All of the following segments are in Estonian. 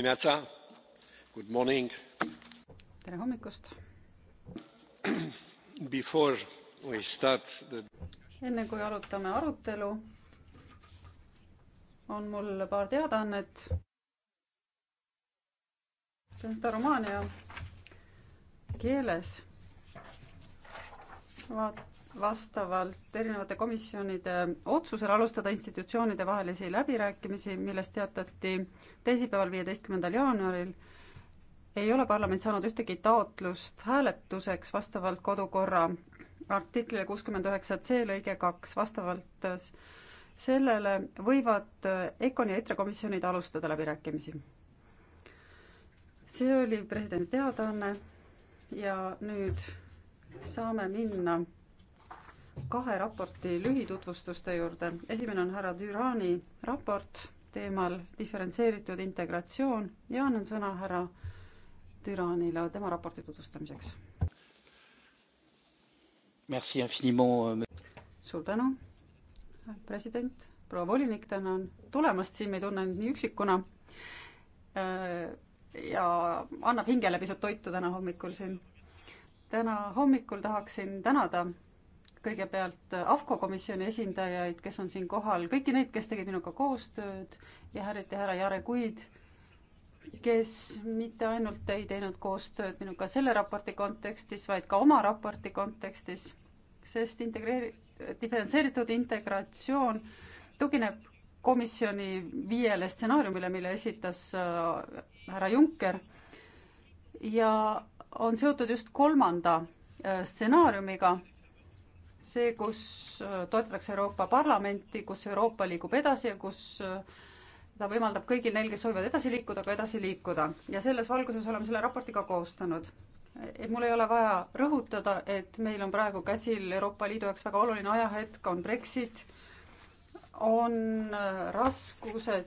tere hommikust! enne kui alustame arutelu on mul paar teadaannet. teen seda rumaania keeles. vaat- vastavalt erinevate komisjonide otsusele alustada institutsioonide vahelisi läbirääkimisi, millest teatati teisipäeval, viieteistkümnendal jaanuaril, ei ole parlament saanud ühtegi taotlust hääletuseks vastavalt kodukorra artiklile kuuskümmend üheksa C lõige kaks, vastavalt sellele võivad EKON ja EITRE komisjonid alustada läbirääkimisi. see oli presidendi teadaanne ja nüüd saame minna kahe raporti lühitutvustuste juurde. esimene on härra Dürani raport teemal diferentseeritud integratsioon ja annan sõna härra Düranile tema raporti tutvustamiseks. Euh, suur tänu, president, proua volinik, tänan tulemast, siin me ei tunne end nii üksikuna. Äh, ja annab hingele pisut toitu täna hommikul siin. täna hommikul tahaksin tänada kõigepealt AFCO komisjoni esindajaid, kes on siin kohal, kõiki neid, kes tegid minuga koostööd ja eriti härra Jare Kuid, kes mitte ainult ei teinud koostööd minuga selle raporti kontekstis, vaid ka oma raporti kontekstis, sest integreeri-, diferentseeritud integratsioon tugineb komisjoni viiele stsenaariumile, mille esitas äh, härra Juncker ja on seotud just kolmanda äh, stsenaariumiga äh,, see, kus äh, toetatakse Euroopa Parlamenti, kus Euroopa liigub edasi ja kus äh, ta võimaldab kõigil neil, kes soovivad edasi liikuda, ka edasi liikuda. ja selles valguses oleme selle raporti ka koostanud. et mul ei ole vaja rõhutada, et meil on praegu käsil Euroopa Liidu jaoks väga oluline ajahetk, on Brexit, on äh, raskused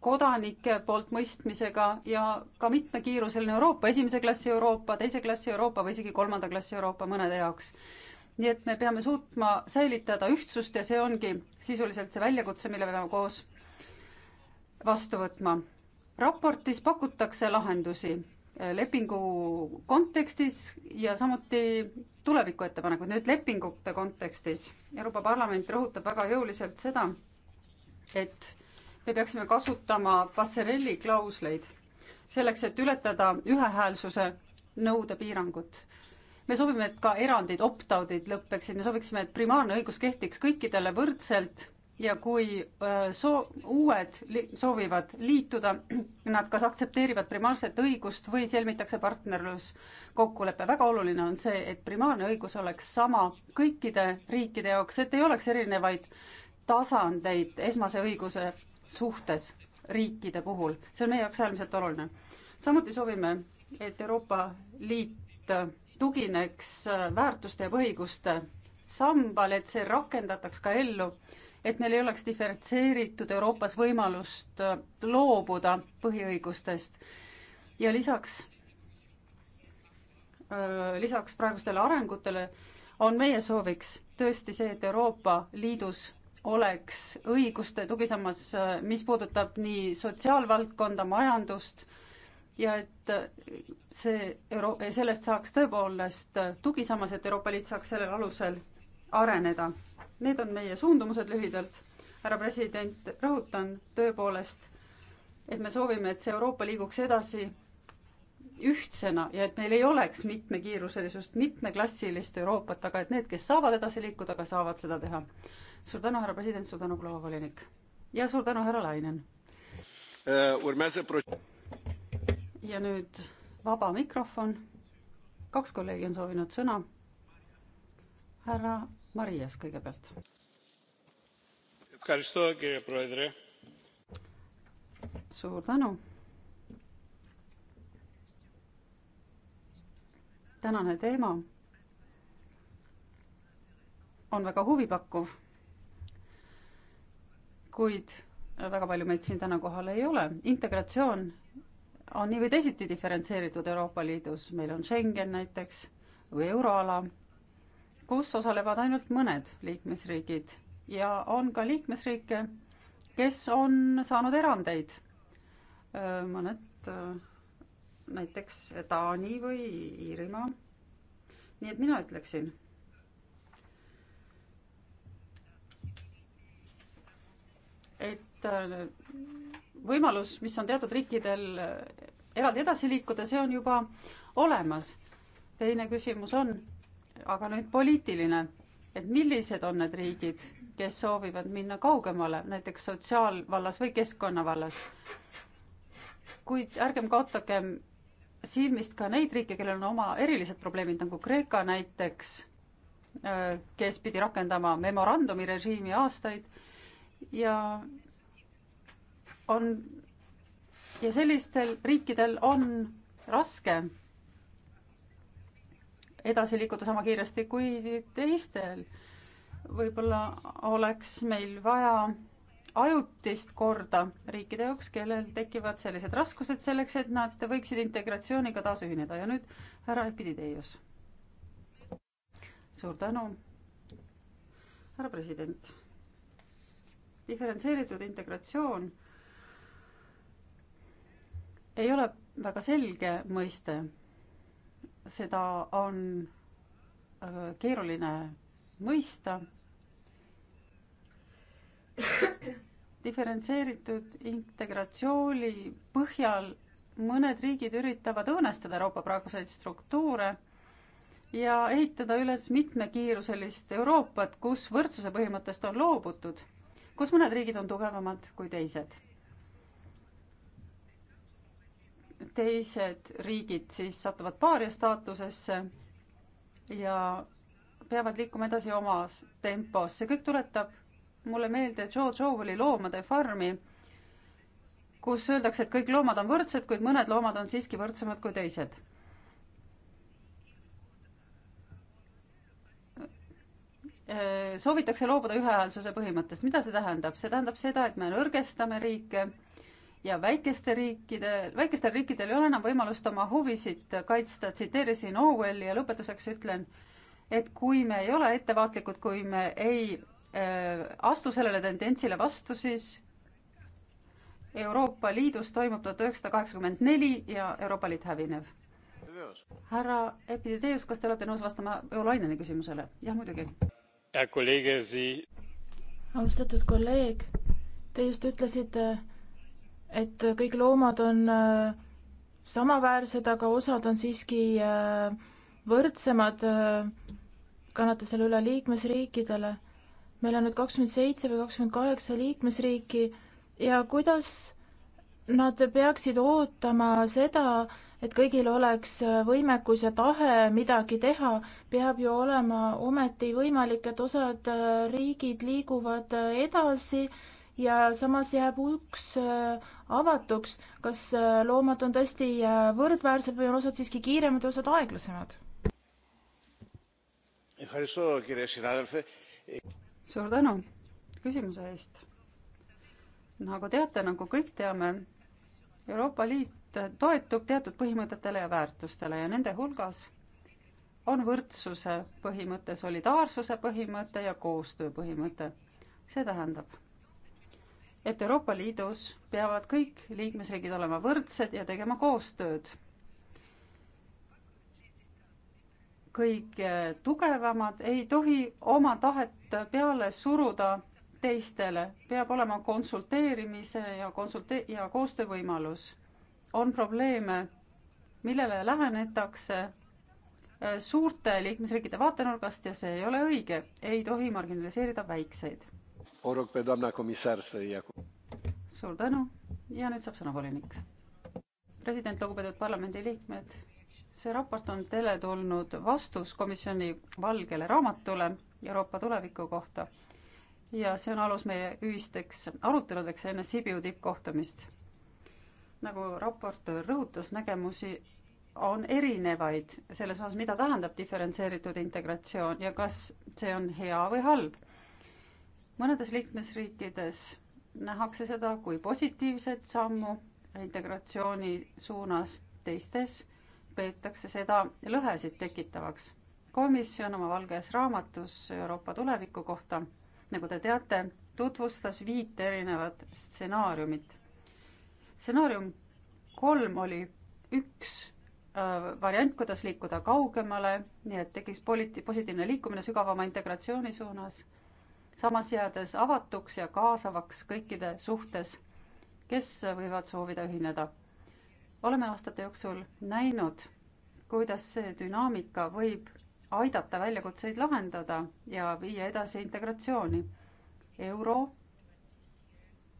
kodanike poolt mõistmisega ja ka mitmekiiruseline Euroopa, esimese klassi Euroopa, teise klassi Euroopa või isegi kolmanda klassi Euroopa mõnede jaoks nii et me peame suutma säilitada ühtsust ja see ongi sisuliselt see väljakutse, mille peame koos vastu võtma. raportis pakutakse lahendusi eh, lepingu kontekstis ja samuti tulevikuettepanekud, nüüd lepingute kontekstis. Euroopa Parlament rõhutab väga jõuliselt seda, et me peaksime kasutama passerelli klausleid selleks, et ületada ühehäälsuse nõude piirangut me soovime, et ka erandid, opt-out'id lõpeksid, me sooviksime, et primaarne õigus kehtiks kõikidele võrdselt ja kui soo-, uued li-, soovivad liituda, nad kas aktsepteerivad primaarset õigust või sõlmitakse partnerluskokkulepe. väga oluline on see, et primaarne õigus oleks sama kõikide riikide jaoks, et ei oleks erinevaid tasandeid esmase õiguse suhtes riikide puhul. see on meie jaoks äärmiselt oluline. samuti soovime, et Euroopa Liit tugineks äh, väärtuste ja põhiõiguste sambal, et see rakendataks ka ellu, et meil ei oleks diferentseeritud Euroopas võimalust äh, loobuda põhiõigustest. ja lisaks, äh, lisaks praegustele arengutele on meie sooviks tõesti see, et Euroopa Liidus oleks õiguste tugisammas, mis puudutab nii sotsiaalvaldkonda, majandust ja et äh, see euro-, sellest saaks tõepoolest äh, tugisammas, et Euroopa Liit saaks sellel alusel areneda. Need on meie suundumused lühidalt. härra president, rõhutan tõepoolest, et me soovime, et see Euroopa liiguks edasi ühtsena ja et meil ei oleks mitmekiiruselisust, mitmeklassilist Euroopat, aga et need, kes saavad edasi liikuda, ka saavad seda teha. suur tänu, härra president, suur tänu, proua volinik ja suur tänu, härra Lainen uh, ja nüüd vaba mikrofon. kaks kolleegi on soovinud sõna. härra Marias kõigepealt. suur tänu. tänane teema on väga huvipakkuv. kuid väga palju meid siin täna kohal ei ole. integratsioon on nii või teisiti diferentseeritud Euroopa Liidus, meil on Schengen näiteks või euroala, kus osalevad ainult mõned liikmesriigid ja on ka liikmesriike, kes on saanud erandeid. mõned näiteks Taani või Iirimaa. nii et mina ütleksin. et võimalus, mis on teatud riikidel eraldi edasi liikuda, see on juba olemas. teine küsimus on aga nüüd poliitiline, et millised on need riigid, kes soovivad minna kaugemale, näiteks sotsiaalvallas või keskkonna vallas. kuid ärgem kaotagem silmist ka neid riike, kellel on oma erilised probleemid, nagu Kreeka näiteks, kes pidi rakendama memorandumi režiimi aastaid ja on ja sellistel riikidel on raske edasi liikuda sama kiiresti kui teistel. võib-olla oleks meil vaja ajutist korda riikide jaoks, kellel tekivad sellised raskused selleks, et nad võiksid integratsiooniga taas ühineda ja nüüd härra Epidideius. suur tänu, härra president. diferentseeritud integratsioon ei ole väga selge mõiste. seda on äh, keeruline mõista. diferentseeritud integratsiooni põhjal mõned riigid üritavad õõnestada Euroopa praeguseid struktuure ja ehitada üles mitmekiiruselist Euroopat, kus võrdsuse põhimõttest on loobutud, kus mõned riigid on tugevamad kui teised teised riigid siis satuvad paaria staatusesse ja peavad liikuma edasi omas tempos. see kõik tuletab mulle meelde George Orwelli Loomade farmi, kus öeldakse, et kõik loomad on võrdsed, kuid mõned loomad on siiski võrdsemad kui teised. soovitakse loobuda ühehäälsuse põhimõttest. mida see tähendab? see tähendab seda, et me nõrgestame riike ja väikeste riikide, väikestel riikidel ei ole enam võimalust oma huvisid kaitsta, tsiteerisin Orwelli ja lõpetuseks ütlen, et kui me ei ole ettevaatlikud, kui me ei äh, astu sellele tendentsile vastu, siis Euroopa Liidus toimub tuhat üheksasada kaheksakümmend neli ja Euroopa Liit hävineb. härra Epideus, kas te olete nõus vastama Olaineni küsimusele? jah, muidugi. austatud kolleeg, te just ütlesite äh et kõik loomad on äh, samaväärsed, aga osad on siiski äh, võrdsemad, äh, kannate selle üle liikmesriikidele. meil on nüüd kakskümmend seitse või kakskümmend kaheksa liikmesriiki ja kuidas nad peaksid ootama seda, et kõigil oleks võimekus ja tahe midagi teha, peab ju olema ometi võimalik, et osad riigid liiguvad edasi äh, ja samas jääb uks äh, avatuks, kas äh, loomad on tõesti äh, võrdväärsed või on osad siiski kiiremad ja osad aeglasemad? suur tänu küsimuse eest. nagu teate, nagu kõik teame, Euroopa Liit toetub teatud põhimõtetele ja väärtustele ja nende hulgas on võrdsuse põhimõte, solidaarsuse põhimõte ja koostöö põhimõte. see tähendab et Euroopa Liidus peavad kõik liikmesriigid olema võrdsed ja tegema koostööd. kõige eh, tugevamad ei tohi oma tahet peale suruda teistele, peab olema konsulteerimise ja konsulte- ja koostöövõimalus. on probleeme, millele lähenetakse eh, suurte liikmesriikide vaatenurgast ja see ei ole õige, ei tohi marginaliseerida väikseid o rog pe doamna comisar să ia cu. suur tänu ja nüüd saab sõna volinik. president, lugupeetud parlamendiliikmed, see raport on teile tulnud vastus komisjoni valgele raamatule Euroopa tuleviku kohta ja see on alus meie ühisteks aruteludeks enne Sibiu tippkohtumist. nagu raportöör rõhutas, nägemusi on erinevaid selles osas, mida tähendab diferentseeritud integratsioon ja kas see on hea või halb mõnedes liikmesriikides nähakse seda kui positiivset sammu integratsiooni suunas, teistes peetakse seda lõhesid tekitavaks. komisjon oma valges raamatus Euroopa tuleviku kohta, nagu te teate, tutvustas viit erinevat stsenaariumit. stsenaarium kolm oli üks äh, variant, kuidas liikuda kaugemale, nii et tekiks politi-, positiivne liikumine sügavama integratsiooni suunas samas jäädes avatuks ja kaasavaks kõikide suhtes, kes võivad soovida ühineda. oleme aastate jooksul näinud, kuidas see dünaamika võib aidata väljakutseid lahendada ja viia edasi integratsiooni. euro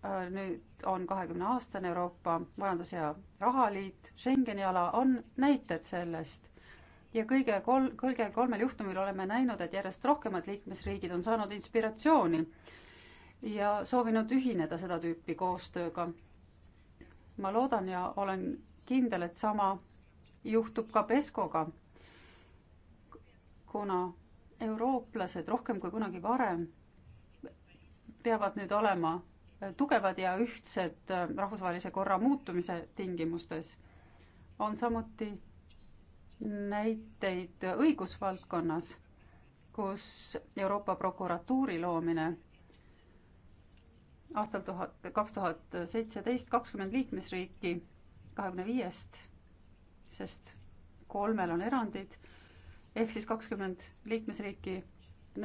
äh, nüüd on kahekümne aastane Euroopa Majandus- ja Rahaliit, Schengeni ala on näited sellest ja kõige kol-, kõige kolmel juhtumil oleme näinud, et järjest rohkemad liikmesriigid on saanud inspiratsiooni ja soovinud ühineda seda tüüpi koostööga. ma loodan ja olen kindel, et sama juhtub ka Peskoga, kuna eurooplased rohkem kui kunagi varem peavad nüüd olema tugevad ja ühtsed rahvusvahelise korra muutumise tingimustes. on samuti näiteid õigusvaldkonnas, kus Euroopa prokuratuuri loomine aastal tuhat, kaks tuhat seitseteist, kakskümmend liikmesriiki kahekümne viiest, sest kolmel on erandid, ehk siis kakskümmend liikmesriiki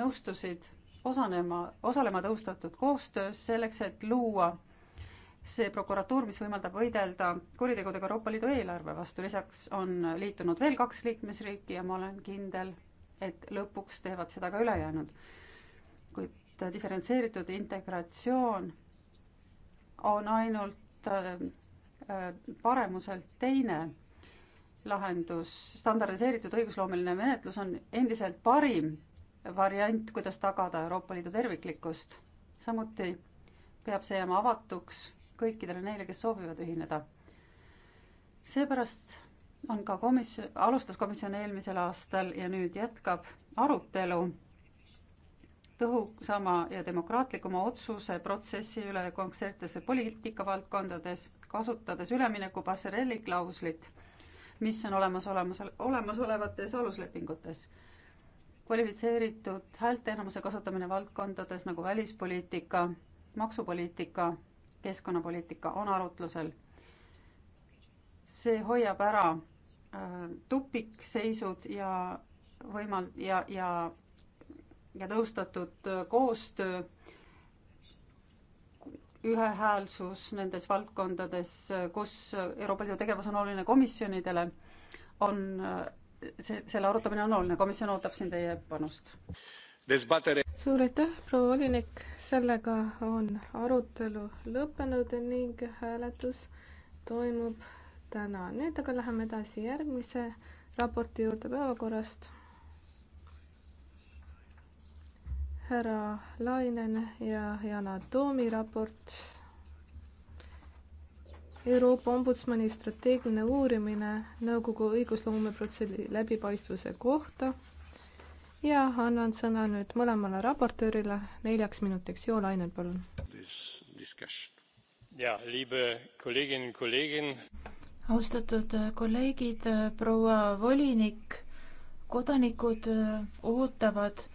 nõustusid osanema, osalema tõhustatud koostöös selleks, et luua see prokuratuur, mis võimaldab võidelda kuritegudega Euroopa Liidu eelarve vastu, lisaks on liitunud veel kaks liikmesriiki ja ma olen kindel, et lõpuks teevad seda ka ülejäänud. kuid diferentseeritud integratsioon on ainult äh, paremuselt teine lahendus, standardiseeritud õigusloomeline menetlus on endiselt parim variant, kuidas tagada Euroopa Liidu terviklikkust. samuti peab see jääma avatuks kõikidele neile, kes soovivad ühineda. seepärast on ka komisjon, alustas komisjon eelmisel aastal ja nüüd jätkab arutelu tõhusama ja demokraatlikuma otsuse protsessi üle konkreetses poliitikavaldkondades, kasutades ülemineku passerelli klauslit, mis on olemas, olemas, olemasolevates aluslepingutes. kvalifitseeritud häälteenamuse kasutamine valdkondades nagu välispoliitika, maksupoliitika keskkonnapoliitika on arutlusel. see hoiab ära äh, tupikseisud ja võimal- ja, ja, ja tõustatud äh, koostöö, ühehäälsus nendes valdkondades, äh, kus Euroopa Liidu tegevus on oluline komisjonidele, on see, selle arutamine on oluline, komisjon ootab siin teie panust suur aitäh, proua volinik, sellega on arutelu lõppenud ning hääletus toimub täna. nüüd aga läheme edasi järgmise raporti juurde päevakorrast. härra Lainen ja Yana Toomi raport. Euroopa Ombudsmani strateegiline uurimine nõukogu õigusloomeprotsessi läbipaistvuse kohta ja annan sõna nüüd mõlemale raportöörile neljaks minutiks. Jo Lainen, palun. austatud äh, kolleegid, äh, proua volinik, kodanikud äh, ootavad,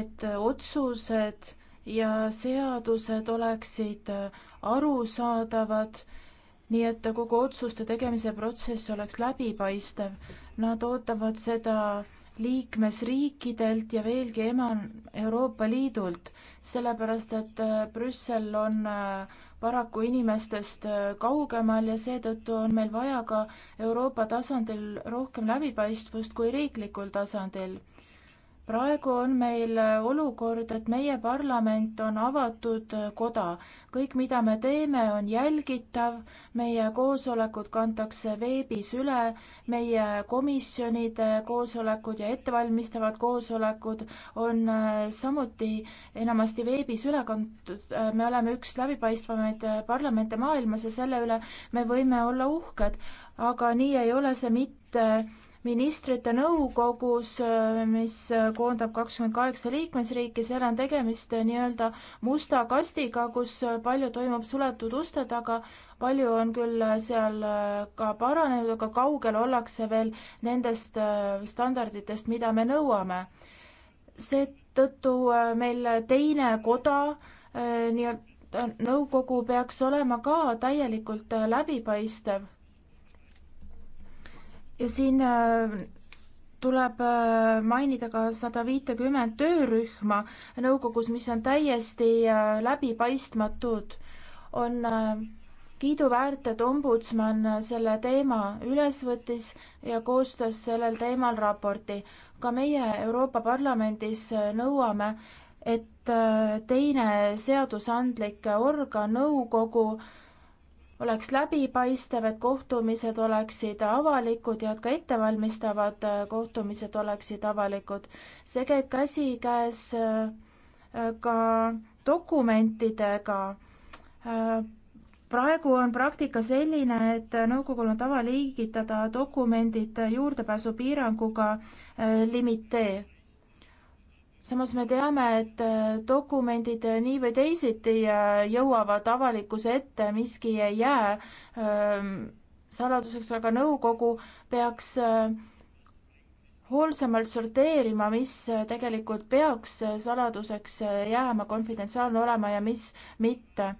et otsused ja seadused oleksid arusaadavad nii et kogu otsuste tegemise protsess oleks läbipaistev. Nad ootavad seda liikmesriikidelt ja veelgi enam Euroopa Liidult, sellepärast et äh, Brüssel on äh, paraku inimestest äh, kaugemal ja seetõttu on meil vaja ka Euroopa tasandil rohkem läbipaistvust kui riiklikul tasandil praegu on meil olukord, et meie parlament on avatud koda. kõik, mida me teeme, on jälgitav, meie koosolekud kantakse veebis üle, meie komisjonide koosolekud ja ettevalmistavad koosolekud on äh, samuti enamasti veebis üle kantud. Äh, me oleme üks läbipaistvamaid äh, parlamente maailmas ja selle üle me võime olla uhked, aga nii ei ole see mitte ministrite nõukogus, mis koondab kakskümmend kaheksa liikmesriiki, seal on tegemist nii-öelda musta kastiga, kus palju toimub suletud uste taga, palju on küll seal ka paranenud, aga kaugel ollakse veel nendest äh, standarditest, mida me nõuame. seetõttu äh, meil teine koda äh, nii-öelda nõukogu peaks olema ka täielikult läbipaistev ja siin äh, tuleb äh, mainida ka sada viitekümmet töörühma nõukogus, mis on täiesti äh, läbipaistmatud. on kiiduväärt, et ombudsman selle teema üles võttis ja koostas sellel teemal raporti. ka meie Euroopa Parlamendis nõuame, et teine seadusandlik organ, nõukogu, oleks läbipaistev, et kohtumised oleksid avalikud ja et ka ettevalmistavad äh, kohtumised oleksid avalikud. see käib käsikäes äh, ka dokumentidega. Äh, praegu on praktika selline, et nõukogul on tava liigitada dokumendid juurdepääsupiiranguga limitee samas me teame, et äh, dokumendid äh, nii või teisiti äh, jõuavad avalikkuse ette, miski ei jää ähm, saladuseks, aga nõukogu peaks hoolsamalt sorteerima, mis tegelikult peaks saladuseks jääma, konfidentsiaalne olema ja mis mitte.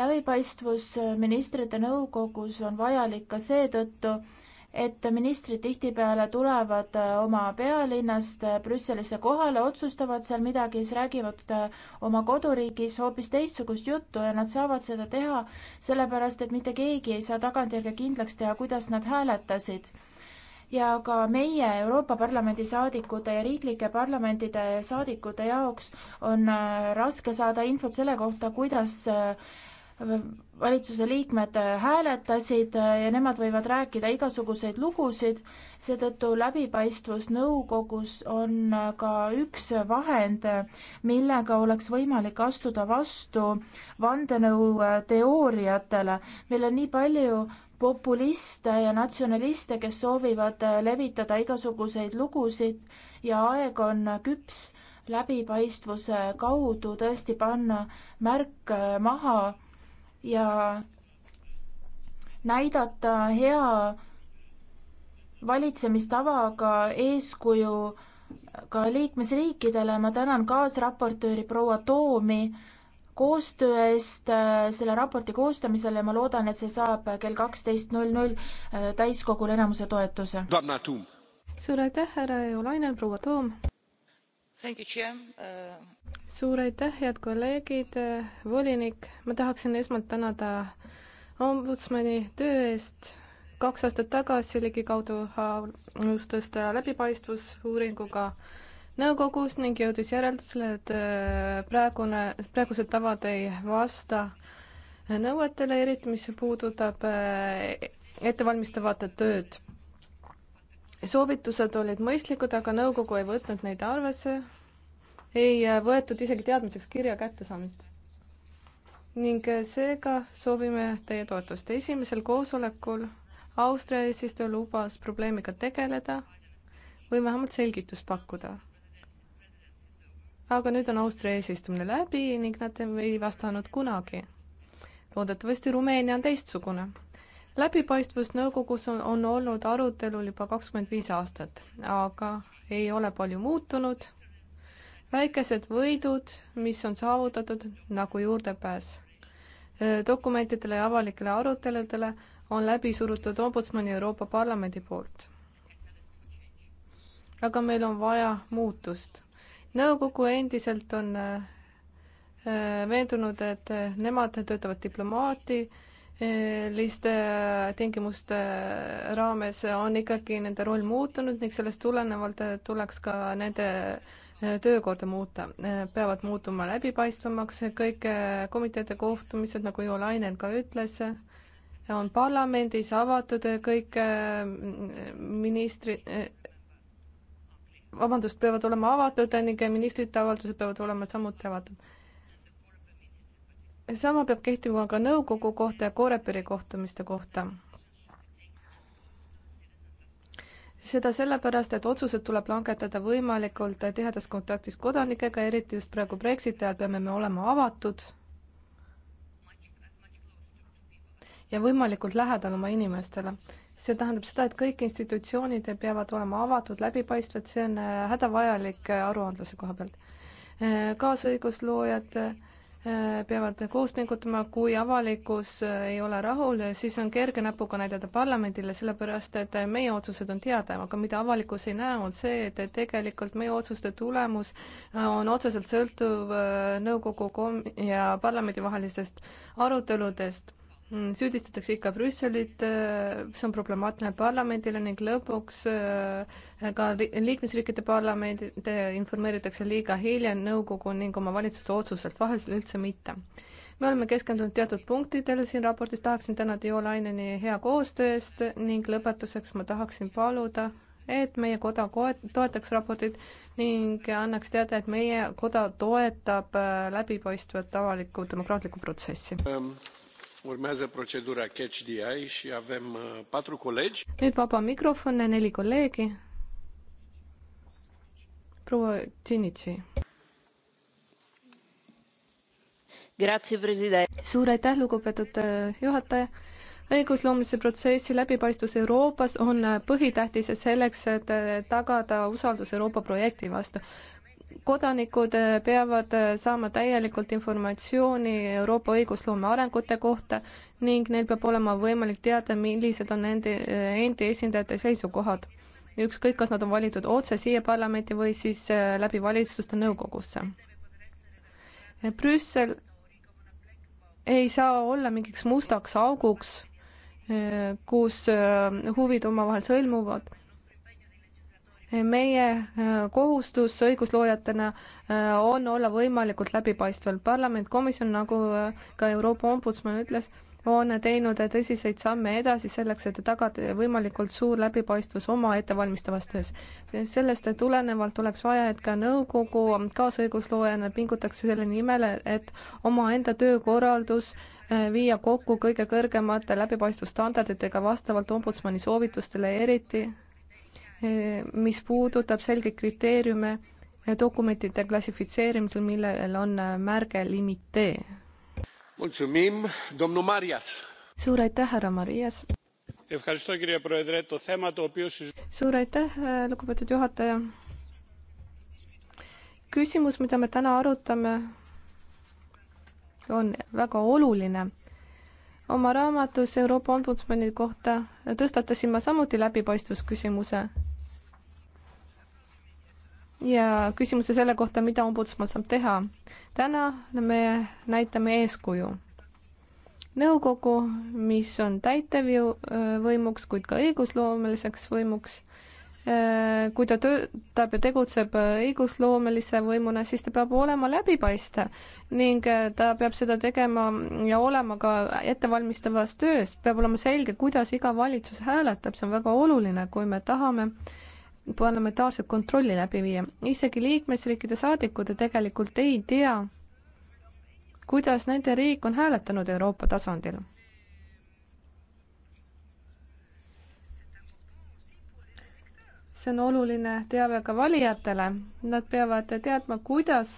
läbipaistvus ministrite nõukogus on vajalik ka seetõttu, et ministrid tihtipeale tulevad äh, oma pealinnast äh, Brüsselisse kohale, otsustavad seal midagi, siis räägivad äh, oma koduriigis hoopis teistsugust juttu ja nad saavad seda teha sellepärast, et mitte keegi ei saa tagantjärgi kindlaks teha, kuidas nad hääletasid ja ka meie Euroopa Parlamendi saadikute ja riiklike parlamentide saadikute jaoks on raske saada infot selle kohta, kuidas valitsuse liikmed hääletasid ja nemad võivad rääkida igasuguseid lugusid, seetõttu läbipaistvus nõukogus on ka üks vahend, millega oleks võimalik astuda vastu vandenõuteooriatele. meil on nii palju populiste ja natsionaliste, kes soovivad levitada igasuguseid lugusid ja aeg on küps läbipaistvuse kaudu tõesti panna märk maha ja näidata hea valitsemistavaga eeskuju ka liikmesriikidele, ma tänan kaasraportööri proua Toomi koostöö eest äh, selle raporti koostamisel ja ma loodan, et see saab kell kaksteist null äh, null täiskogul enamuse toetuse. suur aitäh, härra Eolainen, proua Toom! suur aitäh, head kolleegid, volinik, ma tahaksin esmalt tänada ombudsmani töö eest. kaks aastat tagasi ligikaudu alustas ta läbipaistvusuuringuga nõukogus ning jõudis järeldusele, et äh, praegune, praegused tavad ei vasta nõuetele, eriti mis puudutab äh, ettevalmistavat tööd. soovitused olid mõistlikud, aga nõukogu ei võtnud neid arvesse ei äh, võetud isegi teadmiseks kirja kättesaamist. ning äh, seega soovime teie toetust. esimesel koosolekul Austria eesistuja lubas probleemiga tegeleda või vähemalt selgitust pakkuda. aga nüüd on Austria eesistumine läbi ning nad ei vastanud kunagi. loodetavasti Rumeenia on teistsugune läbipaistvus nõukogus on, on olnud arutelul juba kakskümmend viis aastat, aga ei ole palju muutunud väikesed võidud, mis on saavutatud, nagu juurdepääs dokumentidele ja avalikele aruteludele, on läbi surutud Ombudsmani Euroopa Parlamendi poolt. aga meil on vaja muutust. nõukogu endiselt on veendunud, et nemad töötavad diplomaatiliste äh, tingimuste äh, raames, on ikkagi nende roll muutunud ning sellest tulenevalt äh, tuleks ka nende töökorda muuta, peavad muutuma läbipaistvamaks, kõik äh, komiteede kohtumised, nagu Jo Lainen ka ütles, on parlamendis avatud kõik äh, ministrid, vabandust, peavad olema avatud ning ministrite avaldused peavad olema samuti avatud. sama peab kehtima ka nõukogu kohta ja Coreperi kohtumiste kohta seda sellepärast, et otsused tuleb langetada võimalikult tihedas kontaktis kodanikega, eriti just praegu Brexiti ajal peame me olema avatud ja võimalikult lähedal oma inimestele. see tähendab seda, et kõik institutsioonid peavad olema avatud, läbipaistvad, see on äh, hädavajalik äh, aruandluse koha pealt. Äh, kaasõigusloojad äh, Äh, peavad koos pingutama, kui avalikkus äh, ei ole rahul, siis on kerge näpuga näidata parlamendile, sellepärast et äh, meie otsused on teada, aga mida avalikkus ei näe, on see, et tegelikult meie otsuste tulemus on otseselt sõltuv nõukogu kom- ja parlamendivahelistest aruteludest Mm, süüdistatakse ikka Brüsselit, äh, see on problemaatiline parlamendile ning lõpuks äh, ka liikmesriikide parlamente informeeritakse liiga hilja nõukogu ning oma valitsuse otsuselt, vahel üldse mitte. me oleme keskendunud teatud punktidele siin raportis, tahaksin tänada Jo Laineni hea koostöö eest ning lõpetuseks ma tahaksin paluda, et meie koda toetaks raportit ning annaks teada, et meie koda toetab äh, läbipaistvat avalikku demokraatlikku protsessi ähm urmează procedura catch the eye și avem uh, patru colegi. Nüüd vaba mikrofon, neli kolleegi. Proua Tšinitši. suur aitäh, lugupeetud äh, juhataja õigusloomelise protsessi läbipaistvus Euroopas on äh, põhitähtis ja selleks, et äh, tagada usaldus Euroopa projekti vastu kodanikud äh, peavad äh, saama täielikult informatsiooni Euroopa õigusloome arengute kohta ning neil peab olema võimalik teada, millised on nende äh, endi esindajate seisukohad. ükskõik, kas nad on valitud otse siia parlamenti või siis läbi valitsuste nõukogusse. Brüssel ei saa olla mingiks mustaks auguks, kus huvid omavahel sõlmuvad meie äh, kohustus õigusloojatena äh, on olla võimalikult läbipaistval. parlament, komisjon, nagu äh, ka Euroopa ombudsman ütles, on teinud tõsiseid samme edasi selleks, et tagada võimalikult suur läbipaistvus oma ettevalmistavas töös. sellest tulenevalt oleks vaja, et ka nõukogu kaasõigusloojana pingutaks selle nimel, et omaenda töökorraldus viia kokku kõige kõrgemate läbipaistvusstandarditega vastavalt ombudsmani soovitustele, eriti mis puudutab selgeid kriteeriume dokumentide klassifitseerimisel, millel on märge limite. suur aitäh, härra Marias! suur aitäh, lugupeetud juhataja! küsimus, mida me täna arutame, on väga oluline oma raamatus Euroopa Ombudsmani kohta tõstatasin ma samuti läbipaistvusküsimuse ja küsimuse selle kohta, mida ombudsman saab teha. täna me näitame eeskuju. nõukogu, mis on täitevvõimuks, kuid ka õigusloomeliseks võimuks, äh, kui ta töötab ja tegutseb õigusloomelise võimuna, siis ta peab olema läbipaistev ning äh, ta peab seda tegema ja olema ka ettevalmistavas töös, peab olema selge, kuidas iga valitsus hääletab, see on väga oluline, kui me tahame äh, parlamentaarset kontrolli läbi viia. isegi liikmesriikide saadikud ju tegelikult ei tea, kuidas nende riik on hääletanud Euroopa tasandil. see on oluline teave ka valijatele, nad peavad teadma, kuidas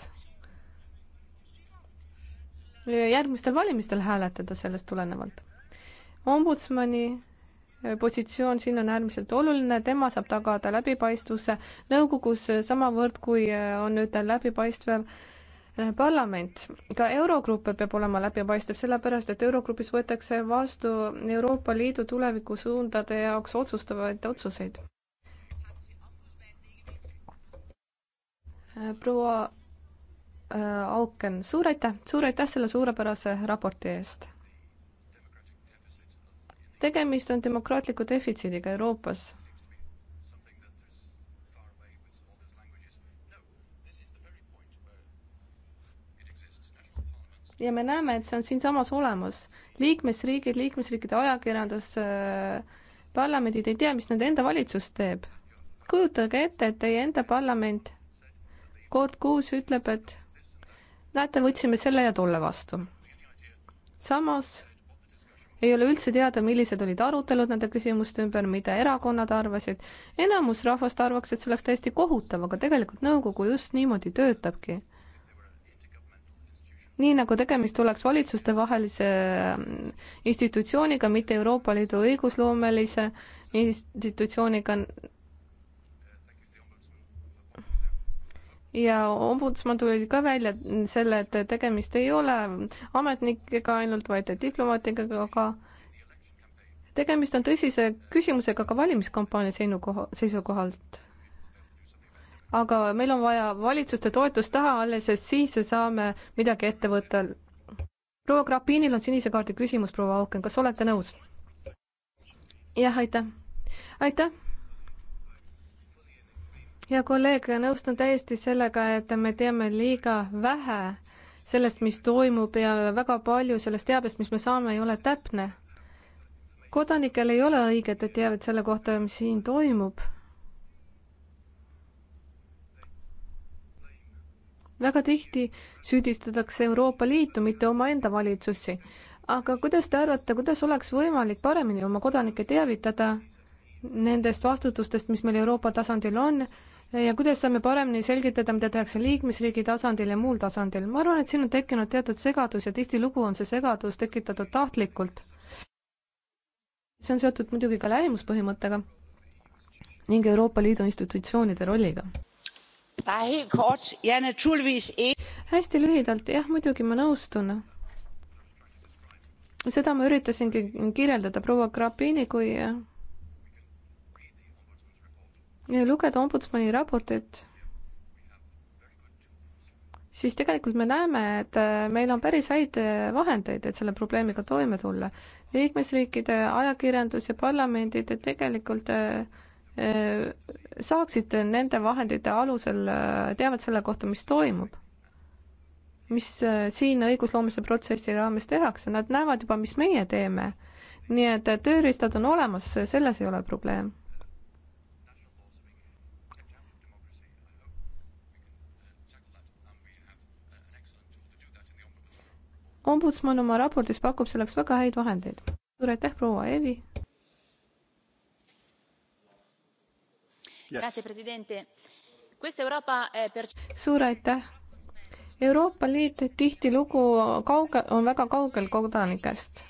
järgmistel valimistel hääletada sellest tulenevalt. ombudsmani positsioon siin on äärmiselt oluline, tema saab tagada läbipaistvuse nõukogus samavõrd, kui äh, on nüüd läbipaistev äh, parlament. ka Eurogrupp peab olema läbipaistev, sellepärast et Eurogrupis võetakse vastu Euroopa Liidu tulevikusuundade jaoks otsustavaid otsuseid. Äh, proua Auken, suur aitäh, suur aitäh selle suurepärase raporti eest tegemist on demokraatliku defitsiidiga Euroopas ja me näeme, et see on siinsamas olemas. liikmesriigid, liikmesriikide ajakirjandus äh,, parlamendid ei tea, mis nende enda valitsus teeb. kujutage ette, et teie enda parlament kord kuus ütleb, et näete, võtsime selle ja tolle vastu. samas ei ole üldse teada, millised olid arutelud nende küsimuste ümber, mida erakonnad arvasid. enamus rahvast arvaks, et see oleks täiesti kohutav, aga tegelikult nõukogu just niimoodi töötabki. nii nagu tegemist oleks valitsustevahelise ähm, institutsiooniga, mitte Euroopa Liidu õigusloomelise institutsiooniga, ja ombudsman tuli ka välja selle, et tegemist ei ole ametnikega ainult, vaid diplomaatidega, aga tegemist on tõsise küsimusega ka valimiskampaania seisukoha, seisukohalt. aga meil on vaja valitsuste toetust taha alles, sest siis saame midagi ette võtta. proua Krapinil on sinise kaardi küsimus, proua Auken, kas olete nõus? jah, aitäh. aitäh hea kolleeg, nõustun täiesti sellega, et me teame liiga vähe sellest, mis toimub ja väga palju sellest teabest, mis me saame, ei ole täpne. kodanikel ei ole õiget teavet selle kohta, mis siin toimub. väga tihti süüdistatakse Euroopa Liitu, mitte omaenda valitsusi. aga kuidas te arvate, kuidas oleks võimalik paremini oma kodanikke teavitada nendest vastutustest, mis meil Euroopa tasandil on ja kuidas saame paremini selgitada, mida tehakse liikmesriigi tasandil ja muul tasandil. ma arvan, et siin on tekkinud teatud segadus ja tihtilugu on see segadus tekitatud tahtlikult. see on seotud muidugi ka lähimuspõhimõttega ning Euroopa Liidu institutsioonide rolliga. hästi lühidalt, jah, muidugi ma nõustun. seda ma üritasingi kirjeldada proua Grapini kui lugeda ombudsmani raportit, siis tegelikult me näeme, et äh, meil on päris häid äh, vahendeid, et selle probleemiga toime tulla. liikmesriikide ajakirjandus ja parlamendid tegelikult äh, saaksid nende vahendite alusel teavet selle kohta, mis toimub. mis siin õigusloomise protsessi raames tehakse, nad näevad juba, mis meie teeme. nii et tööriistad on olemas, selles ei ole probleem ombudsman oma raportis pakub selleks väga häid vahendeid. suur aitäh, proua Eevi. suur aitäh. Euroopa Liit tihtilugu kauge, on väga kaugel kodanikest.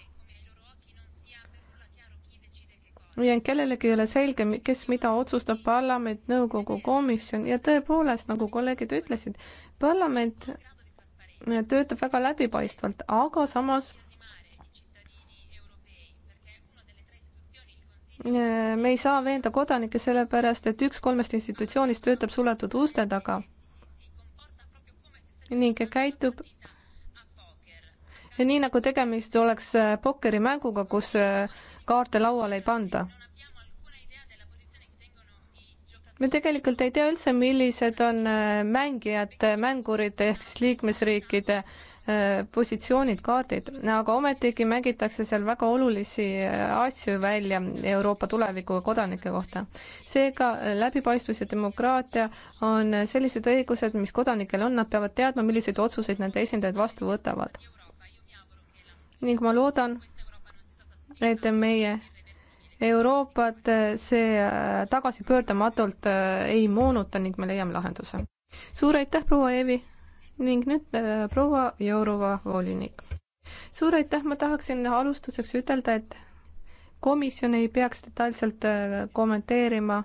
ja kellelegi ei ole selge, kes mida otsustab, parlament, nõukogu, komisjon ja tõepoolest, nagu kolleegid ütlesid, parlament töötab väga läbipaistvalt, aga samas äh, me ei saa veenda kodanikke sellepärast, et üks kolmest institutsioonist töötab suletud uste taga ning käitub ja nii, nagu tegemist oleks äh, pokkerimänguga, kus äh, kaarte lauale ei panda me tegelikult ei tea üldse, millised on äh, mängijate, äh, mängurite ehk siis liikmesriikide äh, positsioonid, kaardid, aga ometigi mängitakse seal väga olulisi asju välja Euroopa tuleviku kodanike kohta. seega läbipaistvus ja demokraatia on sellised õigused, mis kodanikel on, nad peavad teadma, milliseid otsuseid nende esindajad vastu võtavad. ning ma loodan, et meie Euroopat see äh, tagasipöördamatult äh, ei moonuta ning me leiame lahenduse. suur aitäh, proua Eevi ning nüüd äh, proua Jourova volinik. suur aitäh, ma tahaksin alustuseks ütelda, et komisjon ei peaks detailselt kommenteerima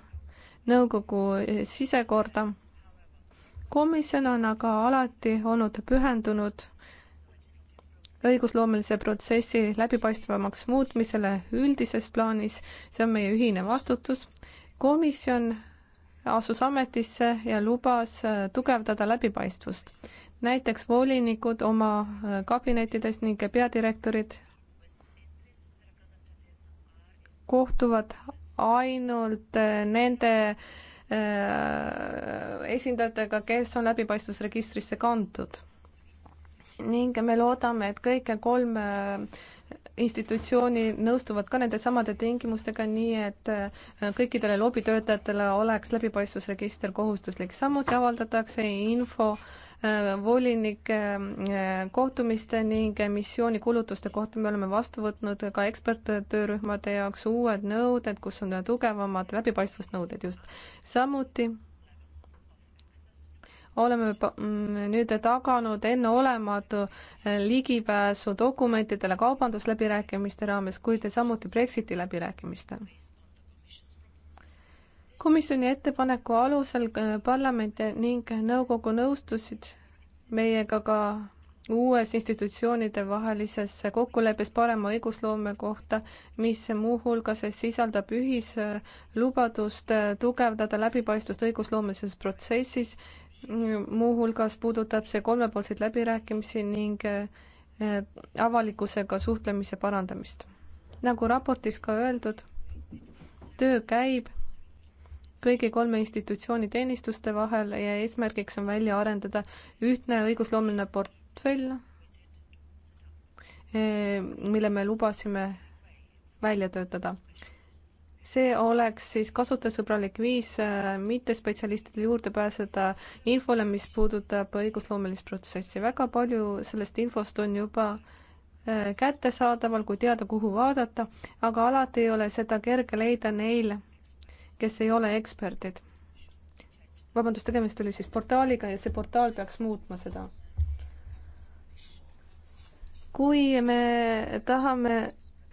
nõukogu sisekorda. komisjon on aga alati olnud pühendunud õigusloomelise protsessi läbipaistvamaks muutmisele üldises plaanis, see on meie ühine vastutus. komisjon asus ametisse ja lubas äh, tugevdada läbipaistvust. näiteks volinikud oma äh, kabinettides ning peadirektorid kohtuvad ainult äh, nende esindajatega, kes on läbipaistvusregistrisse kantud ning me loodame, et kõik kolm äh, institutsiooni nõustuvad ka nende samade tingimustega, nii et äh, kõikidele lobitöötajatele oleks läbipaistvusregister kohustuslik. samuti avaldatakse info äh, volinike kohtumiste ning missiooni kulutuste kohta me oleme vastu võtnud ka eksperttöörühmade jaoks uued nõuded, kus on tugevamad läbipaistvusnõuded just. samuti oleme mm, nüüd taganud enneolematu eh, ligipääsu dokumentidele kaubandusläbirääkimiste raames, kuid samuti Brexiti läbirääkimistel. komisjoni ettepaneku alusel eh, parlament ning nõukogu nõustusid meiega ka uues institutsioonide vahelises kokkuleppes parema õigusloome kohta, mis muuhulgas sisaldab ühislubadust tugevdada läbipaistvust õigusloomelises protsessis muuhulgas puudutab see kolmepoolseid läbirääkimisi ning äh, avalikkusega suhtlemise parandamist. nagu raportis ka öeldud, töö käib kõigi kolme institutsiooni teenistuste vahel ja eesmärgiks on välja arendada ühtne õigusloomeline portfell, äh, mille me lubasime välja töötada see oleks siis kasutajasõbralik viis äh, mittespetsialistidel juurde pääseda infole, mis puudutab õigusloomelist protsessi. väga palju sellest infost on juba äh, kättesaadaval, kui teada, kuhu vaadata, aga alati ei ole seda kerge leida neil, kes ei ole eksperdid. vabandust, tegemist oli siis portaaliga ja see portaal peaks muutma seda. kui me tahame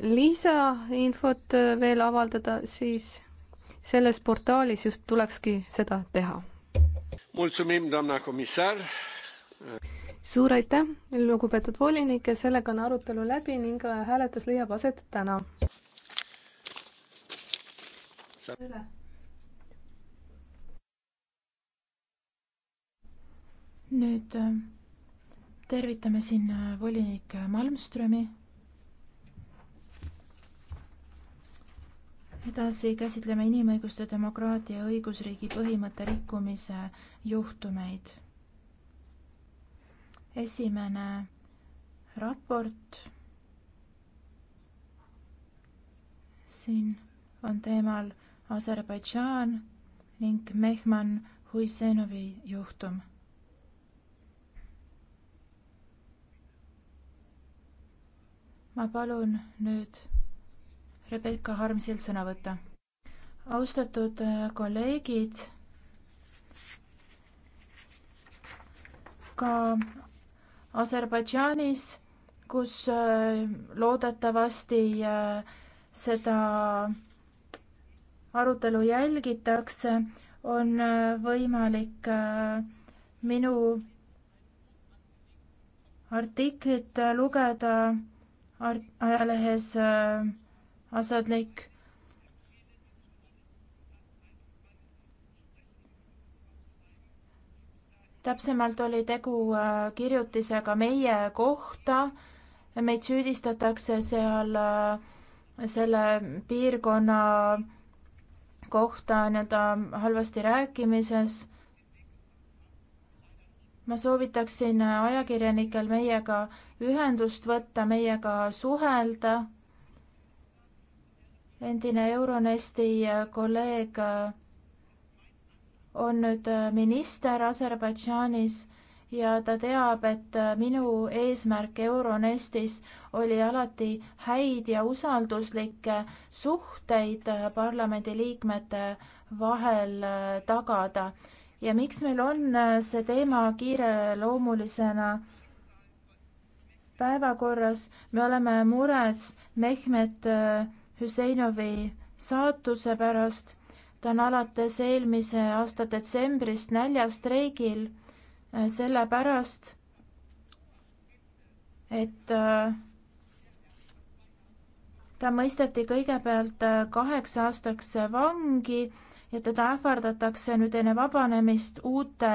lisainfot äh, veel avaldada, siis selles portaalis just tulekski seda teha. suur aitäh, lugupeetud volinik ja sellega on arutelu läbi ning äh, hääletus leiab aset täna. üle. nüüd äh, tervitame siin volinik Malmströmi edasi käsitleme inimõiguste, demokraatia ja õigusriigi põhimõtte rikkumise juhtumeid. esimene raport. siin on teemal Aserbaidžaan ning Mehman Huisenovi juhtum ma palun nüüd Rebecca Harmsil sõna võtta. austatud äh, kolleegid, ka Aserbaidžaanis, kus äh, loodetavasti äh, seda arutelu jälgitakse, on võimalik minu artiklit lugeda ajalehes asjadlik. täpsemalt oli tegu äh, kirjutisega meie kohta. meid süüdistatakse seal äh, selle piirkonna kohta nii-öelda halvasti rääkimises. ma soovitaksin ajakirjanikel meiega ühendust võtta, meiega suhelda endine Euronesti äh, kolleeg äh, on nüüd äh, minister Aserbaidžaanis ja ta teab, et minu eesmärk Euronestis oli alati häid ja usalduslikke suhteid parlamendiliikmete vahel tagada. ja miks meil on see teema kiireloomulisena päevakorras, me oleme mures Mehmet Hüseinovi saatuse pärast. ta on alates eelmise aasta detsembrist näljastreigil äh, sellepärast, et äh, ta mõisteti kõigepealt äh, kaheks aastaks vangi ja teda ähvardatakse nüüd enne vabanemist uute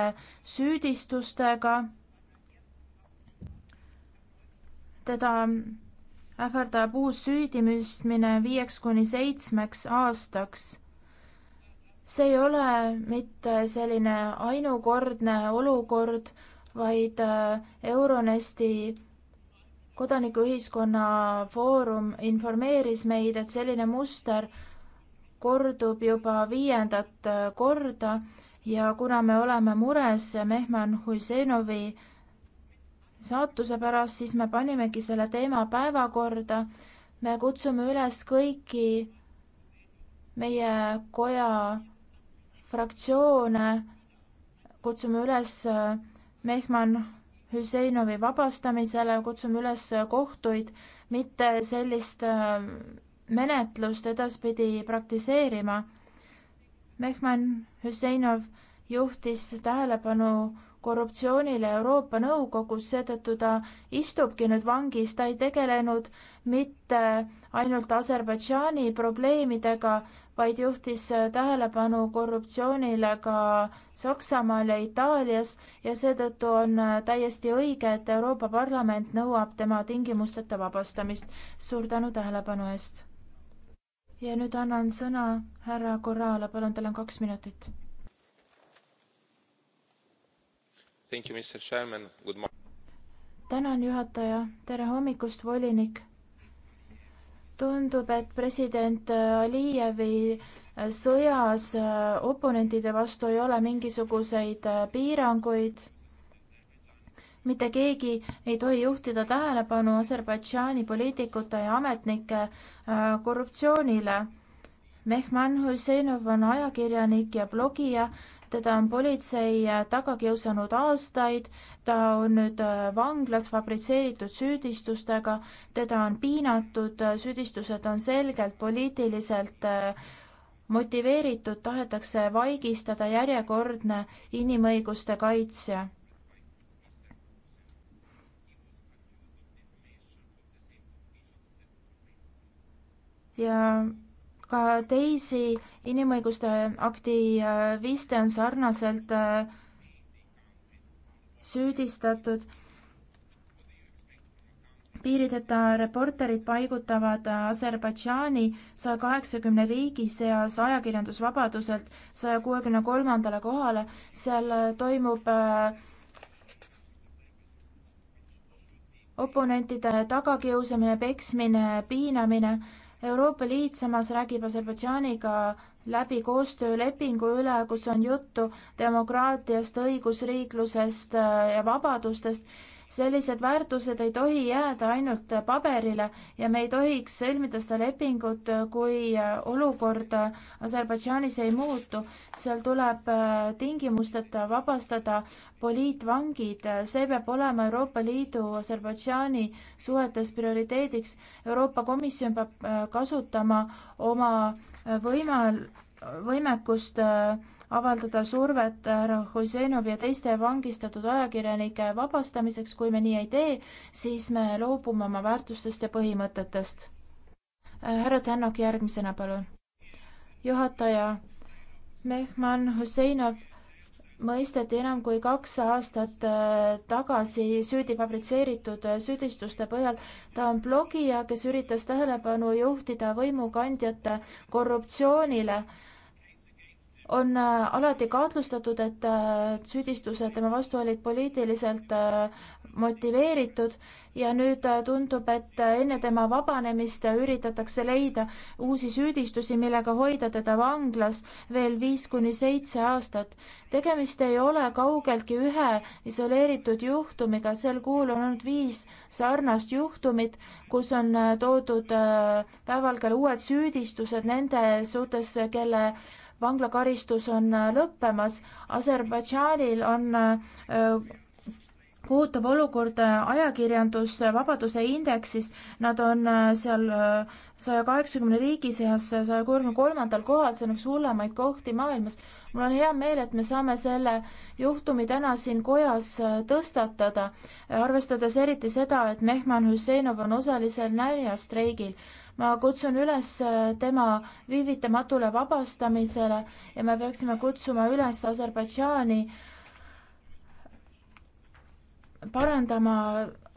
süüdistustega. teda ähvardab uus süüdimõistmine viieks kuni seitsmeks aastaks. see ei ole mitte selline ainukordne olukord, vaid äh, Euronesti kodanikuühiskonna foorum informeeris meid, et selline muster kordub juba viiendat äh, korda ja kuna me oleme mures Mehman Huseinovi saatuse pärast, siis me panimegi selle teema päevakorda. me kutsume üles kõiki meie koja fraktsioone, kutsume üles äh, Mehman Hüseinovi vabastamisele, kutsume üles äh, kohtuid mitte sellist äh, menetlust edaspidi praktiseerima. Mehman Hüseinov juhtis tähelepanu korruptsioonile Euroopa Nõukogus, seetõttu ta istubki nüüd vangis, ta ei tegelenud mitte ainult Aserbaidžaani probleemidega, vaid juhtis tähelepanu korruptsioonile ka Saksamaal ja Itaalias ja seetõttu on täiesti õige, et Euroopa Parlament nõuab tema tingimusteta vabastamist. suur tänu tähelepanu eest! ja nüüd annan sõna härra Corrale, palun, teil on kaks minutit tänan juhataja tere hommikust volinik tundub et president alijevi sõjas oponentide vastu ei ole mingisuguseid piiranguid mitte keegi ei tohi juhtida tähelepanu aserbaidžaani poliitikute ja ametnike äh, korruptsioonile mehman huseynov on ajakirjanik ja blogija teda on politsei äh, taga kiusanud aastaid, ta on nüüd äh, vanglas fabritseeritud süüdistustega, teda on piinatud, äh, süüdistused on selgelt poliitiliselt motiveeritud, tahetakse vaigistada järjekordne inimõiguste kaitsja. ja ka teisi inimõiguste aktiviste äh, on sarnaselt äh, süüdistatud. piirideta reporterid paigutavad äh, Aserbaidžaani saja kaheksakümne riigi seas ajakirjandusvabaduselt saja kuuekümne kolmandale kohale, seal toimub oponentide tagakiusamine, peksmine, piinamine Euroopa Liit samas räägib Aserbaidžaaniga läbi koostöölepingu üle, kus on juttu demokraatiast, õigusriiklusest äh, ja vabadustest sellised väärtused ei tohi jääda ainult paberile ja me ei tohiks sõlmida seda lepingut, kui äh, olukord Aserbaidžaanis ei muutu. seal tuleb äh, tingimusteta vabastada poliitvangid, see peab olema Euroopa Liidu Aserbaidžaani suhetes prioriteediks. Euroopa Komisjon peab äh, kasutama oma võimal-, võimekust äh, avaldada survet äh, härra Huseinovi ja teiste vangistatud ajakirjanike vabastamiseks, kui me nii ei tee, siis me loobume oma väärtustest ja põhimõtetest. Äh, härra Tänak järgmisena, palun. juhataja Mehman Huseinov mõisteti enam kui kaks aastat äh, tagasi süüdi fabritseeritud süüdistuste põhjal. ta on blogija, kes üritas tähelepanu juhtida võimukandjate korruptsioonile on äh, alati kahtlustatud, et äh, süüdistused tema vastu olid poliitiliselt äh, motiveeritud ja nüüd tundub, et enne tema vabanemist üritatakse leida uusi süüdistusi, millega hoida teda vanglas veel viis kuni seitse aastat. tegemist ei ole kaugeltki ühe isoleeritud juhtumiga, sel kuul on olnud viis sarnast juhtumit, kus on toodud päevavalgele uued süüdistused nende suhtes, kelle vanglakaristus on äh, lõppemas. Aserbaidžaanil on äh, kohutav olukord äh, ajakirjandusvabaduse indeksis, nad on seal saja kaheksakümne riigi seas saja kolmekümne kolmandal kohal, see on üks hullemaid kohti maailmas. mul on hea meel, et me saame selle juhtumi täna siin kojas tõstatada, arvestades eriti seda, et Mehman Hüseinov on osalisel näljastreigil ma kutsun üles äh, tema viivitamatule vabastamisele ja me peaksime kutsuma üles Aserbaidžaani parandama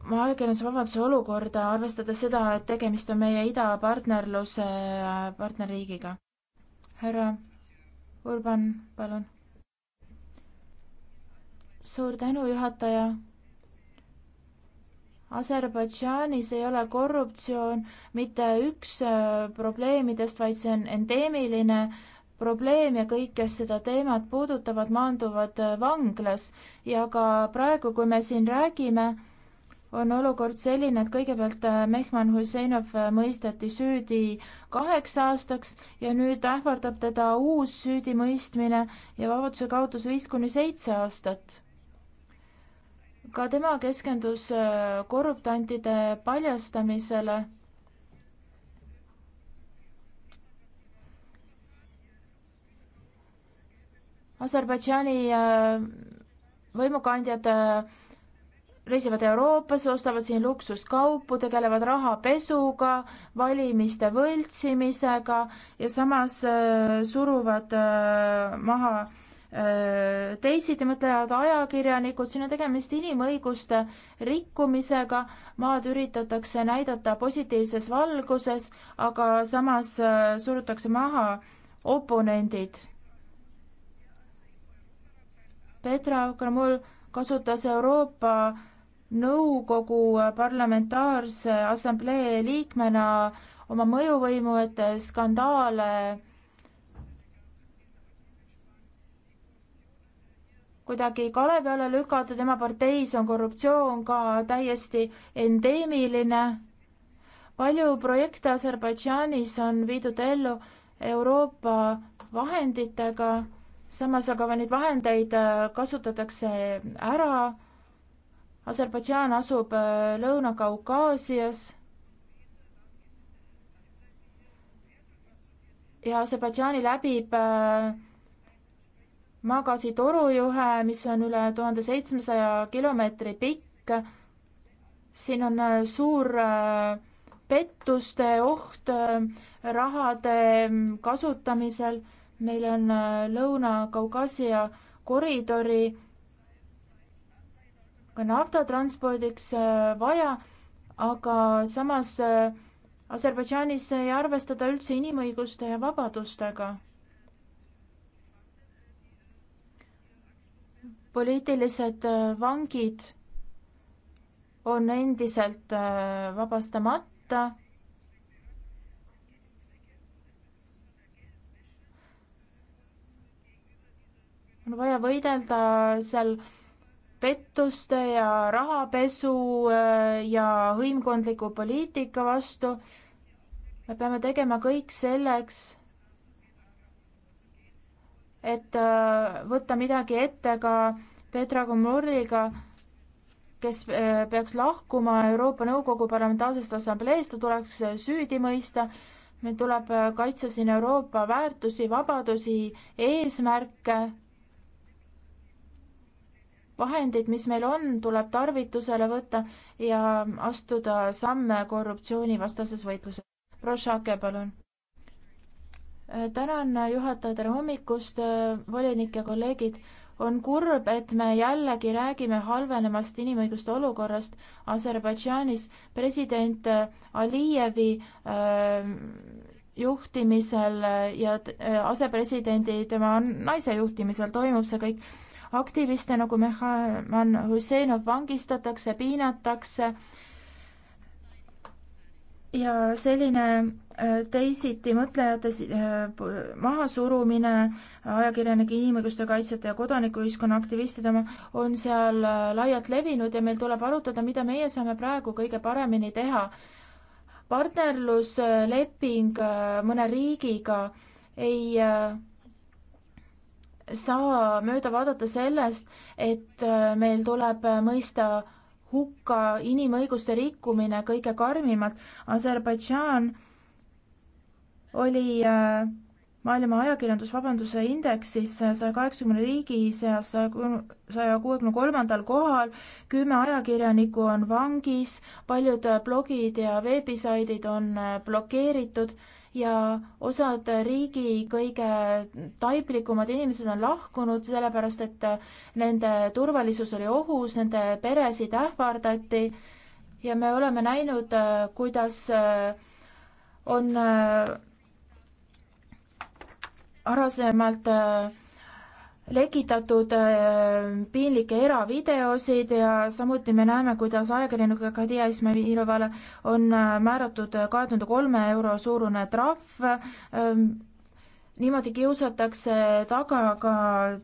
oma ajakirjandusvabaduse olukorda, arvestades seda, et tegemist on meie idapartnerluse äh, partnerriigiga. härra Urban, palun. suur tänu, juhataja Aserbaidžaanis ei ole korruptsioon mitte üks äh, probleemidest, vaid see on endeemiline probleem ja kõik, kes seda teemat puudutavad, maanduvad äh, vanglas. ja ka praegu, kui me siin räägime, on olukord selline, et kõigepealt äh, Mehman Husseinov mõisteti süüdi kaheks aastaks ja nüüd ähvardab teda uus süüdimõistmine ja vabaduse kaotus viis kuni seitse aastat ka tema keskendus äh, korruptantide paljastamisele. Aserbaidžaani äh, võimukandjad äh, reisivad Euroopasse, ostavad siin luksuskaupu, tegelevad rahapesuga, valimiste võltsimisega ja samas suruvad maha teisiti mõtlevad ajakirjanikud, siin on tegemist inimõiguste rikkumisega, maad üritatakse näidata positiivses valguses, aga samas surutakse maha oponendid. Petra Kramul kasutas Euroopa Nõukogu Parlamentaarse Assamblee liikmena oma mõjuvõimu, et skandaale kuidagi kalevi alla lükata, tema parteis on korruptsioon ka täiesti endeemiline. palju projekte Aserbaidžaanis on viidud ellu Euroopa vahenditega, samas aga neid vahendeid äh, kasutatakse ära. Aserbaidžaan asub äh, Lõuna-Kaukaasias ja Aserbaidžaani läbib äh, Magasi torujuhe, mis on üle tuhande seitsmesaja kilomeetri pikk. siin on äh, suur äh, pettuste oht äh, rahade mm, kasutamisel. meil on Lõuna-Kaukaasia koridori ka naftatranspordiks vaja, aga samas Aserbaidžaanis ei arvestada üldse inimõiguste ja vabadustega poliitilised äh, vangid on endiselt äh, vabastamata. on vaja võidelda seal pettuste ja rahapesu äh, ja hõimkondliku poliitika vastu. me peame tegema kõik selleks et äh, võtta midagi ette ka Petra Komorriga, kes äh, peaks lahkuma Euroopa Nõukogu Parlamentaarsest Assambleest, ta tuleks äh, süüdi mõista, meil tuleb kaitsta siin Euroopa väärtusi, vabadusi, eesmärke, vahendid, mis meil on, tuleb tarvitusele võtta ja astuda samme korruptsioonivastases võitluses. Rošake, palun tänan, juhataja, tere hommikust, volinik ja kolleegid. on kurb, et me jällegi räägime halvenemast inimõiguste olukorrast Aserbaidžaanis. president äh, Alijevi ähm, äh, juhtimisel ja äh, asepresidendi, tema naise juhtimisel toimub see kõik. aktiviste nagu Mehhaman Husseinov vangistatakse, piinatakse ja selline äh, teisiti mõtlejate äh, mahasurumine, ajakirjanike, inimõiguste kaitsjate ja kodanikuühiskonna aktivistide oma, on seal äh, laialt levinud ja meil tuleb arutada, mida meie saame praegu kõige paremini teha. partnerlusleping mõne riigiga ei saa mööda vaadata sellest, et meil tuleb mõista hukka inimõiguste rikkumine kõige karmimalt. Aserbaidžaan oli äh, maailma ajakirjandusvabanduse indeksis äh, saja kaheksakümne riigi seas saja kuuekümne kolmandal kohal, kümme ajakirjanikku on vangis, paljud äh, blogid ja veebisaidid on blokeeritud ja osad riigi kõige taiplikumad inimesed on lahkunud sellepärast, et nende turvalisus oli ohus, nende peresid ähvardati ja me oleme näinud, kuidas on varasemalt äh, lekitatud äh, piinlikke eravideosid ja samuti me näeme, kuidas ajakirjanikule Kadia Ismailovale on äh, määratud kahe tuhande kolme euro suurune trahv ähm, niimoodi kiusatakse taga ka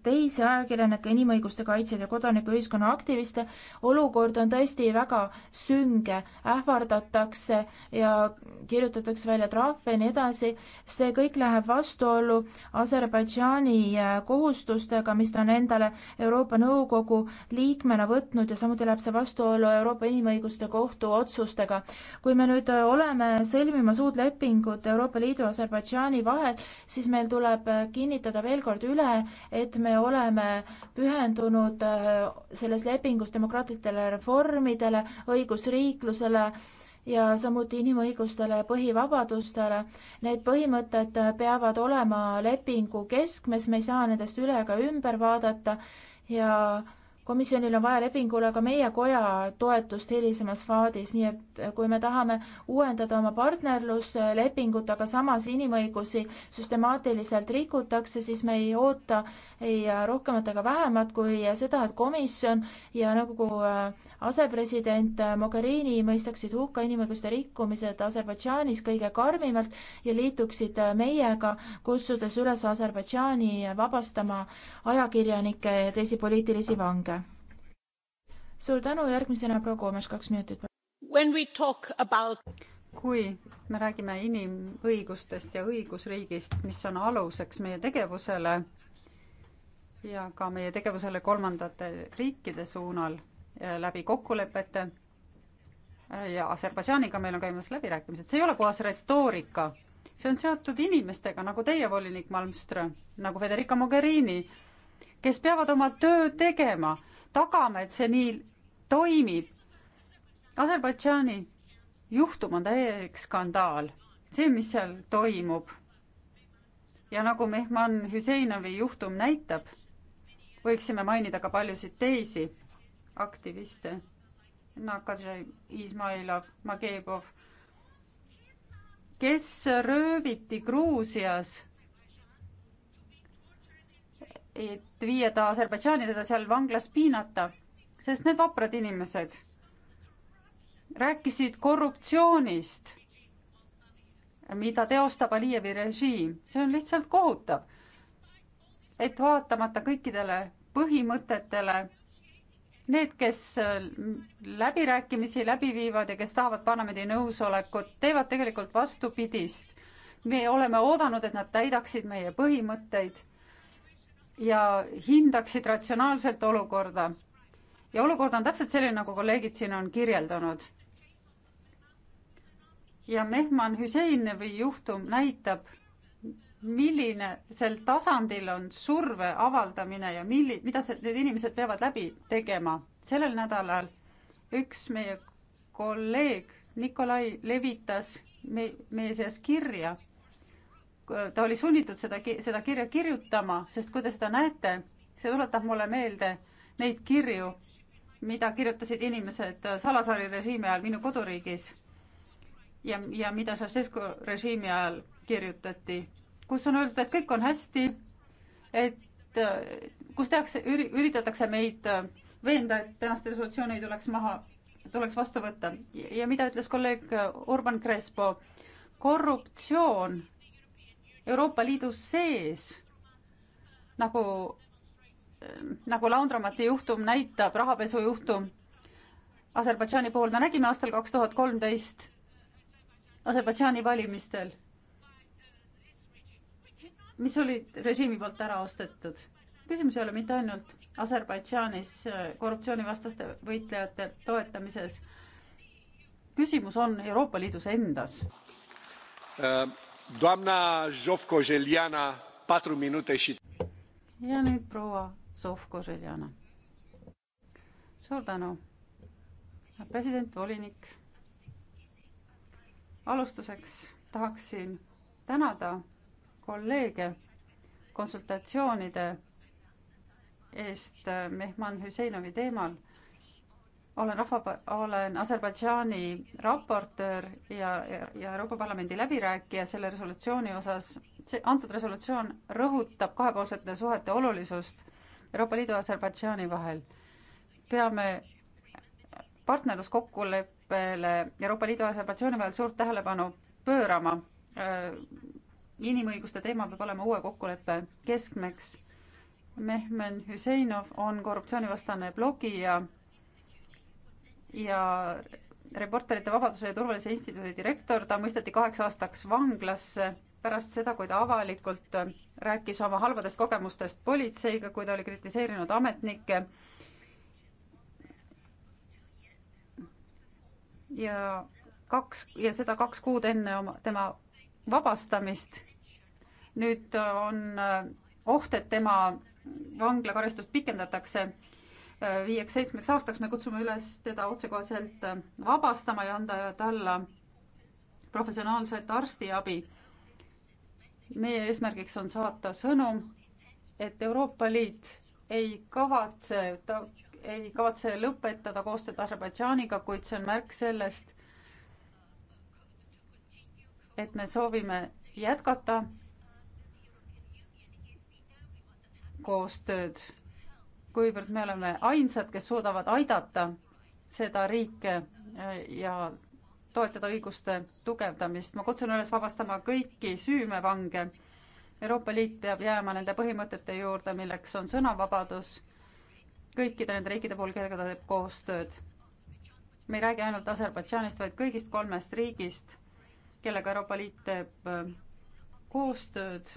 teisi ajakirjanikke, inimõiguste kaitsjaid ja kodanikuühiskonna aktiviste. olukord on tõesti väga sünge, ähvardatakse ja kirjutatakse välja trahve ja nii edasi. see kõik läheb vastuollu Aserbaidžaani äh, kohustustega, mis ta on endale Euroopa Nõukogu liikmena võtnud ja samuti läheb see vastuollu Euroopa Inimõiguste Kohtu otsustega. kui me nüüd äh, oleme sõlmimas uut lepingut Euroopa Liidu ja Aserbaidžaani vahel, siis me meil tuleb kinnitada veel kord üle, et me oleme pühendunud äh, selles lepingus demokraatlikele reformidele, õigusriiklusele ja samuti inimõigustele ja põhivabadustele. Need põhimõtted peavad olema lepingu keskmes, me ei saa nendest üle ega ümber vaadata ja komisjonil on vaja lepingule ka meie koja toetust hilisemas faadis, nii et kui me tahame uuendada oma partnerluslepingut, aga samas inimõigusi süstemaatiliselt rikutakse, siis me ei oota ei rohkemat ega vähemat kui seda, et komisjon ja nõukogu nagu asepresident Mogherini mõistaksid hukka inimõiguste rikkumised Aserbaidžaanis kõige karmimalt ja liituksid meiega, kutsudes üles Aserbaidžaani vabastama ajakirjanikke ja teisi poliitilisi vange. suur tänu, järgmisena proua Koomes, kaks minutit. About... kui me räägime inimõigustest ja õigusriigist, mis on aluseks meie tegevusele ja ka meie tegevusele kolmandate riikide suunal, Äh, läbi kokkulepete ja Aserbaidžaaniga meil on käimas läbirääkimised, see ei ole puhas retoorika, see on seotud inimestega, nagu teie, volinik Malmström, nagu Federica Mogherini, kes peavad oma töö tegema, tagama, et see nii toimib. Aserbaidžaani juhtum on täielik skandaal, see, mis seal toimub. ja nagu Mehman Hüseinovi juhtum näitab, võiksime mainida ka paljusid teisi aktiviste Nakatšai, Izmailov, Magebov, kes rööviti Gruusias, et viia ta Aserbaidžaani, teda seal vanglas piinata, sest need vaprad inimesed rääkisid korruptsioonist, mida teostab Alijevi režiim, see on lihtsalt kohutav. et vaatamata kõikidele põhimõtetele Need, kes äh, läbirääkimisi läbi viivad ja kes tahavad parlamendi nõusolekut, teevad tegelikult vastupidist. me oleme oodanud, et nad täidaksid meie põhimõtteid ja hindaksid ratsionaalselt olukorda. ja olukord on täpselt selline, nagu kolleegid siin on kirjeldanud. ja Mehman Hüseinovi juhtum näitab, milline sel tasandil on surve avaldamine ja milli-, mida see, need inimesed peavad läbi tegema. sellel nädalal üks meie kolleeg Nikolai levitas me-, meie seas kirja. ta oli sunnitud seda, seda kirja kirjutama, sest kui te seda näete, see tuletab mulle meelde neid kirju, mida kirjutasid inimesed Salasari režiimi ajal minu koduriigis ja, ja mida Šašesko režiimi ajal kirjutati kus on öeldud, et kõik on hästi, et kus tehakse, üritatakse meid äh, veenda, et tänast resolutsiooni ei tuleks maha, tuleks vastu võtta. ja mida ütles kolleeg Urban Crespo? korruptsioon Euroopa Liidu sees nagu, nagu Laundramati juhtum näitab, rahapesu juhtum Aserbaidžaani puhul, me nägime aastal kaks tuhat kolmteist Aserbaidžaani valimistel mis olid režiimi poolt ära ostetud. küsimus ei ole mitte ainult Aserbaidžaanis äh, korruptsioonivastaste võitlejate toetamises. küsimus on Euroopa Liidus endas. Äh, ja nüüd proua Zovko-Željana. suur tänu. president, volinik. alustuseks tahaksin tänada kolleege konsultatsioonide eest Mehman Hüseinovi teemal. olen rahva, olen Aserbaidžaani raportöör ja, ja, ja Euroopa Parlamendi läbirääkija selle resolutsiooni osas. see, antud resolutsioon rõhutab kahepoolsete suhete olulisust Euroopa Liidu ja Aserbaidžaani vahel. peame partnerluskokkuleppele Euroopa Liidu ja Aserbaidžaani vahel suurt tähelepanu pöörama äh, inimõiguste teema peab olema uue kokkuleppe keskmeks. Mehmen Hüseinov on korruptsioonivastane blogija ja Reporterite Vabaduse ja Turvalise Instituudi direktor, ta mõisteti kaheks aastaks vanglasse pärast seda, kui ta avalikult rääkis oma halbadest kogemustest politseiga, kui ta oli kritiseerinud ametnikke. ja kaks ja seda kaks kuud enne oma, tema vabastamist nüüd äh, on äh, oht, et tema vanglakaristust pikendatakse äh, viieks-seitsmeks aastaks, me kutsume üles teda otsekoheselt vabastama ja anda talle professionaalset arstiabi. meie eesmärgiks on saata sõnum, et Euroopa Liit ei kavatse, ta ei kavatse lõpetada koostööd Aserbaidžaaniga, kuid see on märk sellest, et me soovime jätkata koostööd, kuivõrd me oleme ainsad, kes suudavad aidata seda riike äh, ja toetada õiguste tugevdamist. ma kutsun üles vabastama kõiki süümevange. Euroopa Liit peab jääma nende põhimõtete juurde, milleks on sõnavabadus kõikide nende riikide puhul, kellega ta teeb koostööd. me ei räägi ainult Aserbaidžaanist, vaid kõigist kolmest riigist, kellega Euroopa Liit teeb äh, koostööd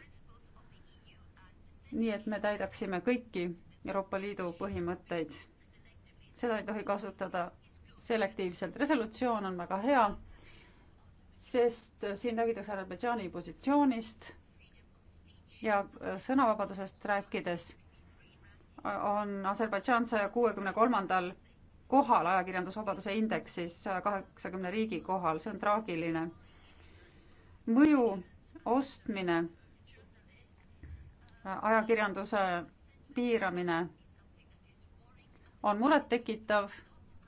nii et me täidaksime kõiki Euroopa Liidu põhimõtteid. seda ei tohi kasutada selektiivselt. resolutsioon on väga hea, sest siin räägitakse Aserbaidžaani positsioonist ja sõnavabadusest rääkides on Aserbaidžaan saja kuuekümne kolmandal kohal ajakirjandusvabaduse indeksis, saja kaheksakümne riigi kohal, see on traagiline. mõju ostmine ajakirjanduse piiramine on murettekitav,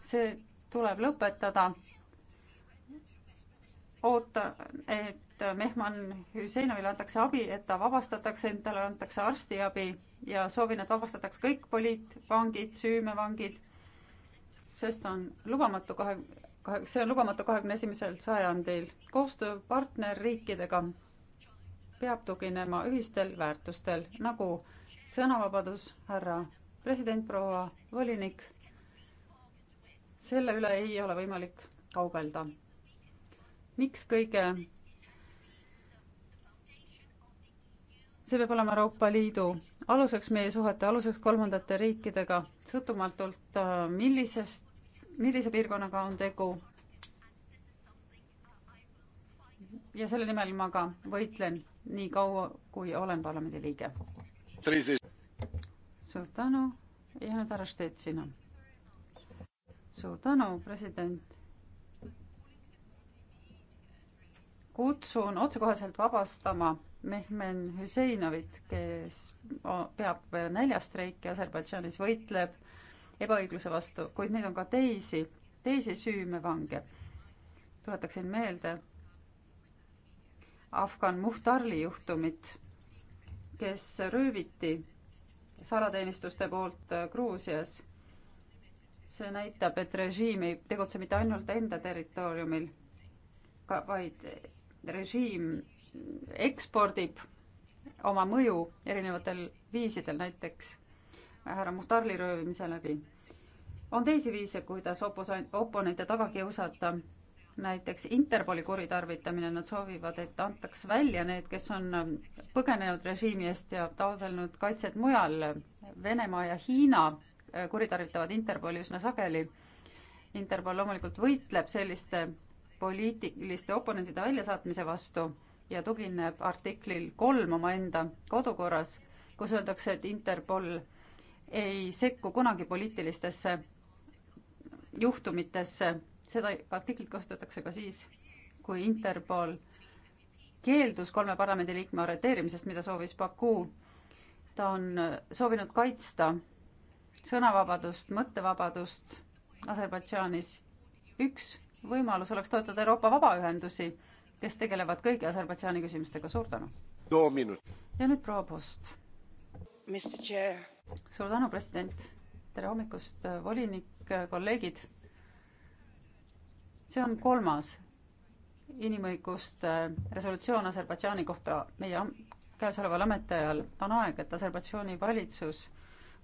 see tuleb lõpetada. oota, et Mehman Hüseinovile antakse abi, et ta vabastatakse, endale antakse arstiabi ja soovin, et vabastataks kõik poliitvangid, süümevangid, sest on lubamatu kahe, kahe, see on lubamatu kahekümne esimesel sajandil. koostöö partnerriikidega peab tuginema ühistel väärtustel nagu sõnavabadus, härra president, proua volinik. selle üle ei ole võimalik kaubelda. miks kõige? see peab olema Euroopa Liidu aluseks meie suhete, aluseks kolmandate riikidega, sõltumatult äh, millisest, millise piirkonnaga on tegu ja selle nimel ma ka võitlen nii kaua, kui olen parlamendi liige. suur tänu ja nüüd härra Stetsina. suur tänu, president. kutsun otsekoheselt vabastama Mehmen Hüseinovit, kes peab näljastreiki Aserbaidžaanis, võitleb ebaõigluse vastu, kuid neid on ka teisi, teisi süümevange. tuletaksin meelde Afgan Muhtarli juhtumit, kes rööviti salateenistuste poolt äh, Gruusias. see näitab, et režiim ei tegutse mitte ainult enda territooriumil, vaid režiim ekspordib oma mõju erinevatel viisidel, näiteks äh, härra Muhtarli röövimise läbi. on teisi viise, kuidas opos-, oponente taga kiusata näiteks Interpoli kuritarvitamine, nad soovivad, et antaks välja need, kes on põgenenud režiimi eest ja taotlenud kaitset mujal. Venemaa ja Hiina äh, kuritarvitavad Interpoli üsna sageli. Interpol loomulikult võitleb selliste poliitiliste oponentide väljasaatmise vastu ja tugineb artiklil kolm omaenda kodukorras, kus öeldakse, et Interpol ei sekku kunagi poliitilistesse juhtumitesse seda artiklit kasutatakse ka siis, kui Interpol keeldus kolme parlamendiliikme arreteerimisest, mida soovis Baku. ta on soovinud kaitsta sõnavabadust, mõttevabadust Aserbaidžaanis. üks võimalus oleks toetada Euroopa vabaühendusi, kes tegelevad kõigi Aserbaidžaani küsimustega. suur tänu! ja nüüd proua Post. suur tänu, president! tere hommikust, volinik, kolleegid! see on kolmas inimõiguste äh, resolutsioon Aserbaidžaani kohta meie käesoleval ametiajal. on aeg, et Aserbaidžaani valitsus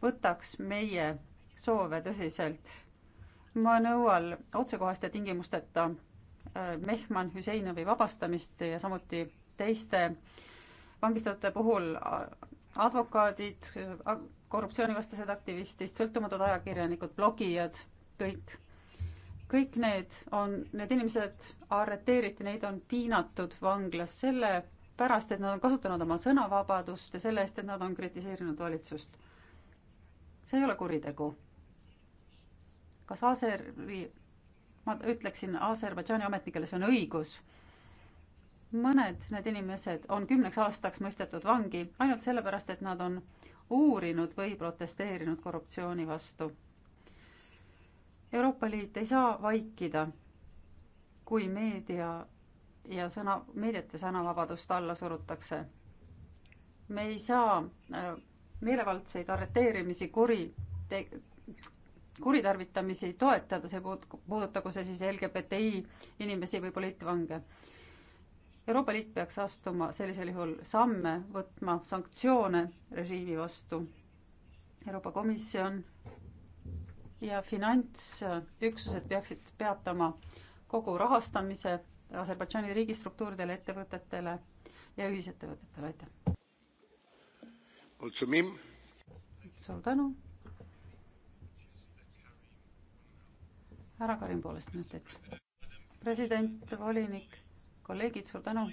võtaks meie soove tõsiselt. ma nõuan otsekohaste tingimusteta äh, Mehman Hüseinovi vabastamist ja samuti teiste vangistatute puhul äh, advokaadid, korruptsioonivastased aktivistid, sõltumatud ajakirjanikud, blogijad, kõik kõik need on, need inimesed arreteeriti, neid on piinatud vanglas selle pärast, et nad on kasutanud oma sõnavabadust ja selle eest, et nad on kritiseerinud valitsust. see ei ole kuritegu. kas Aseri, ma ütleksin Aserbaidžaani ametnikele, see on õigus. mõned need inimesed on kümneks aastaks mõistetud vangi ainult sellepärast, et nad on uurinud või protesteerinud korruptsiooni vastu Euroopa Liit ei saa vaikida, kui meedia ja sõna, meediat ja sõnavabadust alla surutakse. me ei saa äh, meelevaldseid arreteerimisi, kuri, kuritarvitamisi toetada, see puud-, puudutagu see siis LGBTI inimesi või poliitvange. Euroopa Liit peaks astuma sellisel juhul samme, võtma sanktsioone režiimi vastu. Euroopa Komisjon ja finantsüksused peaksid peatama kogu rahastamise Aserbaidžaani riigistruktuuridele, ettevõtetele ja ühisettevõtetele, aitäh! suur tänu! härra Karin, poolest minutit. president, volinik, kolleegid, suur tänu!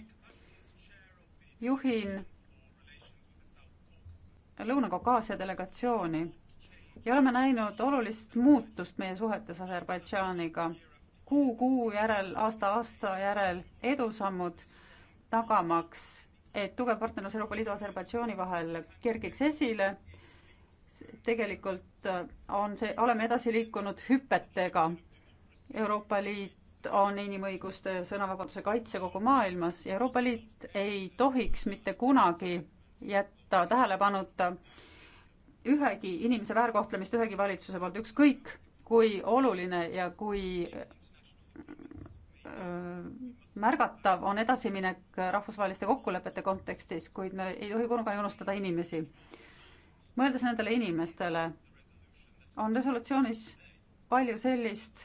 juhin Lõuna-Kaukaasia delegatsiooni ja oleme näinud olulist muutust meie suhetes Aserbaidžaaniga. kuu kuu järel, aasta aasta järel edusammud tagamaks, et tugev partnerlus Euroopa Liidu Aserbaidžaani vahel kergiks esile. tegelikult äh, on see, oleme edasi liikunud hüpetega. Euroopa Liit on inimõiguste ja sõnavabaduse kaitse kogu maailmas ja Euroopa Liit ei tohiks mitte kunagi jätta tähelepanuta äh, ühegi inimese väärkohtlemist ühegi valitsuse poolt, ükskõik kui oluline ja kui märgatav on edasiminek rahvusvaheliste kokkulepete kontekstis, kuid me ei tohi kunagi unustada inimesi. mõeldes nendele inimestele, on resolutsioonis palju sellist,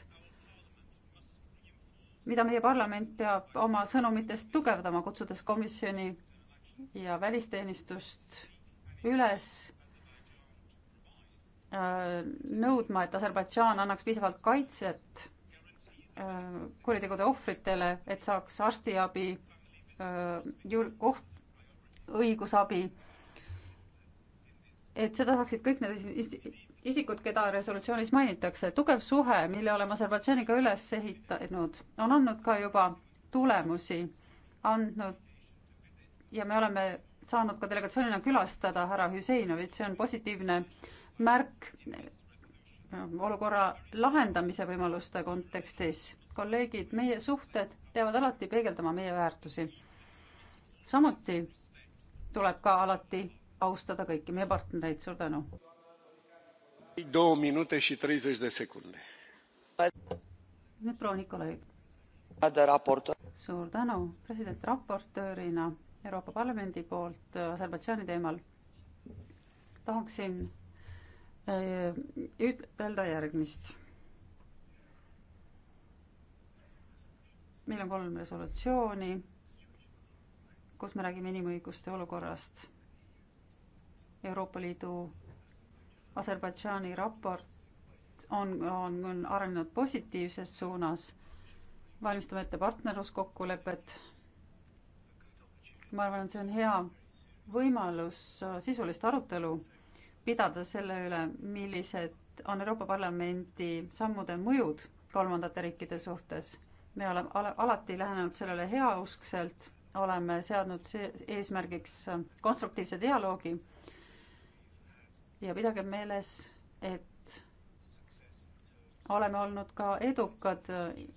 mida meie parlament peab oma sõnumitest tugevdama, kutsudes komisjoni ja välisteenistust üles Äh, nõudma, et Aserbaidžaan annaks piisavalt kaitset äh, kuritegude ohvritele, et saaks arstiabi, äh, koht, õigusabi. et seda saaksid kõik need isikud, keda resolutsioonis mainitakse. tugev suhe, mille oleme Aserbaidžaaniga üles ehitanud, on andnud ka juba tulemusi, andnud ja me oleme saanud ka delegatsioonina külastada härra Hüseinovit, see on positiivne äh, märk olukorra lahendamise võimaluste kontekstis. kolleegid, meie suhted peavad alati peegeldama meie väärtusi. samuti tuleb ka alati austada kõiki meie partnereid, suur tänu. nüüd proua Nikolai. suur tänu, president raportöörina Euroopa Parlamendi poolt Aserbaidžaani teemal tahaksin Äh, ütelda järgmist. meil on kolm resolutsiooni, kus me räägime inimõiguste olukorrast. Euroopa Liidu Aserbaidžaani raport on, on, on arenenud positiivses suunas. valmistame ette partnerluskokkulepet. ma arvan, et see on hea võimalus sisulist arutelu pidada selle üle, millised on Euroopa Parlamendi sammude mõjud kolmandate riikide suhtes. me oleme alati lähenenud sellele heauskselt, oleme seadnud eesmärgiks konstruktiivse dialoogi ja pidage meeles, et oleme olnud ka edukad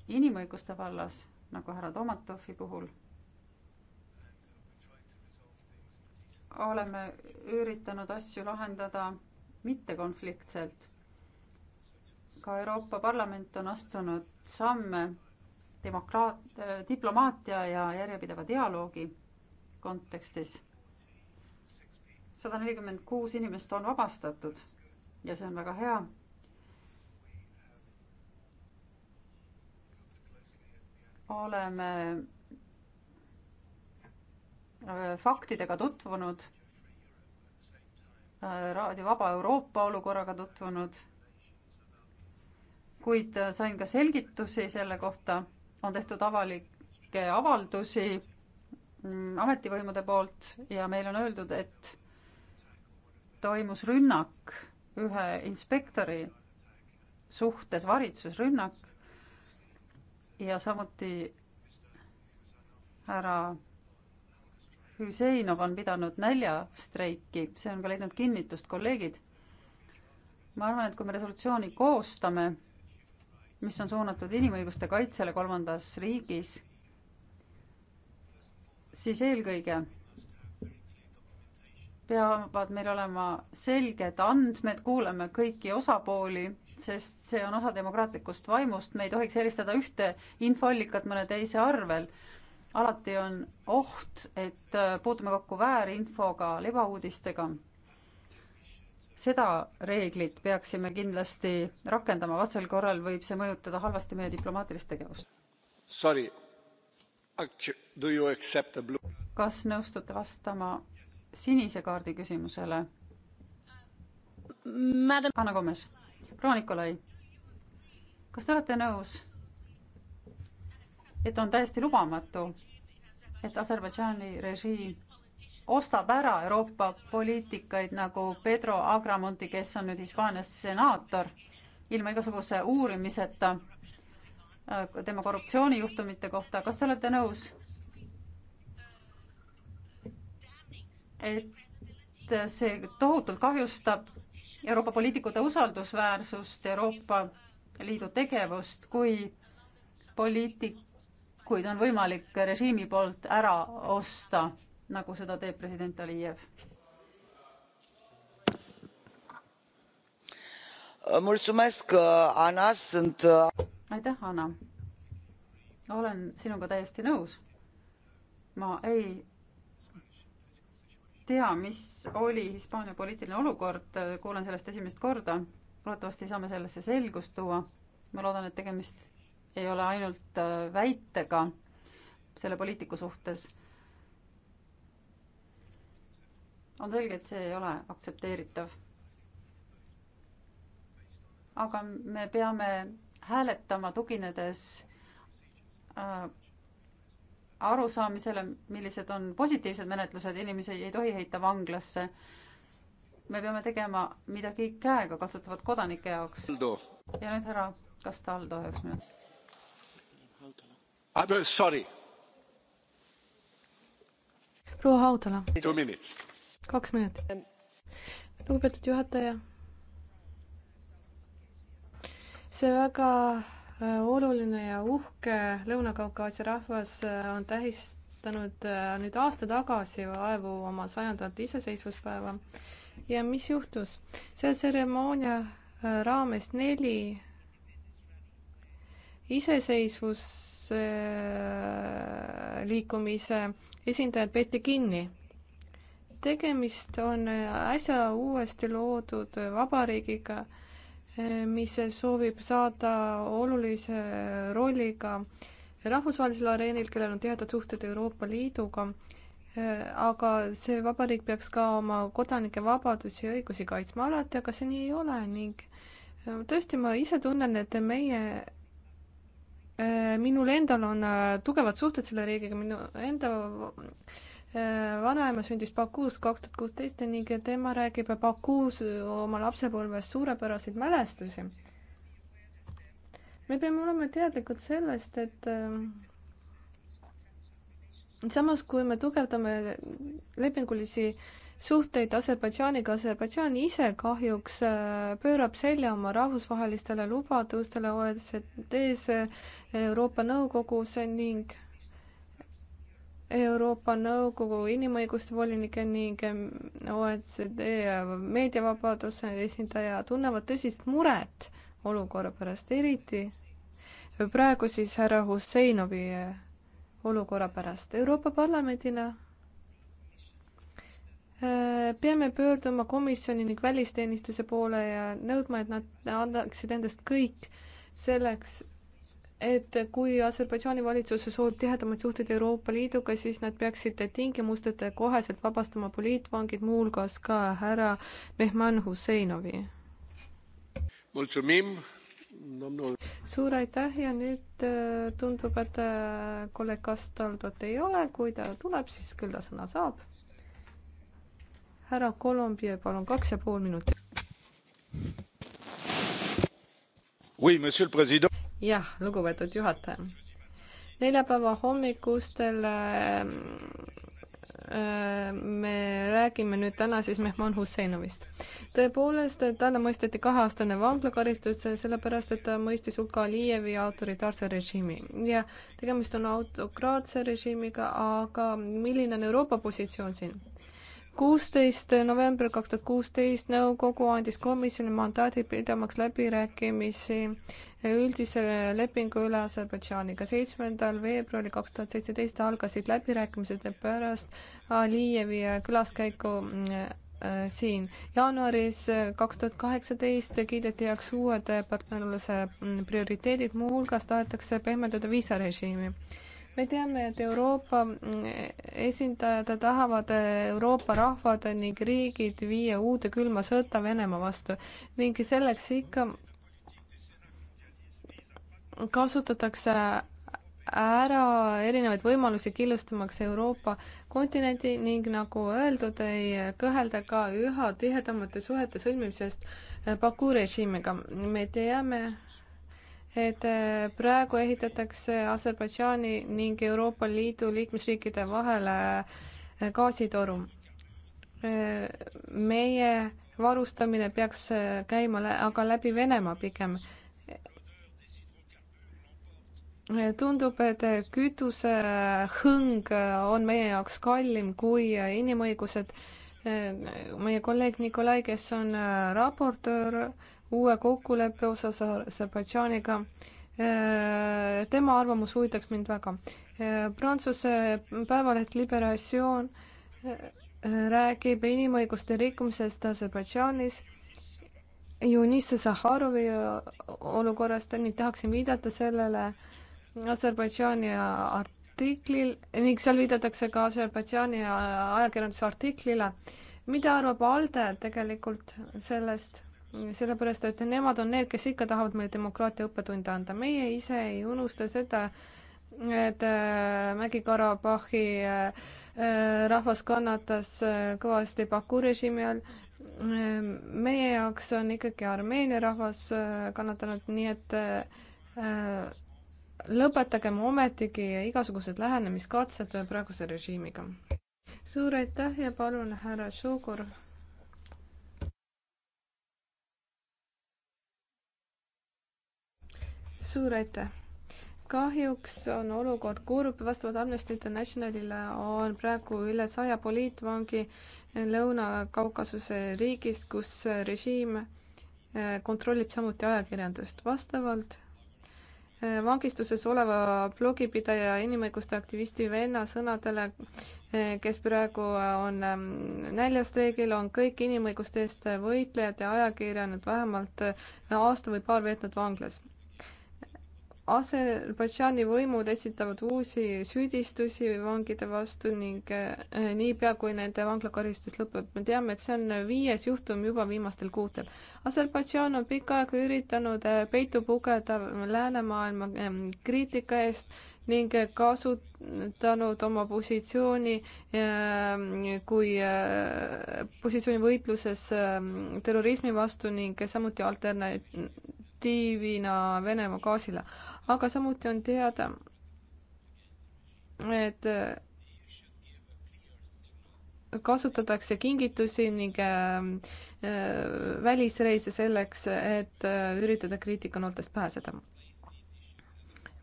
inimõiguste vallas, nagu härra Tomatovi puhul oleme üritanud asju lahendada mittekonfliktselt. ka Euroopa Parlament on astunud samme demokraat-, diplomaatia ja järjepideva dialoogi kontekstis. sada nelikümmend kuus inimest on vabastatud ja see on väga hea oleme Äh, faktidega tutvunud, äh, Raadio Vaba Euroopa olukorraga tutvunud, kuid äh, sain ka selgitusi selle kohta, on tehtud avalikke avaldusi mm, ametivõimude poolt ja meile on öeldud, et toimus rünnak ühe inspektori suhtes, varitsusrünnak ja samuti härra Hüseinov on pidanud näljastreiki, see on ka leidnud kinnitust, kolleegid. ma arvan, et kui me resolutsiooni koostame, mis on suunatud inimõiguste kaitsele kolmandas riigis, siis eelkõige peavad meil olema selged andmed, kuulame kõiki osapooli, sest see on osa demokraatlikust vaimust, me ei tohiks eelistada ühte infoallikat mõne teise arvel alati on oht, et äh, puutume kokku väärinfoga, libauudistega. seda reeglit peaksime kindlasti rakendama, vastasel korral võib see mõjutada halvasti meie diplomaatilist tegevust. Sorry, do you accept the blue? kas nõustute vastama sinise kaardi küsimusele? Madam Anna Gomes, proua Nikolai, kas te olete nõus et on täiesti lubamatu, et Aserbaidžaani režiim ostab ära Euroopa poliitikaid nagu Pedro Agramonti, kes on nüüd Hispaanias senaator, ilma igasuguse uurimiseta äh, tema korruptsioonijuhtumite kohta, kas te olete nõus, et see tohutult kahjustab Euroopa poliitikute usaldusväärsust, Euroopa Liidu tegevust, kui poliitik kuid on võimalik režiimi poolt ära osta, nagu seda teeb president Alijev. aitäh, Anna. olen sinuga täiesti nõus. ma ei tea, mis oli Hispaania poliitiline olukord, kuulen sellest esimest korda. loodetavasti saame sellesse selgust tuua. ma loodan, et tegemist ei ole ainult äh, väitega selle poliitiku suhtes. on selge, et see ei ole aktsepteeritav. aga me peame hääletama, tuginedes äh, arusaamisele, millised on positiivsed menetlused, inimesi ei tohi heita vanglasse. me peame tegema midagi käega kasutavat kodanike jaoks. ja nüüd härra Castaldo üheks minutiks. Ah, proua Haudala. kaks minutit. lugupeetud juhataja. see väga äh, oluline ja uhke Lõuna-Kaukaasia rahvas äh, on tähistanud äh, nüüd aasta tagasi vaevu oma sajandat iseseisvuspäeva. ja mis juhtus? see tseremoonia raames neli iseseisvus Äh, liikumise esindajad peeti kinni. tegemist on äsja uuesti loodud vabariigiga, äh, mis soovib saada olulise rolliga rahvusvahelisel areenil, kellel on teatud suhted Euroopa Liiduga, äh, aga see vabariik peaks ka oma kodanike vabadusi ja õigusi kaitsma alati, aga see nii ei ole ning tõesti, ma ise tunnen, et meie Äh, minul endal on äh, tugevad suhted selle riigiga, minu enda äh, vanaema sündis Bakuus kaks tuhat kuusteist ning tema räägib Bakuus oma lapsepõlvest suurepäraseid mälestusi. me peame olema teadlikud sellest, et samas, kui me tugevdame lepingulisi äh, suhteid Aserbaidžaaniga. Aserbaidžaan ise kahjuks äh, pöörab selja oma rahvusvahelistele lubadustele OECD-s, äh, Euroopa Nõukogus ning Euroopa Nõukogu inimõiguste volinike ning ähm, OECD meediavabaduse esindaja tunnevad tõsist muret olukorra pärast, eriti praegu siis härra Husseinovi äh, olukorra pärast. Euroopa Parlamendina Äh, peame pöörduma komisjoni ning välisteenistuse poole ja nõudma, et nad andaksid endast kõik selleks, et kui Aserbaidžaani valitsus soovib tihedamaid suhteid Euroopa Liiduga, siis nad peaksid tingimusteta ja koheselt vabastama poliitvangid, muuhulgas ka härra Mehman Husseinovi. suur aitäh ja nüüd äh, tundub, et äh, kolleeg Kastaldot ei ole, kui ta tuleb, siis küll ta sõna saab härra Colombier, palun, kaks ja pool minutit. jah, lugupeetud juhataja. neljapäeva hommikustel ähm, ähm, me räägime nüüd täna siis Mehman Husseinovist. tõepoolest, talle mõisteti kaheaastane vanglakaristus, sellepärast et ta mõistis hulka Aliievi autoritaarse režiimi ja tegemist on autokraatse režiimiga, aga milline on Euroopa positsioon siin? kuusteist novembril kaks tuhat kuusteist nõukogu andis komisjoni mandaadi pidamaks läbirääkimisi üldise lepingu üle Aserbaidžaaniga. seitsmendal veebruaril kaks tuhat seitseteist algasid läbirääkimised pärast Alijevi külaskäiku äh, siin. jaanuaris äh, kaks tuhat kaheksateist kiideti heaks uued äh, partnerluse mm, prioriteedid, muuhulgas tahetakse pehmendada viisarežiimi me teame, et Euroopa mm, esindajad tahavad äh, Euroopa rahvad ning riigid viia uude külma sõtta Venemaa vastu ning selleks ikka kasutatakse ära erinevaid võimalusi killustamaks Euroopa kontinenti ning nagu öeldud, ei kõhelda ka üha tihedamate suhete sõlmimisest äh, Baku režiimiga. me teame, et äh, praegu ehitatakse Aserbaidžaani ning Euroopa Liidu liikmesriikide vahele äh, gaasitoru. Äh, meie varustamine peaks käima aga läbi Venemaa pigem. tundub, et kütuse hõng on meie jaoks kallim kui inimõigused. meie kolleeg Nikolai, kes on raportöör, uue kokkuleppe osas Aserbaidžaaniga. Äh, tema arvamus huvitaks mind väga. Äh, Prantsuse päevaleht Liberatsioon äh, räägib inimõiguste rikkumisest Aserbaidžaanis. Junisse Zahharovi olukorrast ning tahaksin viidata sellele Aserbaidžaani artiklil ning seal viidatakse ka Aserbaidžaani ajakirjanduse artiklile. mida arvab ALDE tegelikult sellest? sellepärast, et nemad on need, kes ikka tahavad meile demokraatia õppetunde anda, meie ise ei unusta seda, et äh, Mägi-Karabahhi äh, äh, rahvas kannatas kõvasti Baku režiimi all. Ähm, meie jaoks on ikkagi Armeenia rahvas kannatanud, nii et lõpetagem ometigi igasugused lähenemiskatsed praeguse režiimiga. suur aitäh ja palun, härra Šugur suur aitäh! kahjuks on olukord kurb, vastavalt Amnesty Internationalile on praegu üle saja poliitvangi Lõuna-Kaukasuse riigis, kus režiim eh, kontrollib samuti ajakirjandust. vastavalt eh, vangistuses oleva blogipidaja inimõiguste aktivisti venna sõnadele, eh, kes praegu on näljastreigil, on kõik inimõiguste eest võitlejad ja ajakirjanikud vähemalt aasta või paar veetnud vanglas Aserbaidžaani võimud esitavad uusi süüdistusi vangide vastu ning eh, niipea, kui nende vanglakaristus lõpeb, me teame, et see on viies juhtum juba viimastel kuudel. Aserbaidžaan on pikka aega üritanud eh, peitu pugeda läänemaailma eh, kriitika eest ning kasutanud oma positsiooni kui positsiooni võitluses terrorismi vastu ning samuti alternatiivina Venemaa gaasile aga samuti on teada, et äh, kasutatakse kingitusi ning äh, äh, välisreise selleks, et üritada kriitikanooltest pääseda.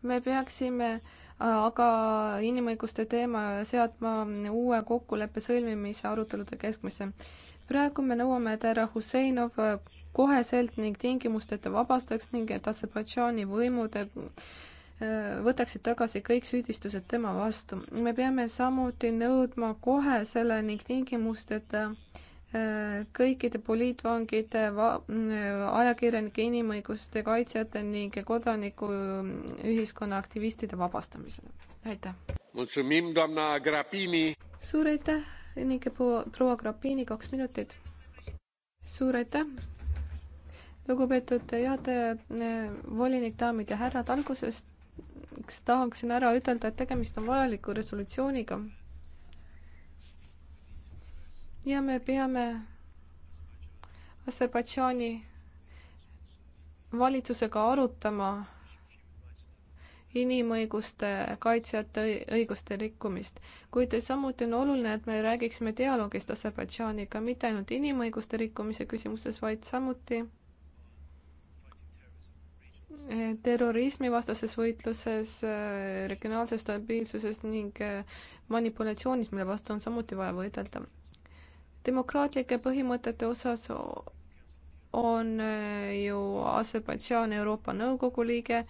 me peaksime aga inimõiguste teema seadma uue kokkuleppe sõlmimise arutelude keskmesse. praegu me nõuame, et härra Husseinov koheselt ning tingimusteta vabastaks ning et Aserbaidžaani võimud äh, võtaksid tagasi kõik süüdistused tema vastu. me peame samuti nõudma kohe selle ning tingimusteta äh, kõikide poliitvangide, äh, ajakirjanike, inimõiguste kaitsjate ning kodanikuühiskonna aktivistide vabastamise. aitäh! suur aitäh ning proua Grapini, kaks minutit. suur aitäh! lugupeetud juhataja, eh, volinik, daamid ja härrad, alguses tahaksin ära ütelda, et tegemist on vajaliku resolutsiooniga. ja me peame Aserbaidžaani valitsusega arutama inimõiguste kaitsjate õiguste rikkumist, kuid samuti on oluline, et me räägiksime dialoogist Aserbaidžaaniga mitte ainult inimõiguste rikkumise küsimuses, vaid samuti terrorismivastases võitluses, regionaalses stabiilsuses ning eh, manipulatsioonis, mille vastu on samuti vaja võidelda. demokraatlike põhimõtete osas on eh, ju Aserbaidžaan Euroopa Nõukogu liige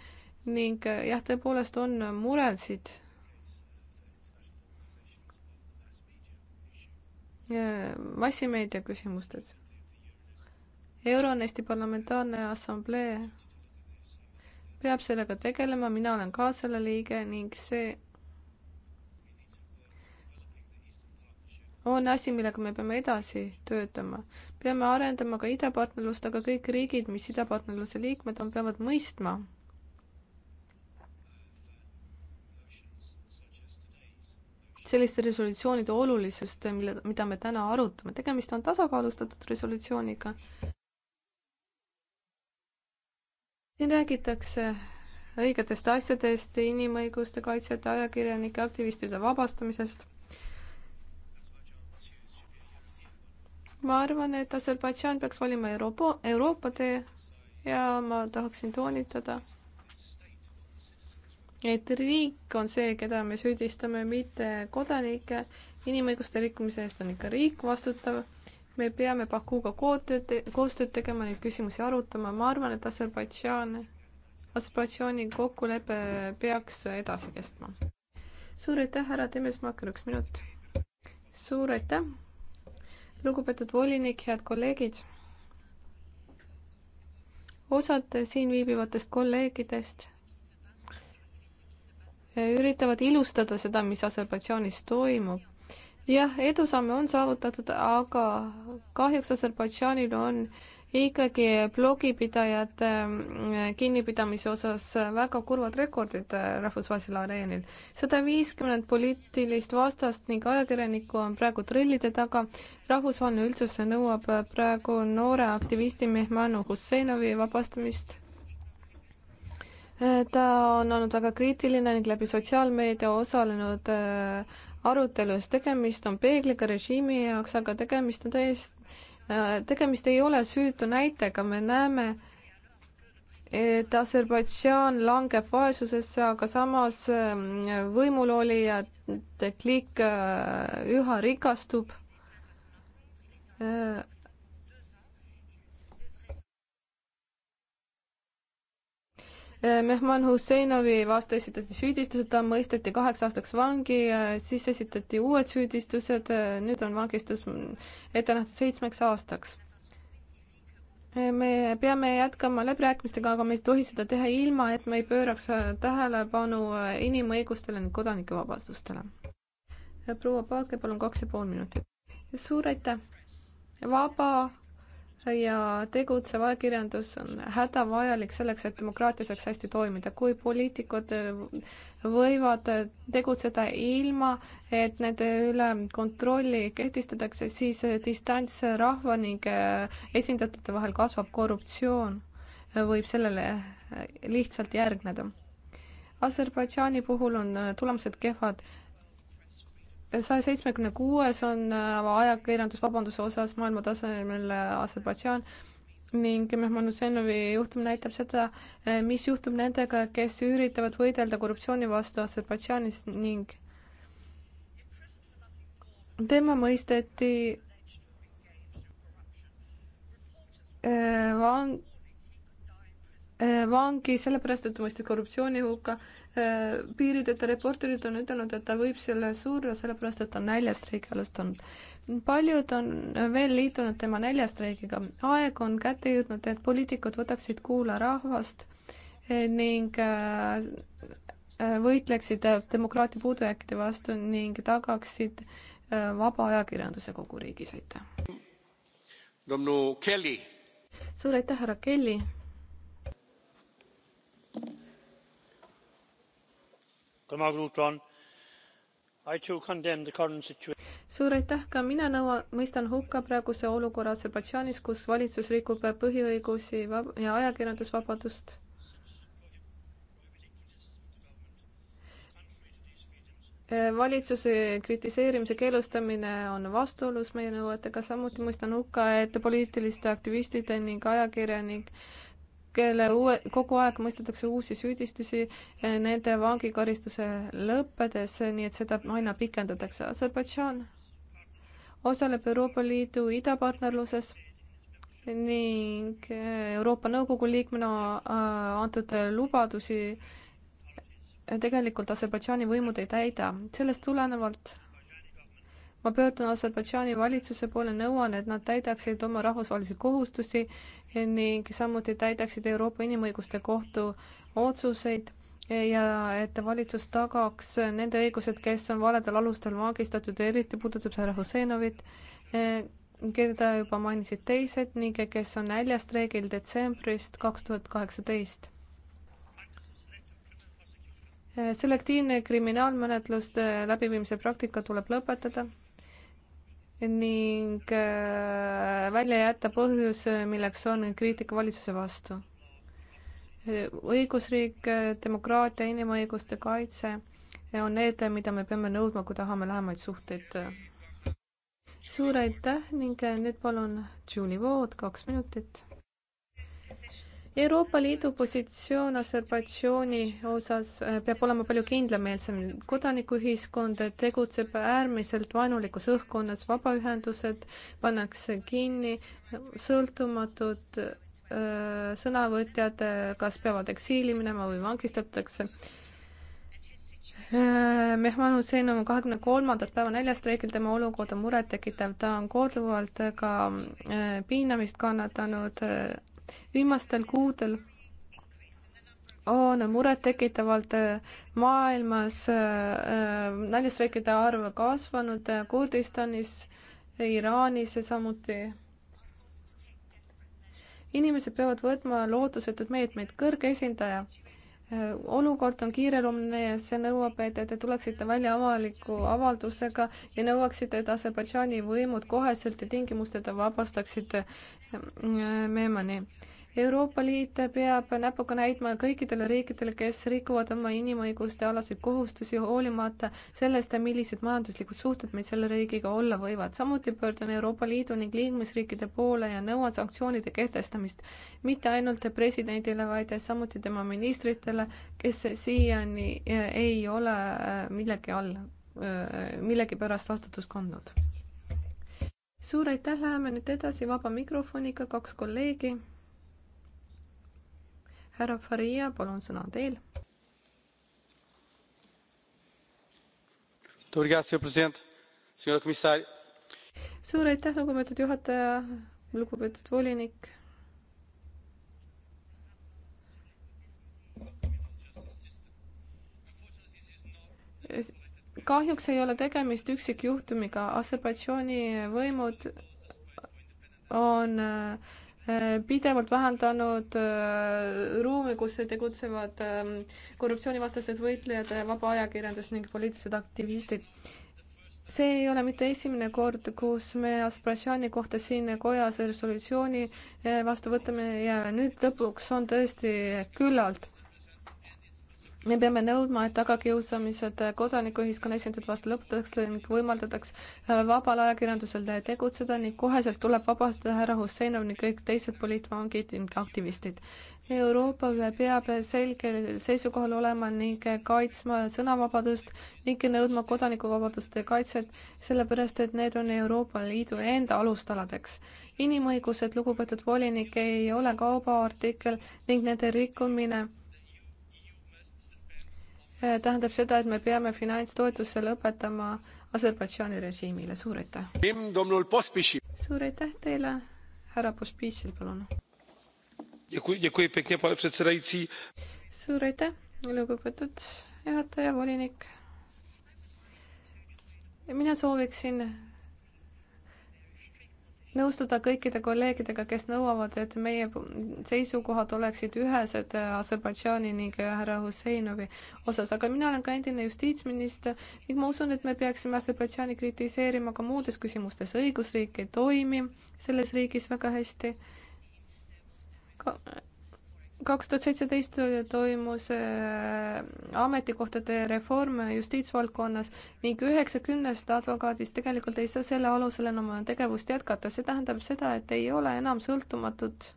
ning eh, jah, tõepoolest on muresid. massimeedia küsimustes. Euronesti Parlamentaarne Assamblee peab sellega tegelema, mina olen ka selle liige ning see on asi, millega me peame edasi töötama. peame arendama ka idapartnerlust, aga kõik riigid, mis idapartnerluse liikmed on, peavad mõistma, selliste resolutsioonide olulisust, mille, mida me täna arutame. tegemist on tasakaalustatud resolutsiooniga siin räägitakse õigetest asjadest, inimõiguste kaitsjate, ajakirjanike, aktivistide vabastamisest. ma arvan, et Aserbaidžaan peaks valima Euroopa, Euroopa tee ja ma tahaksin toonitada, et riik on see, keda me süüdistame, mitte kodanikke. inimõiguste rikkumise eest on ikka riik vastutav me peame Bakuga koostööd, koostööd tegema, neid küsimusi arutama, ma arvan, et Aserbaidžaan, Aserbaidžaani kokkulepe peaks edasi kestma. suur aitäh, härra Temesmaaker, üks minut. suur aitäh, lugupeetud volinik, head kolleegid. osad siin viibivatest kolleegidest üritavad ilustada seda, mis Aserbaidžaanis toimub jah, edusamme on saavutatud, aga kahjuks Aserbaidžaanil on ikkagi blogipidajate ähm, kinnipidamise osas väga kurvad rekordid äh, rahvusvahelisel areenil. sada viiskümmend poliitilist vastast ning ajakirjanikku on praegu trillide taga. rahvusvaheline üldsus nõuab äh, praegu noore aktivisti Mehmanu Husseinovi vabastamist äh, ta on olnud väga kriitiline ning läbi sotsiaalmeedia osalenud arutelus. tegemist on peegliga režiimi jaoks, aga tegemist on täiesti, äh, tegemist ei ole süütu näitega, me näeme, et Aserbaidžaan langeb vaesusesse, aga samas ähm, võimulolijate klikk äh, üha rikastub äh, Äh, Mehman Husseinovi vastu esitati süüdistused, ta mõisteti kaheks aastaks vangi, äh, siis esitati uued süüdistused, äh, nüüd on vangistus ette nähtud seitsmeks aastaks me peame jätkama läbirääkimistega, aga me ei tohi seda teha ilma, et me ei pööraks tähelepanu inimõigustele ning kodanikevabadustele. proua Paake, palun kaks ja pool minutit. suur aitäh! vaba ja tegutsev ajakirjandus on hädavajalik selleks, et demokraatia saaks hästi toimida. kui poliitikud võivad tegutseda ilma, et nende üle kontrolli kehtestatakse, siis distants rahva ning esindatute vahel kasvab, korruptsioon võib sellele lihtsalt järgneda. Aserbaidžaani puhul on tulemused kehvad saja seitsmekümne kuues on äh, ajakirjandus vabanduse osas maailma tasemel äh, Aserbaidžaan ning Mehmanussenovi juhtum näitab seda, äh, mis juhtub nendega, kes üritavad võidelda korruptsiooni vastu Aserbaidžaanis ning tema mõisteti vang-, Äh, vangi sellepärast, et mõistis korruptsiooni hukka. Äh, piirideta reporterid on ütelnud, et ta võib selle surra, sellepärast et ta on näljastreigi alustanud. paljud on veel liitunud tema näljastreigiga. aeg on kätte jõudnud, et poliitikud võtaksid kuula rahvast eh, ning eh, eh, võitleksid demokraatia puudujääkide vastu ning tagaksid vaba ajakirjanduse kogu riigis, aitäh! suur aitäh, härra Kelly! suur aitäh ka mina nõuan mõistan hukka praeguse olukorra aserbaidžaanis kus valitsus rikub põhiõigusi vab- ja ajakirjandusvabadust valitsuse kritiseerimise keelustamine on vastuolus meie nõuetega samuti mõistan hukka et poliitilised aktivistid ning ajakirjanik kelle uue, kogu aeg mõistetakse uusi süüdistusi eh, nende vangikaristuse lõppedes, nii et seda aina pikendatakse. Aserbaidžaan osaleb Euroopa Liidu idapartnerluses ning eh, Euroopa Nõukogu liikmena eh, antud lubadusi tegelikult Aserbaidžaani võimud ei täida. sellest tulenevalt ma pöördun Aserbaidžaani valitsuse poole, nõuan, et nad täidaksid oma rahvusvahelisi kohustusi ning samuti täidaksid Euroopa Inimõiguste Kohtu otsuseid ja et valitsus tagaks nende õigused, kes on valedel alustel vangistatud, eriti puudutab see härra Husseinovit, keda juba mainisid teised ning kes on näljastreigil detsembrist kaks tuhat kaheksateist. selektiivne kriminaalmenetluste läbiviimise praktika tuleb lõpetada ning äh, välja jätta põhjus, milleks on kriitika valitsuse vastu. õigusriik, demokraatia, inimõiguste kaitse on need, mida me peame nõudma, kui tahame lähemaid suhteid. suur aitäh ning nüüd palun Julie Wood, kaks minutit Euroopa Liidu positsioon Aserbaidžaani osas äh, peab olema palju kindlameelsem. kodanikuühiskond tegutseb äärmiselt vaenulikus õhkkonnas, vabaühendused pannakse kinni, sõltumatud öö, äh, sõnavõtjad kas peavad eksiili minema või vangistatakse. Äh, Mehman Hussein on kahekümne kolmandat päeva näljastreigil, tema olukord on murettekitav, ta on korduvalt ka öö, piinamist kannatanud öö, viimastel kuudel on murettekitavalt äh, maailmas äh, äh, naljastreikide arv kasvanud Kurdistanis, Iraanis ja samuti inimesed peavad võtma lootusetuid meetmeid, kõrge esindaja olukord on kiireloomuline ja see nõuab, et te tuleksite välja avaliku avaldusega ja nõuaksite, et Aserbaidžaani võimud koheselt ja tingimusteta vabastaksid Meemani. Euroopa Liit peab näpuga näitama kõikidele riikidele, kes rikuvad oma inimõiguste alaseid kohustusi, hoolimata sellest, millised majanduslikud suhted meil selle riigiga olla võivad. samuti pöördun Euroopa Liidu ning liikmesriikide poole ja nõuan sanktsioonide kehtestamist mitte ainult presidendile, vaid samuti tema ministritele, kes siiani eh, ei ole eh, millegi all, eh, millegipärast vastutust kandnud suur aitäh, läheme nüüd edasi vaba mikrofoniga, kaks kolleegi härra Faria, palun, sõna on teil. suur aitäh, lugupeetud juhataja, lugupeetud volinik. kahjuks ei ole tegemist üksikjuhtumiga, Aserbaidžaani võimud on äh, Äh, pidevalt vähendanud äh, ruumi, kus tegutsevad ähm, korruptsioonivastased võitlejad, äh, vaba ajakirjandus ning poliitilised aktivistid. see ei ole mitte esimene kord, kus me Aspersiani kohta siin kojas resolutsiooni vastu võtame ja nüüd lõpuks on tõesti küllalt me peame nõudma, et tagakiusamised kodanikuühiskonna esindajate vastu lõpetatakse ning võimaldataks äh, vabal ajakirjandusel tegutseda ning koheselt tuleb vabastada härra Husseinov ning kõik teised poliitvangid ning aktivistid. Euroopa peab selgel seisukohal olema ning kaitsma sõnavabadust ning nõudma kodanikuvabaduste kaitset, sellepärast et need on Euroopa Liidu enda alustaladeks. inimõigused, lugupeetud volinik, ei ole kaubaartikkel ning nende rikkumine Eh, tähendab seda, et me peame finantstoetuse lõpetama Aserbaidžaani režiimile, suur aitäh! suur aitäh teile, härra Pospišil, palun! suur aitäh, lugupeetud juhataja, volinik! mina sooviksin nõustuda kõikide kolleegidega, kes nõuavad, et meie seisukohad oleksid ühesed Aserbaidžaani ning härra Husseinovi osas, aga mina olen ka endine justiitsminister ning ma usun, et me peaksime Aserbaidžaani kritiseerima ka muudes küsimustes, õigusriik ei toimi selles riigis väga hästi kaks tuhat seitseteist toimus äh, ametikohtade reform justiitsvaldkonnas ning üheksakümnest advokaadist tegelikult ei saa selle alusel enam oma tegevust jätkata, see tähendab seda, et ei ole enam sõltumatut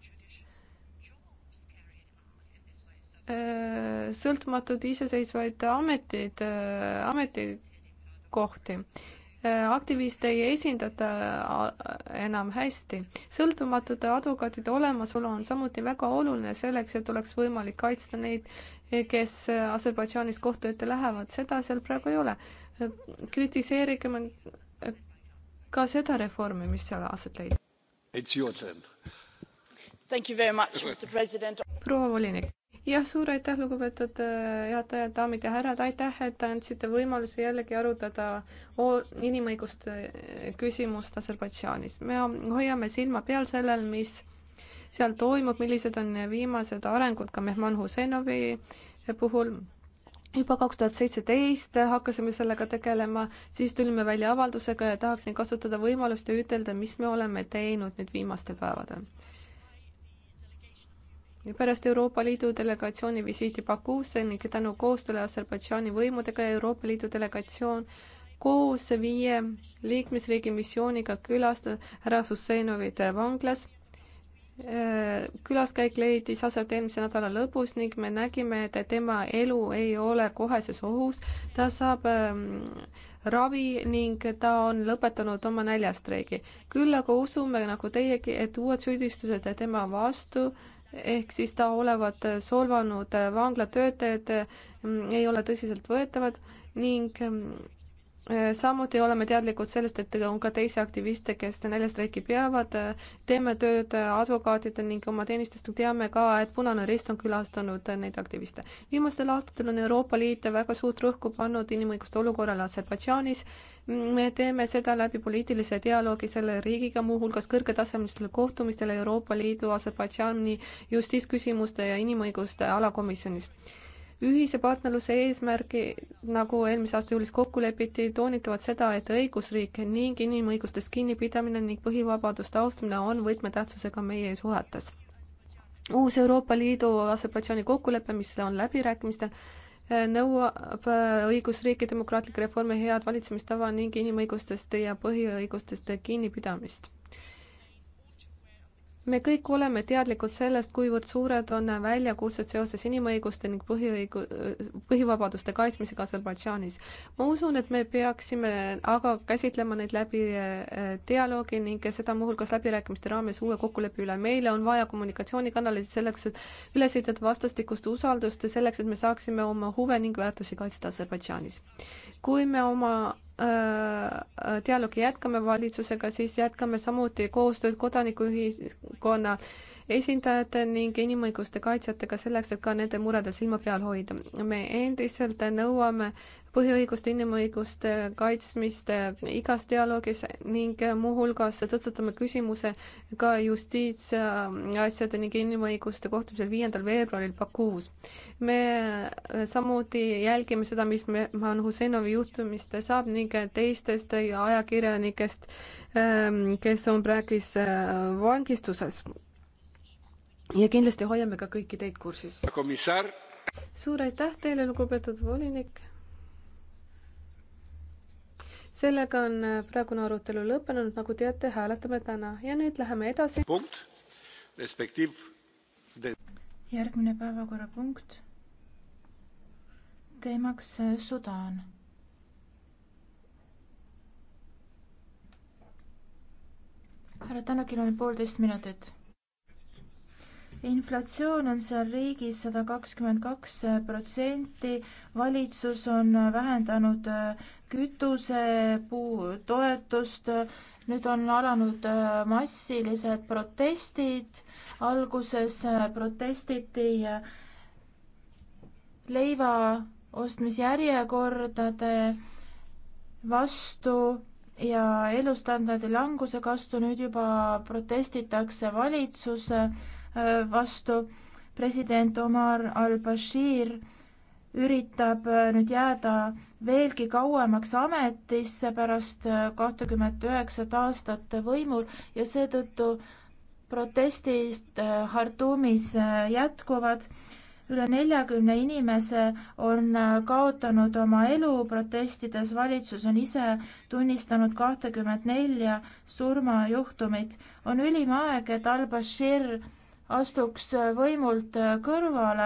äh, sõltumatud iseseisvaid ameteid, äh, ametikohti aktiviste ei esindata äh, enam hästi. sõltumatute advokaatide olemasolu on samuti väga oluline selleks, et oleks võimalik kaitsta neid, kes Aserbaidžaanis kohtu ette lähevad, seda seal praegu ei ole. kritiseerigem ka seda reformi, mis seal aset leidis. proua volinik jah, suur aitäh, lugupeetud äh, juhataja, daamid ja härrad, aitäh, et andsite võimaluse jällegi arutada inimõiguste äh, küsimust Aserbaidžaanis. me hoiame silma peal sellel, mis seal toimub, millised on viimased arengud ka Mehman Huseinovi puhul juba kaks tuhat seitseteist hakkasime sellega tegelema, siis tulime välja avaldusega ja tahaksin kasutada võimalust ja ütelda, mis me oleme teinud nüüd viimastel päevadel pärast Euroopa Liidu delegatsiooni visiiti Bakuusse ning tänu koostööle Aserbaidžaani võimudega Euroopa Liidu delegatsioon koos viie liikmesriigi missiooniga külastas härra Husseinovide vanglas. Äh, külaskäik leidis aset eelmise nädala lõpus ning me nägime, et tema elu ei ole koheses ohus, ta saab ähm, ravi ning ta on lõpetanud oma näljastreigi. küll aga usume nagu teiegi, et uued süüdistused tema vastu äh, ehk siis ta olevat solvanud vanglatöötajad, mm, ei ole tõsiseltvõetavad ning mm, samuti oleme teadlikud sellest, et on ka teisi aktiviste, kes näljastreiki peavad, teeme tööd advokaatide ning oma teenistustega, teame ka, et Punane Rist on külastanud neid aktiviste. viimastel aastatel on Euroopa Liit väga suurt rõhku pannud inimõiguste olukorrale Aserbaidžaanis, me teeme seda läbi poliitilise dialoogi selle riigiga, muuhulgas kõrgetasemelistel kohtumistel Euroopa Liidu, Aserbaidžaani justiitsküsimuste ja inimõiguste alakomisjonis ühise partnerluse eesmärgi, nagu eelmise aasta juulis kokku lepiti, toonitavad seda, et õigusriik ning inimõigustest kinnipidamine ning põhivabaduste austamine on võtmetähtsusega meie suhetes. uus Euroopa Liidu Aserbaidžaani kokkulepe, mis on läbirääkimistel, nõuab õigusriiki, demokraatlikke reforme, head valitsemistava ning inimõigustest ja põhiõigustest kinnipidamist me kõik oleme teadlikud sellest, kuivõrd suured on väljakutsed seoses inimõiguste ning põhiõigu-, põhivabaduste kaitsmisega Aserbaidžaanis. ma usun, et me peaksime aga käsitlema neid läbi eh, dialoogi ning seda muuhulgas läbirääkimiste raames uue kokkuleppe üle. meile on vaja kommunikatsioonikanaleid selleks, et üles ehitada vastastikust usaldust ja selleks, et me saaksime oma huve ning väärtusi kaitsta Aserbaidžaanis. kui me oma eh, dialoogi jätkame valitsusega, siis jätkame samuti koostööd kodanikuühis-, valdkonna esindajate ning inimõiguste kaitsjatega selleks, et ka nende muredel silma peal hoida. me endiselt nõuame põhiõiguste, inimõiguste kaitsmist igas dialoogis ning muuhulgas tõstatame küsimuse ka justiitsasjade ning inimõiguste kohtumisel viiendal veebruaril Bakuus. me samuti jälgime seda, mis me Man Huseinovi juhtumist saab ning teistest ajakirjanikest, ehm, kes on praegis äh, vangistuses ja kindlasti hoiame ka kõiki teid kursis. suur aitäh teile, lugupeetud volinik. sellega on praegune arutelu lõppenud, nagu teate, hääletame täna ja nüüd läheme edasi. punkt, respektiiv de.... järgmine päevakorrapunkt. teemaks äh, Sudaan härra Tänakil on poolteist minutit inflatsioon on seal riigis sada kakskümmend kaks protsenti, valitsus on vähendanud äh, kütusepuu toetust, nüüd on alanud äh, massilised protestid, alguses äh, protestiti leiva ostmisjärjekordade vastu ja elustandardi languse vastu, nüüd juba protestitakse valitsuse vastu. president Omar al-Bashir üritab äh, nüüd jääda veelgi kauemaks ametisse pärast äh, kahtekümmet üheksat aastat võimul ja seetõttu protestid Khartoumis äh, jätkuvad. üle neljakümne inimese on kaotanud oma elu protestides, valitsus on ise tunnistanud kahtekümmet nelja surmajuhtumit. on ülim aeg, et al-Bashir astuks võimult kõrvale.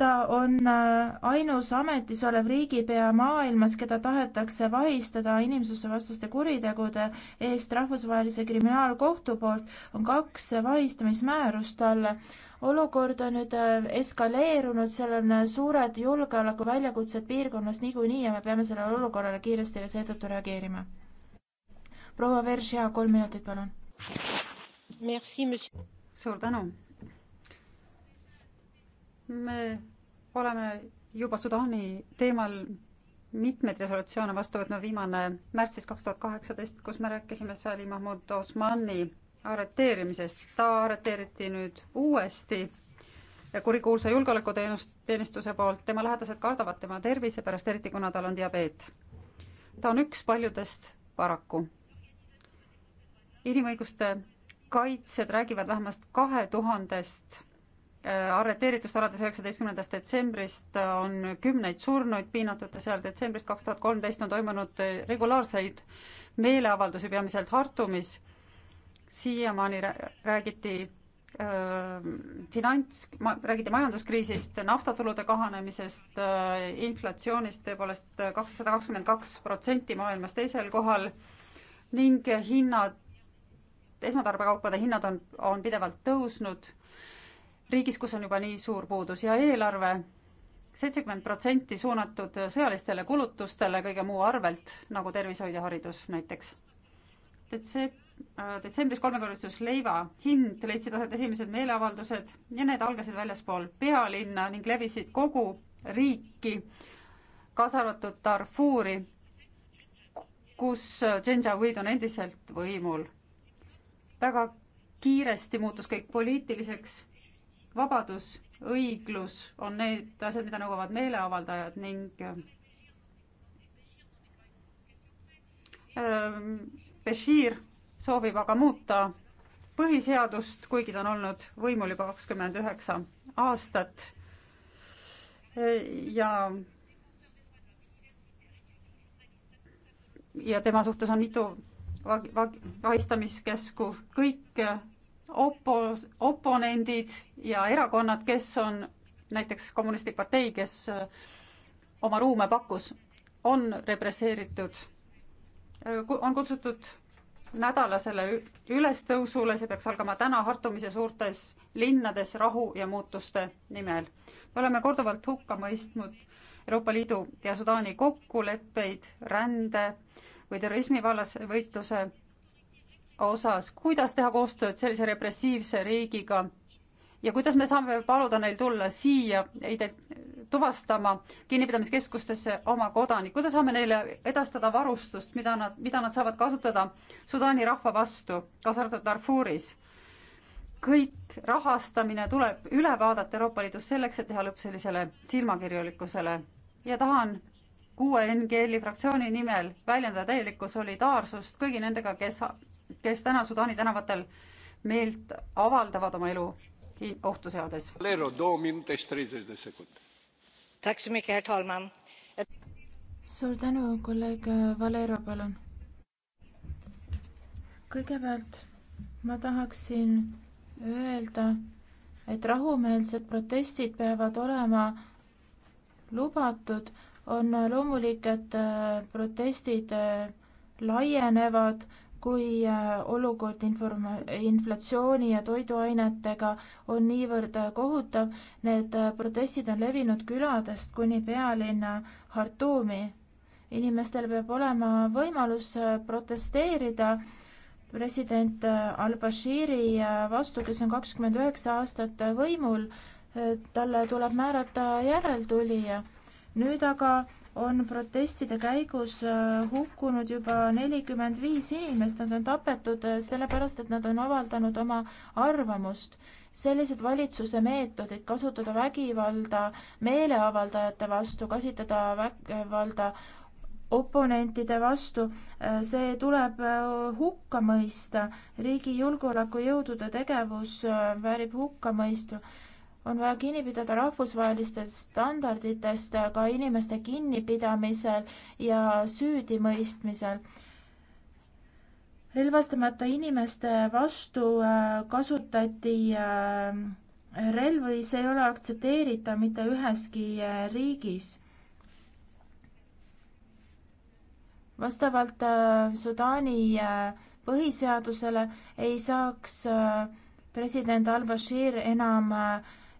ta on ainus ametis olev riigipea maailmas, keda tahetakse vahistada inimsusevastaste kuritegude eest rahvusvahelise kriminaalkohtu poolt, on kaks vahistamismäärust talle olukord on nüüd eskaleerunud, seal on suured julgeolekuväljakutsed piirkonnas niikuinii ja me peame sellele olukorrale kiiresti ja seetõttu reageerima. proua Veržia, kolm minutit, palun suur tänu. me oleme juba Sudaani teemal mitmeid resolutsioone vastu võtnud, viimane märtsis kaks tuhat kaheksateist, kus me rääkisime Salih Mahmud Osmani arreteerimisest. ta arreteeriti nüüd uuesti kurikuulsa julgeolekuteenistuse poolt, tema lähedased kardavad tema tervise pärast, eriti kuna tal on diabeet. ta on üks paljudest paraku. inimõiguste kaitsjad räägivad vähemalt kahe tuhandest äh, arreteeritust alates üheksateistkümnendast detsembrist äh, on kümneid surnuid piinatud ja seal detsembrist kaks tuhat kolmteist on toimunud äh, regulaarseid meeleavaldusi, peamiselt Hartumis. siiamaani räägiti äh, finants, räägiti majanduskriisist, naftatulude kahanemisest äh,, inflatsioonist tõepoolest kakssada kakskümmend kaks protsenti maailmas teisel kohal ning hinnad esmatarbekaupade hinnad on, on pidevalt tõusnud riigis, kus on juba nii suur puudus ja eelarve seitsekümmend protsenti suunatud sõjalistele kulutustele kõige muu arvelt, nagu tervishoid ja haridus näiteks. Detseb-, detsembris kolmekordistus leiva hind, leidsid aset esimesed meeleavaldused ja need algasid väljaspool pealinna ning levisid kogu riiki, kaasa arvatud Darfuri, kus Janjaweed on endiselt võimul väga kiiresti muutus kõik poliitiliseks. vabadus, õiglus on need asjad, mida nõuavad meeleavaldajad ning ähm, Bashir soovib aga muuta põhiseadust, kuigi ta on olnud võimul juba kakskümmend üheksa aastat. ja ja tema suhtes on mitu vahistamiskesku, kõik äh, opo-, oponendid ja erakonnad, kes on näiteks Kommunistlik Partei, kes äh, oma ruume pakkus, on represseeritud. Äh, on kutsutud nädalasele ülestõusule, see peaks algama täna Hartumise suurtes linnades rahu ja muutuste nimel. me oleme korduvalt hukka mõistnud Euroopa Liidu ja Sudaani kokkuleppeid rände või terrorismi vallas võitluse osas, kuidas teha koostööd sellise repressiivse riigiga ja kuidas me saame paluda neil tulla siia tuvastama kinnipidamiskeskustesse oma kodanik, kuidas saame neile edastada varustust, mida nad, mida nad saavad kasutada Sudaani rahva vastu, kaasa arvatud Darfuris. kõik rahastamine tuleb üle vaadata Euroopa Liidus selleks, et teha lõpp sellisele silmakirjalikkusele ja tahan kuue NGL-i fraktsiooni nimel väljendada täielikku solidaarsust kõigi nendega, kes, kes täna Sudaani tänavatel meelt avaldavad oma elu ohtu seades. suur tänu, kolleeg Valero, palun. kõigepealt ma tahaksin öelda, et rahumeelsed protestid peavad olema lubatud on loomulik, et äh, protestid äh, laienevad, kui äh, olukord inform-, inflatsiooni ja toiduainetega on niivõrd kohutav. Need protestid on levinud küladest kuni pealinna Khartoumi. inimestel peab olema võimalus protesteerida president al-Bashiri vastu, kes on kakskümmend üheksa aastat võimul. talle tuleb määrata järeltulija nüüd aga on protestide käigus äh, hukkunud juba nelikümmend viis inimest, nad on tapetud äh, sellepärast, et nad on avaldanud oma arvamust. sellised valitsuse meetodid kasutada vägivalda meeleavaldajate vastu, kasutada vägivalda oponentide vastu, äh, see tuleb hukka mõista. riigi julgeolekujõudude tegevus väärib hukkamõistu on vaja kinni pidada rahvusvahelistest standarditest ka inimeste kinnipidamisel ja süüdimõistmisel. relvastamata inimeste vastu äh, kasutati äh, relvi, see ei ole aktsepteeritav mitte üheski äh, riigis vastavalt Sudaani põhiseadusele ei saaks president al-Bashir enam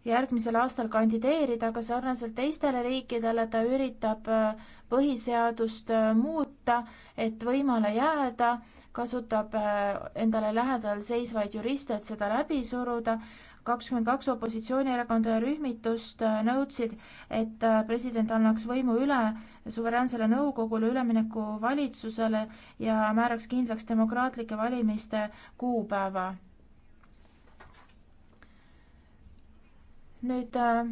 järgmisel aastal kandideerida, aga sarnaselt teistele riikidele ta üritab äh, põhiseadust äh, muuta, et võimale jääda, kasutab äh, endale lähedal seisvaid juriste, et seda läbi suruda. kakskümmend kaks opositsioonierakonda ja rühmitust nõudsid, et president annaks võimu üle suveräänsele nõukogule ülemineku valitsusele ja määraks kindlaks demokraatlike valimiste kuupäeva nüüd äh,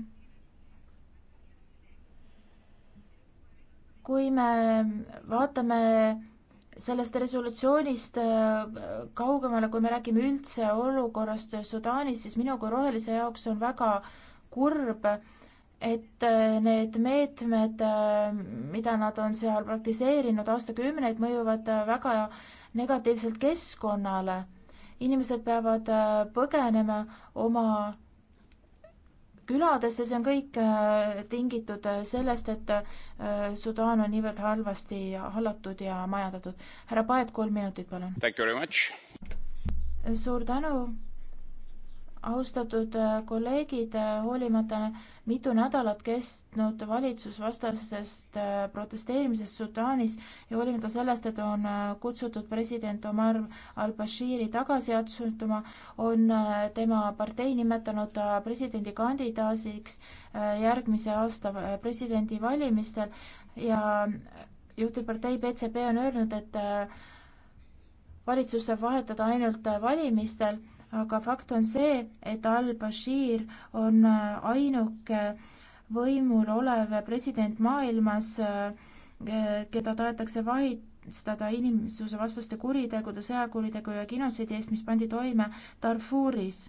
kui me vaatame sellest resolutsioonist äh, kaugemale, kui me räägime üldse olukorrast Sudaanis, siis minu kui rohelise jaoks on väga kurb, et äh, need meetmed, mida nad on seal praktiseerinud aastakümneid, mõjuvad väga negatiivselt keskkonnale. inimesed peavad põgenema oma küladesse, see on kõik äh, tingitud äh, sellest, et äh, Sudaan on niivõrd halvasti hallatud ja majandatud. härra Paet, kolm minutit, palun. suur tänu, austatud kolleegid, hoolimata mitu nädalat kestnud valitsusvastasest äh, protesteerimisest sudaanis ja hoolimata sellest et on äh, kutsutud president omar al bashiri tagasi astuma on äh, tema partei nimetanud ta presidendikandidaadiks järgmise aasta presidendivalimistel ja juhtivpartei pcb on öelnud et valitsus saab vahetada ainult valimistel aga fakt on see, et al-Bashir on äh, ainuke võimul olev president maailmas, äh, keda tahetakse vahistada inimsusevastaste kuritegude, sõjakuritegu ja genotsiidi eest, mis pandi toime Darfuris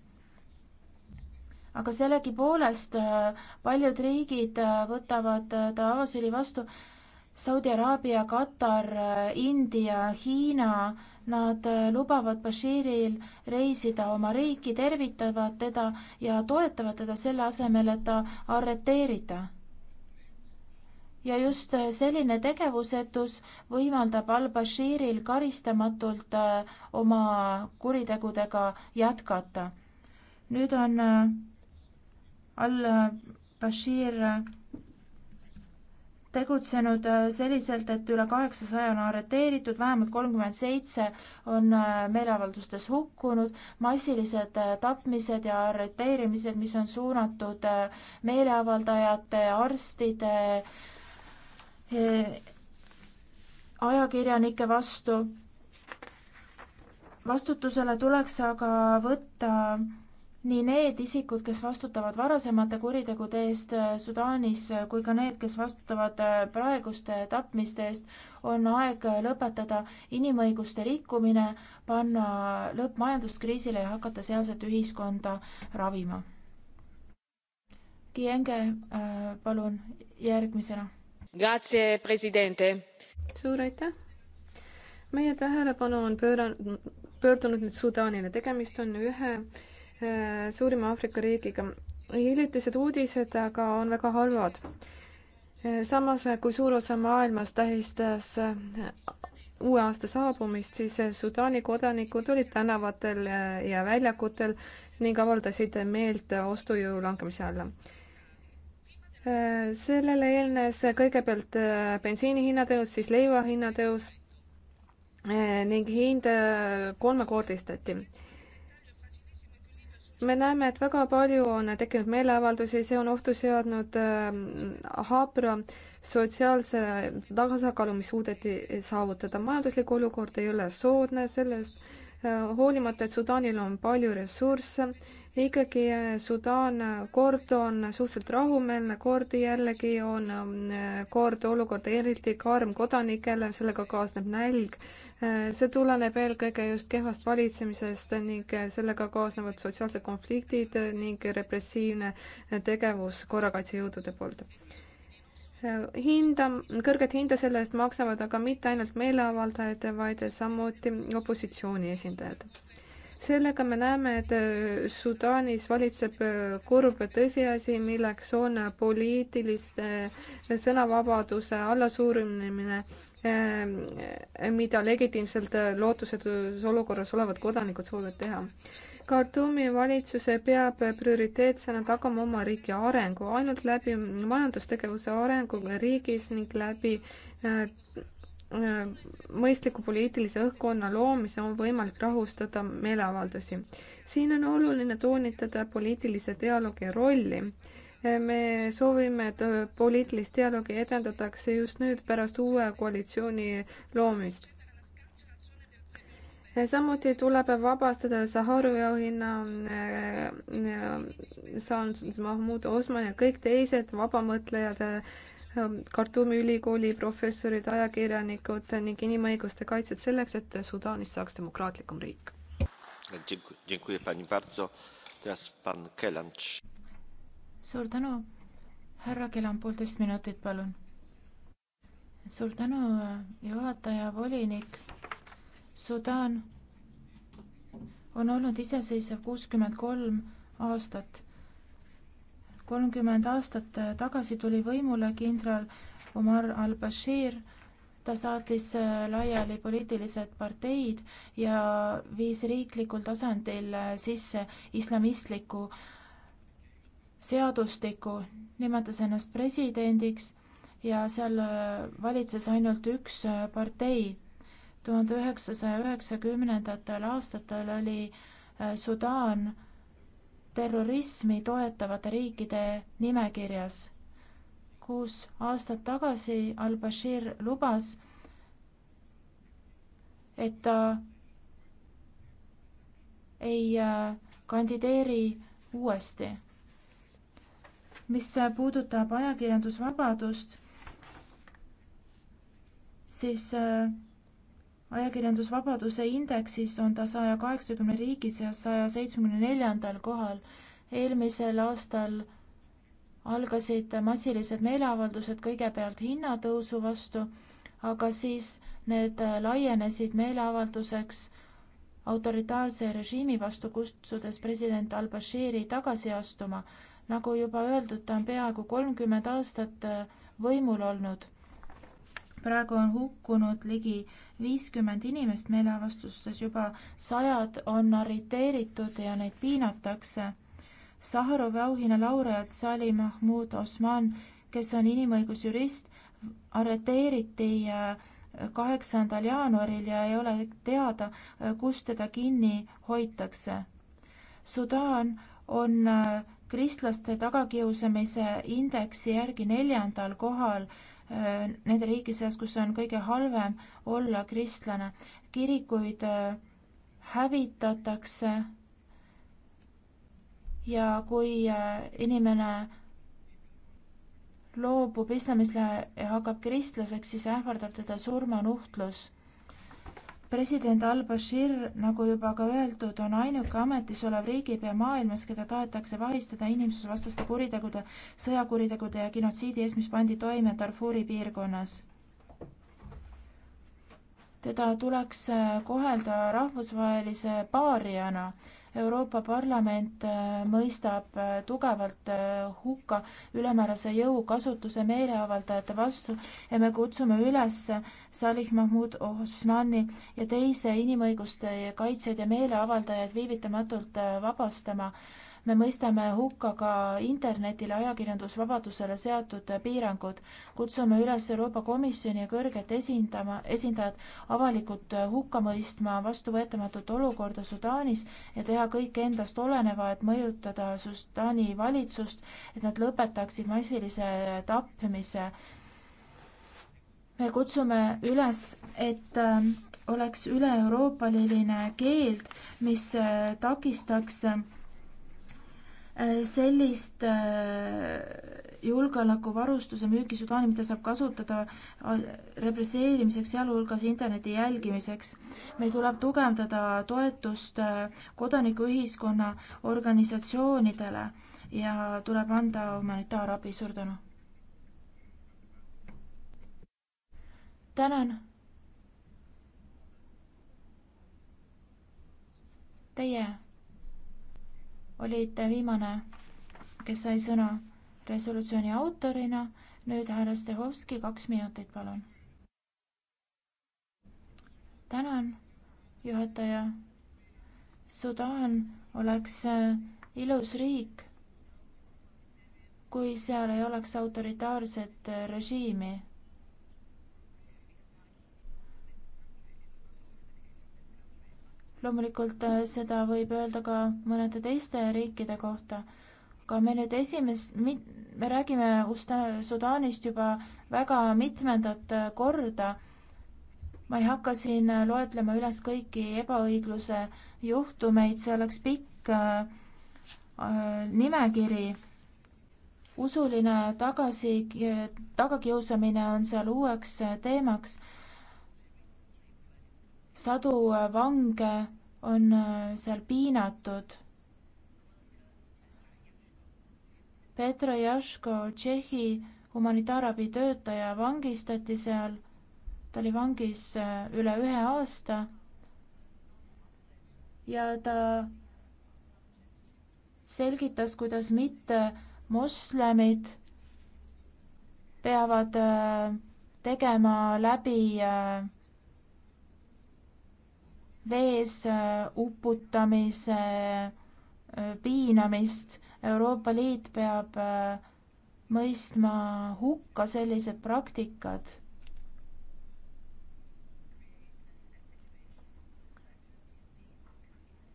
aga sellegipoolest äh, paljud riigid võtavad Davosili vastu Saudi Araabia, Katar, India, Hiina Nad äh, lubavad Bashiril reisida oma riiki, tervitavad teda ja toetavad teda selle asemel, et ta arreteerida. ja just äh, selline tegevusetus võimaldab al-Bashiril karistamatult äh, oma kuritegudega jätkata. nüüd on al-Bashir tegutsenud äh, selliselt, et üle kaheksasaja on arreteeritud, vähemalt kolmkümmend seitse on äh, meeleavaldustes hukkunud, massilised äh, tapmised ja arreteerimised, mis on suunatud meeleavaldajate, arstide, ajakirjanike vastu. vastutusele tuleks aga võtta nii need isikud, kes vastutavad varasemate kuritegude eest äh, Sudaanis, äh, kui ka need, kes vastutavad äh, praeguste tapmiste eest, on aeg lõpetada inimõiguste rikkumine, panna lõpp majanduskriisile ja hakata sealset ühiskonda ravima. Kienge, palun järgmisena. suur aitäh! meie tähelepanu on pööranud, pöördunud nüüd Sudaanile, tegemist on ühe Äh, suurima Aafrika riigiga. hiljutised uudised aga on väga halvad. Äh, samas, äh, kui suur osa maailmas tähistas uue aasta saabumist, siis Sudaani kodanikud olid tänavatel ja väljakutel ning avaldasid meelt ostujõu langemise alla. sellele eelnes kõigepealt bensiini hinnatõus, siis leiva hinnatõus ning hind kolmekordistati me näeme, et väga palju on tekkinud meeleavaldusi, see on ohtu seadnud haabra ähm, sotsiaalse tasakaalu, mis suudeti saavutada. majanduslik olukord ei ole soodne, sellest äh, hoolimata, et Sudaanil on palju ressursse ikkagi äh, Sudaan äh, kord on suhteliselt rahumeelne, kord jällegi on äh, kord olukord eriti karm kodanikele, sellega kaasneb nälg. see tuleneb eelkõige just kehvast valitsemisest ning sellega kaasnevad sotsiaalsed konfliktid ning repressiivne tegevus korrakaitsejõudude poolt hinda, kõrget hinda selle eest maksavad aga mitte ainult meeleavaldajad, vaid samuti opositsiooni esindajad sellega me näeme, et äh, Sudaanis valitseb äh, kurb tõsiasi, milleks on poliitiliste äh, sõnavabaduse allasuurimine, mida legitiimselt lootusetus olukorras olevad kodanikud soovivad teha. Khartoumi valitsus peab prioriteetsena tagama oma riigi arengu ainult läbi majandustegevuse arengu riigis ning läbi mõistliku poliitilise õhkkonna loomise on võimalik rahustada meeleavaldusi. siin on oluline toonitada poliitilise dialoogi rolli. me soovime, et poliitilist dialoogi edendatakse just nüüd pärast uue koalitsiooni loomist. samuti tuleb vabastada Saharovi auhinna saanud Mahmud Osman ja kõik teised vabamõtlejad Ähm, Khartoumi ülikooli professorid, ajakirjanikud ning inimõiguste kaitsjad selleks, et Sudaanist saaks demokraatlikum riik. suur tänu, härra Kelam, poolteist minutit, palun. suur tänu, äh, juhataja, volinik. Sudaan on olnud iseseisev kuuskümmend kolm aastat kolmkümmend aastat tagasi tuli võimule kindral Omar al-Bashir. ta saatis äh, laiali poliitilised parteid ja viis riiklikul tasandil äh, sisse islamistliku seadustiku, nimetas ennast presidendiks ja seal äh, valitses ainult üks partei. tuhande üheksasaja üheksakümnendatel aastatel oli Sudaan terrorismi toetavate riikide nimekirjas kuus aastat tagasi al bashir lubas et ta ei äh, kandideeri uuesti mis puudutab ajakirjandusvabadust siis äh, ajakirjandusvabaduse indeksis on ta 180 riigi seas 174 kohal eelmisel aastal algasid massilised meeleavaldused kõigepealt hinnatõusu vastu aga siis need laienesid meeleavalduseks autoritaarse režiimi vastu kutsudes president al bashiri tagasi astuma nagu juba öeldud ta on peaaegu 30 aastat võimul olnud praegu on hukkunud ligi viiskümmend inimest meeleavastustes, juba sajad on arreteeritud ja neid piinatakse. Saharovi auhinna laureaat Sali Mahmud Osman, kes on inimõigusjurist, arreteeriti äh, kaheksandal jaanuaril ja ei ole teada, äh, kus teda kinni hoitakse. Sudaan on äh, kristlaste tagakiusamise indeksi järgi neljandal kohal Äh, nende riigi seas, kus on kõige halvem olla kristlane. kirikuid äh, hävitatakse ja kui äh, inimene loobub islamist ja hakkab kristlaseks, siis ähvardab teda surmanuhtlus president al-Bashir, nagu juba ka öeldud, on ainuke ametis olev riigipea maailmas, keda tahetakse vahistada inimsusvastaste kuritegude, sõjakuritegude ja genotsiidi eest, mis pandi toime Darfuri piirkonnas. teda tuleks äh, kohelda rahvusvahelise paariana Euroopa Parlament äh, mõistab äh, tugevalt äh, hukka ülemäärase jõu kasutuse meeleavaldajate vastu ja me kutsume üles Salih Mahmud Osmani ja teisi inimõiguste kaitsjaid ja meeleavaldajaid viivitamatult vabastama me mõistame hukka ka internetile ajakirjandusvabadusele seatud piirangud kutsume üles euroopa komisjoni ja kõrget esindama esindajat avalikult hukka mõistma vastuvõetamatut olukorda sudaanis ja teha kõik endast oleneva et mõjutada sudaani valitsust et nad lõpetaksid massilise tapmise me kutsume üles et äh, oleks üleeuroopaline keeld mis äh, takistaks Äh, sellist äh, julgeolekuvarustuse müügisudaani, mida saab kasutada äh, represseerimiseks, sealhulgas interneti jälgimiseks. meil tuleb tugevdada toetust kodanikuühiskonna organisatsioonidele ja tuleb anda humanitaarabi, suur tänu. tänan. Teie olite viimane, kes sai sõna resolutsiooni autorina. nüüd härra Stehovski, kaks minutit, palun. tänan, juhataja. Sudaan oleks äh, ilus riik, kui seal ei oleks autoritaarset äh, režiimi loomulikult äh, seda võib öelda ka mõnede teiste riikide kohta, aga me nüüd esimest, me räägime Sudaanist juba väga mitmendat äh, korda. ma ei hakka siin äh, loetlema üles kõiki ebaõigluse juhtumeid, see oleks pikk äh, nimekiri usuline tagasi, tagakiusamine on seal uueks teemaks. sadu vange on äh, seal piinatud. Petro Jaško, Tšehhi humanitaarabi töötaja, vangistati seal. ta oli vangis äh, üle ühe aasta. ja ta selgitas, kuidas mitte moslemid peavad äh, tegema läbi äh, vees äh, uputamise äh, piinamist. Euroopa Liit peab äh, mõistma hukka sellised praktikad.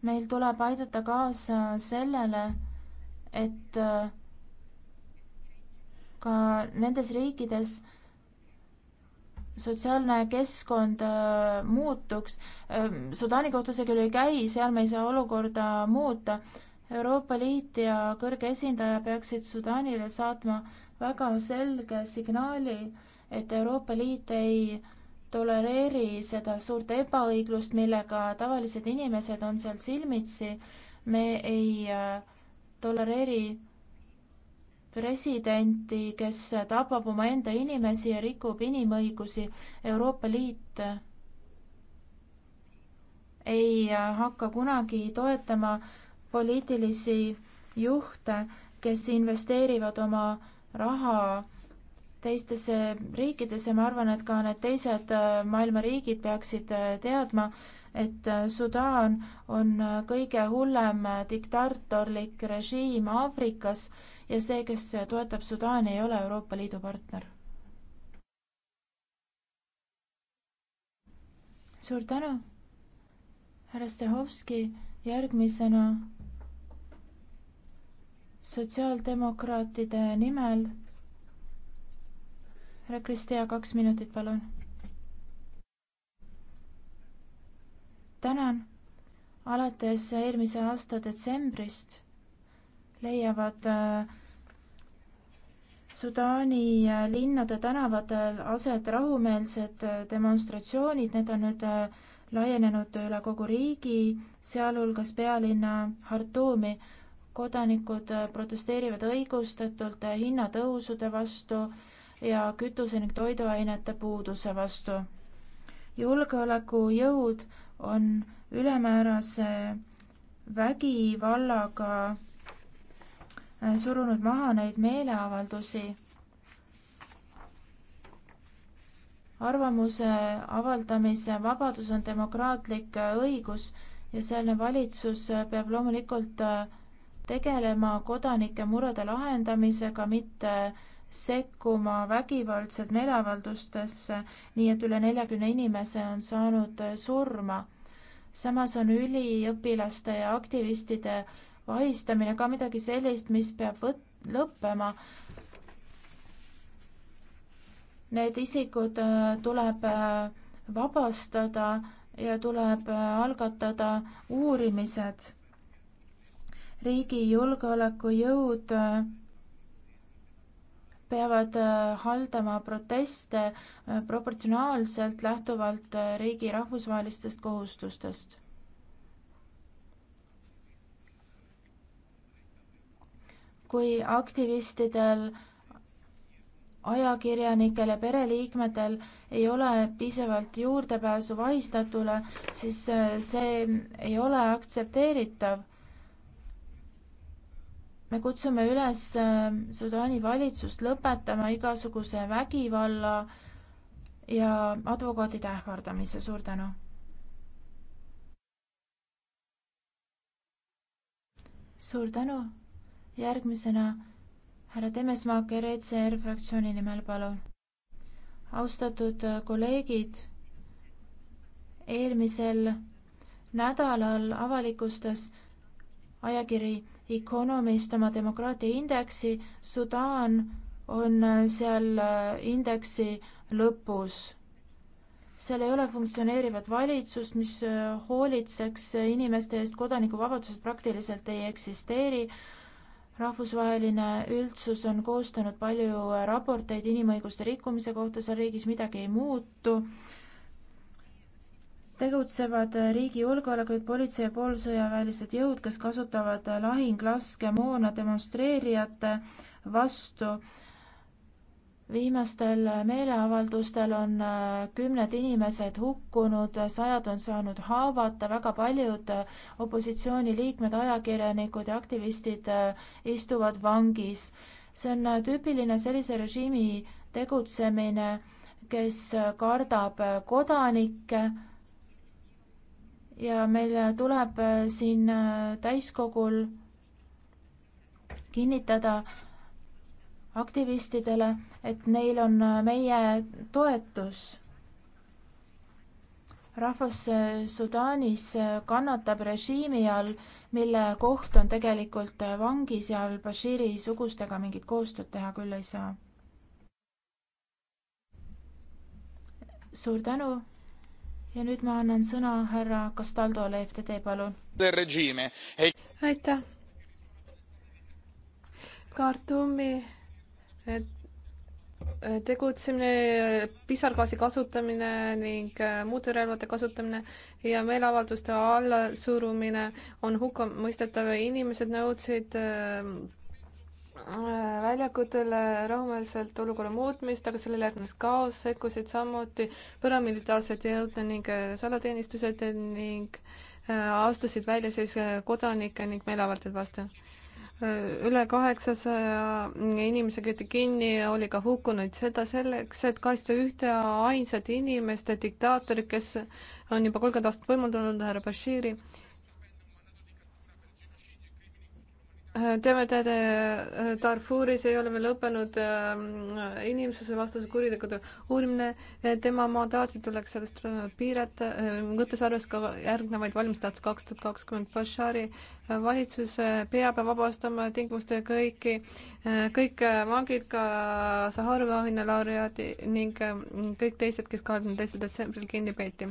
meil tuleb aidata kaasa sellele, et ka nendes riikides sotsiaalne keskkond äh, muutuks. Ähm, Sudaani kohta see küll ei käi, seal me ei saa olukorda muuta. Euroopa Liit ja kõrge esindaja peaksid Sudaanile saatma väga selge signaali, et Euroopa Liit ei tolereeri seda suurt ebaõiglust, millega tavalised inimesed on seal silmitsi. me ei äh, tolereeri presidenti, kes tapab omaenda inimesi ja rikub inimõigusi. Euroopa Liit ei hakka kunagi toetama poliitilisi juhte, kes investeerivad oma raha teistesse riikidesse, ma arvan, et ka need teised äh, maailma riigid peaksid äh, teadma, et äh, Sudaan on kõige hullem diktaatorlik režiim Aafrikas ja see, kes toetab Sudaani, ei ole Euroopa Liidu partner. suur tänu, härra Stahovski, järgmisena sotsiaaldemokraatide nimel. härra Kristea, kaks minutit, palun. tänan. alates eelmise aasta detsembrist leiavad äh, Sudaani linnade tänavatel aset rahumeelsed demonstratsioonid, need on nüüd äh, laienenud üle kogu riigi, sealhulgas pealinna Khartoumi. kodanikud äh, protesteerivad õigustatult äh, hinnatõusude vastu ja kütuse ning toiduainete puuduse vastu. julgeolekujõud on ülemäärase vägivallaga Äh, surunud maha neid meeleavaldusi. arvamuse avaldamise vabadus on demokraatlik äh, õigus ja sealne valitsus äh, peab loomulikult tegelema kodanike murede lahendamisega, mitte sekkuma vägivaldselt meeleavaldustesse, nii et üle neljakümne inimese on saanud surma. samas on üliõpilaste ja aktivistide vahistamine ka midagi sellist, mis peab võt-, lõppema. Need isikud äh, tuleb äh, vabastada ja tuleb äh, algatada uurimised. riigi julgeolekujõud peavad haldama proteste proportsionaalselt lähtuvalt riigi rahvusvahelistest kohustustest kui aktivistidel, ajakirjanikel ja pereliikmetel ei ole piisavalt juurdepääsu vahistatule, siis äh, see ei ole aktsepteeritav. me kutsume üles äh, Sudaani valitsust lõpetama igasuguse vägivalla ja advokaadide ähvardamise. suur tänu. suur tänu järgmisena härra Temesmaaker ECR fraktsiooni nimel, palun. austatud kolleegid, eelmisel nädalal avalikustas ajakiri Economist oma demokraatia indeksi, Sudaan on seal indeksi lõpus. seal ei ole funktsioneerivat valitsust, mis hoolitseks inimeste eest, kodanikuvabadused praktiliselt ei eksisteeri rahvusvaheline üldsus on koostanud palju raporteid inimõiguste rikkumise kohta seal riigis midagi ei muutu tegutsevad riigi julgeolekuid politsei ja poolsõjaväelised jõud kes kasutavad lahinglaskemoona demonstreerijate vastu viimastel meeleavaldustel on äh, kümned inimesed hukkunud, sajad on saanud haavata, väga paljud äh, opositsiooniliikmed, ajakirjanikud ja aktivistid äh, istuvad vangis. see on tüüpiline sellise režiimi tegutsemine, kes kardab kodanikke ja meil tuleb siin täiskogul kinnitada, aktivistidele, et neil on äh, meie toetus. rahvas äh, Sudaanis äh, kannatab režiimi all, mille koht on tegelikult vangis ja al-Bashiri sugustega mingit koostööd teha küll ei saa. suur tänu ja nüüd ma annan sõna härra Castaldole, FTD, palun. aitäh. Khartoumi Äh, tegutsemine, pisargaasi kasutamine ning äh, muude relvade kasutamine ja meeleavalduste allasurumine on hukkamõistetav. inimesed nõudsid äh, väljakutele rahumeelselt olukorra muutmist, aga sellele järgnes kaos, sekkusid samuti paramilitaarsed jõud ning salateenistused ning astusid välja siis kodanike ning meeleavaldajate vastu üle kaheksasaja inimese köeti kinni ja oli ka hukkunuid, seda selleks, et kaitsta ühte ainsat inimest, diktaatorit, kes on juba kolmkümmend aastat võimul olnud, härra Bashiri teame, et äh, Darfuris ei ole veel lõppenud äh, inimsuse vastase kuritegude uurimine, äh, tema mandaati tuleks sellest piirata, võttes arvesse ka järgnevaid valimisi aastast kaks tuhat kakskümmend. Bashari valitsus peab vabastama tingimustel kõiki, kõik vangid, ka Sahharovi auhinna laureaadi ning kõik teised, kes kahekümne teisel detsembril kinni peeti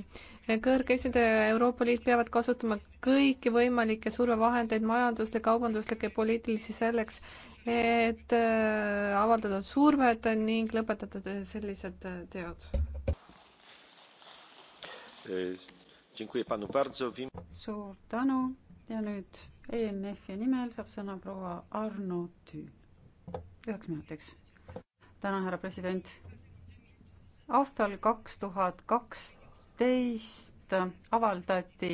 kõrge esindaja ja Euroopa Liit peavad kasutama kõiki võimalikke survevahendeid, majanduslikke, kaubanduslikke ja poliitilisi selleks, et äh, avaldada survet ning lõpetada sellised äh, teod. suur tänu ja nüüd ENF-i nimel saab sõna proua Arno Tüü. üheks minutiks. tänan, härra president. aastal kaks tuhat kaks teist avaldati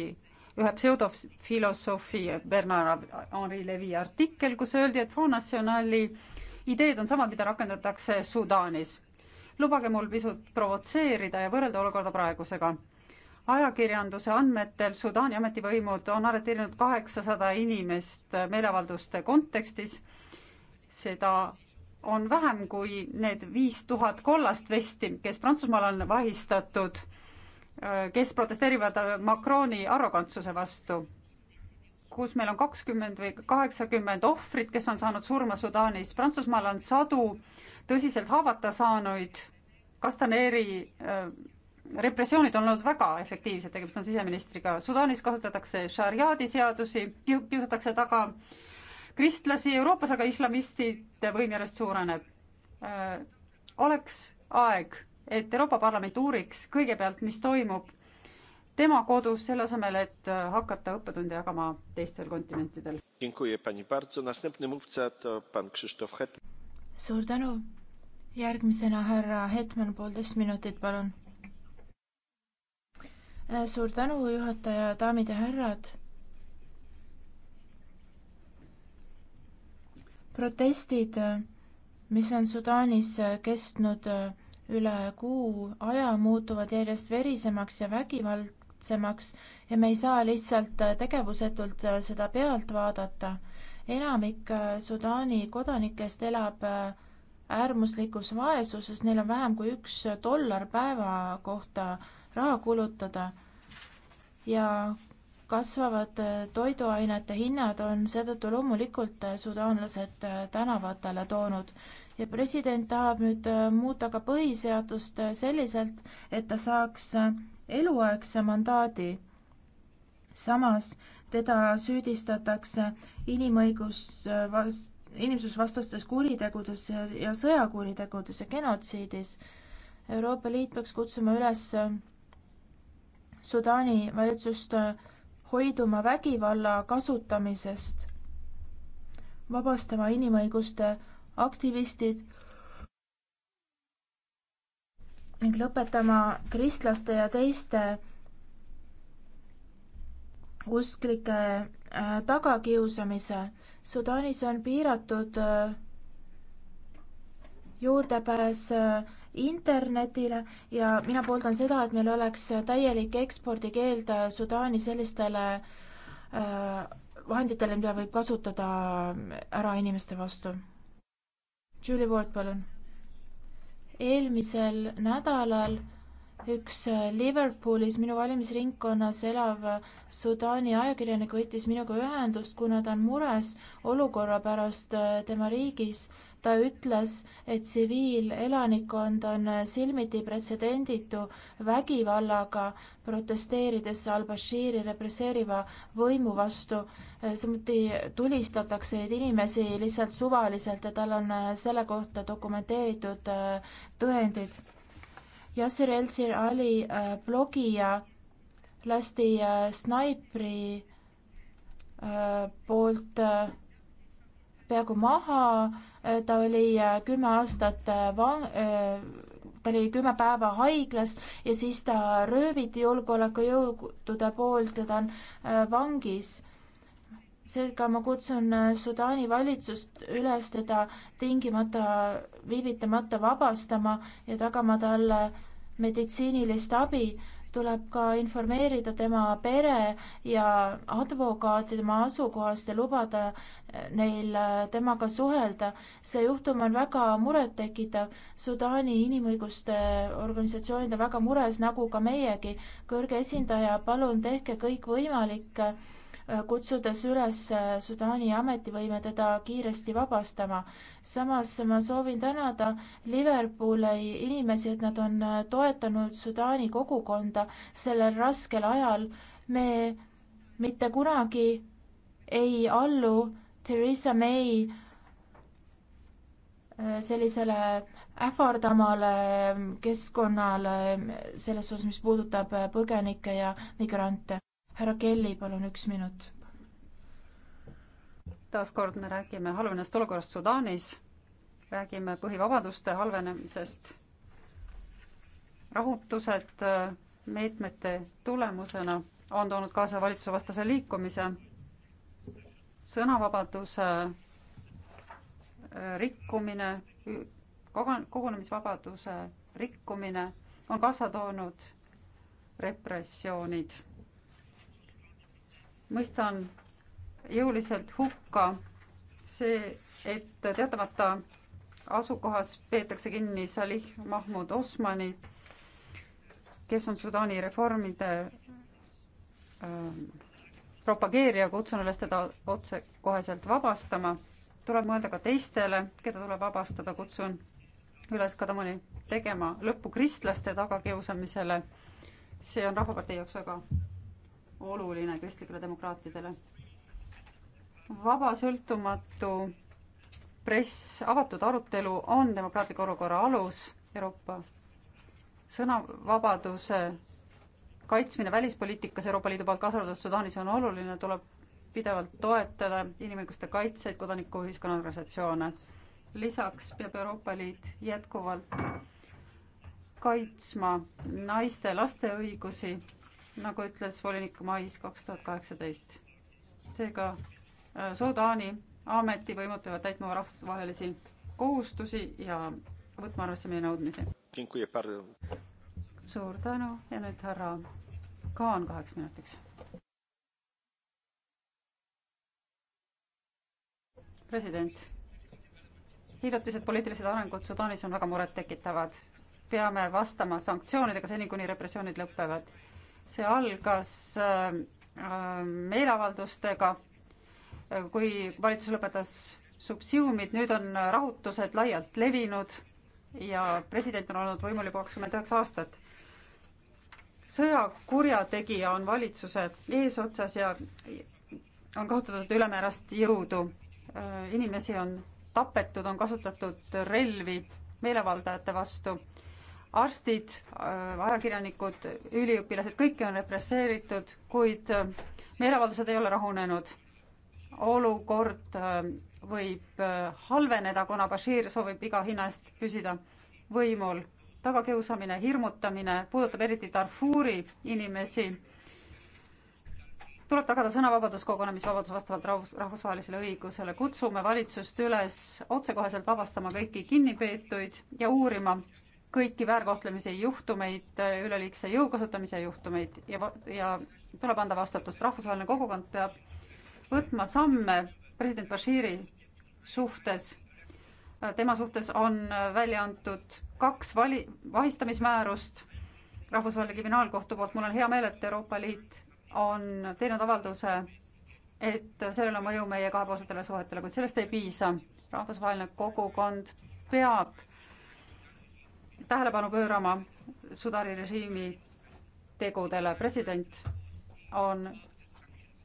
ühe pseudofilosoofi Bernard Henri Levi artikkel, kus öeldi, et Front Nationali ideed on samad, mida rakendatakse Sudaanis. lubage mul pisut provotseerida ja võrrelda olukorda praegusega. ajakirjanduse andmetel Sudaani ametivõimud on arreteerinud kaheksasada inimest meeleavalduste kontekstis. seda on vähem kui need viis tuhat kollast vesti, kes Prantsusmaal on vahistatud kes protesteerivad Macroni arrogantsuse vastu, kus meil on kakskümmend või kaheksakümmend ohvrit, kes on saanud surma Sudaanis. Prantsusmaal on sadu tõsiselt haavata saanuid. Kastaneeri äh, repressioonid on olnud väga efektiivsed, tegemist on siseministriga. Sudaanis kasutatakse šariaadi seadusi, kiusatakse taga kristlasi, Euroopas aga islamistide võim järjest suureneb. Äh, oleks aeg et Euroopa Parlament uuriks kõigepealt, mis toimub tema kodus, selle asemel, et äh, hakata õppetunde jagama teistel kontinentidel. suur tänu. järgmisena härra Hetman, poolteist minutit, palun. Äh, suur tänu, juhataja, daamid ja härrad protestid, äh, mis on Sudaanis kestnud üle kuu aja muutuvad järjest verisemaks ja vägivaldsemaks ja me ei saa lihtsalt tegevusetult seda pealt vaadata. enamik Sudaani kodanikest elab äärmuslikus vaesuses, neil on vähem kui üks dollar päeva kohta raha kulutada ja kasvavad toiduainete hinnad on seetõttu loomulikult sudaanlased tänavatele toonud ja president tahab nüüd äh, muuta ka põhiseadust äh, selliselt, et ta saaks äh, eluaegse mandaadi. samas teda süüdistatakse inimõigus vast-, inimsusvastastes kuritegudes ja, ja sõjakuritegudes ja genotsiidis. Euroopa Liit peaks kutsuma üles Sudaani valitsust hoiduma vägivalla kasutamisest, vabastama inimõiguste aktivistid ning lõpetama kristlaste ja teiste usklike äh, tagakiusamise. Sudaanis on piiratud äh, juurdepääs äh, internetile ja mina pooldan seda, et meil oleks täielik ekspordikeeld Sudaani sellistele vahenditele, mida võib kasutada ära inimeste vastu Julie Ward, palun. eelmisel nädalal üks äh, Liverpoolis minu valimisringkonnas elav äh, Sudaani ajakirjanik võttis minuga ühendust, kuna ta on mures olukorra pärast äh, tema riigis. ta ütles, et tsiviilelanikkond on silmiti pretsedenditu vägivallaga, protesteerides al-Bashiri represseeriva võimu vastu. samuti tulistatakse neid inimesi lihtsalt suvaliselt ja tal on selle kohta dokumenteeritud tõendid Yasser El-Sir Ali äh, blogija lasti äh, snaipri äh, poolt peaaegu maha, ta oli kümme aastat vang-, ta oli kümme päeva haiglas ja siis ta rööviti julgeolekujõudude poolt ja ta on vangis seega ma kutsun äh, Sudaani valitsust üles teda tingimata viivitamata vabastama ja tagama talle meditsiinilist abi. tuleb ka informeerida tema pere ja advokaati tema asukohast ja lubada äh, neil äh, temaga suhelda. see juhtum on väga murettekitav. Sudaani inimõiguste organisatsioonid on väga mures, nagu ka meiegi. kõrge esindaja, palun tehke kõik võimalik Äh, kutsudes üles äh, Sudaani ametivõime teda kiiresti vabastama. samas ma soovin tänada Liverpooli inimesi, et nad on äh, toetanud Sudaani kogukonda sellel raskel ajal. me mitte kunagi ei allu Theresa May sellisele ähvardamale keskkonnale selles osas, mis puudutab põgenikke ja migrante härra Kelly, palun üks minut. taaskord me räägime halvenenud olukorrast Sudaanis, räägime põhivabaduste halvenemisest, rahutused äh, meetmete tulemusena on toonud kaasa valitsusevastase liikumise, sõnavabaduse äh, rikkumine, kogunemisvabaduse rikkumine on kaasa toonud repressioonid mõistan jõuliselt hukka see, et teatamata asukohas peetakse kinni Salih Mahmud Osmani, kes on Sudaani reformide ähm, propageerija, kutsun üles teda otsekoheselt vabastama. tuleb mõelda ka teistele, keda tuleb vabastada, kutsun üles Kadamoni tegema lõppu kristlaste tagakiusamisele. see on Rahvapartei jaoks väga oluline kristlikele demokraatidele. vaba sõltumatu press, avatud arutelu on demokraatliku olukorra alus Euroopa sõnavabaduse kaitsmine välispoliitikas Euroopa Liidu poolt, kaasa arvatud Sudaanis, on oluline, tuleb pidevalt toetada inimõiguste kaitseid, kodanikuühiskonna organisatsioone. lisaks peab Euroopa Liit jätkuvalt kaitsma naiste, laste õigusi nagu ütles volinik mais kaks tuhat kaheksateist. seega äh, Sudaani ametivõimud peavad täitma rahvusvahelisi kohustusi ja võtma arvesse meie nõudmisi. suur tänu ja nüüd härra Kaan kaheks minutiks. president, hiljutised poliitilised arengud Sudaanis on väga murettekitavad. peame vastama sanktsioonidega seni, kuni repressioonid lõpevad see algas äh, äh, meeleavaldustega, kui valitsus lõpetas subsiidiumid, nüüd on rahutused laialt levinud ja president on olnud võimul juba kakskümmend üheksa aastat sõjakurjategija on valitsuse eesotsas ja on kasutatud ülemäärast jõudu. Äh, inimesi on tapetud, on kasutatud relvi meelevaldajate vastu arstid, äh, ajakirjanikud, üliõpilased, kõiki on represseeritud, kuid äh, meeleavaldused ei ole rahunenud. olukord äh, võib halveneda, kuna Bashir soovib iga hinna eest püsida võimul. tagakiusamine, hirmutamine puudutab eriti Darfuri inimesi. tuleb tagada sõnavabadus, kogunemisvabadus vastavalt rahvus, rahvusvahelisele õigusele. kutsume valitsust üles otsekoheselt vabastama kõiki kinnipeetuid ja uurima, kõiki väärkohtlemise juhtumeid, üleliigse jõu kasutamise juhtumeid ja, ja tuleb anda vastutust. rahvusvaheline kogukond peab võtma samme president Bashiri suhtes. tema suhtes on välja antud kaks vali-, vahistamismäärust Rahvusvaheline Kriminaalkohtu poolt. mul on hea meel, et Euroopa Liit on teinud avalduse, et sellel on mõju meie kahepoolsetele suhetele, kuid sellest ei piisa. rahvusvaheline kogukond peab tähelepanu pöörama Sudari režiimi tegudele. president on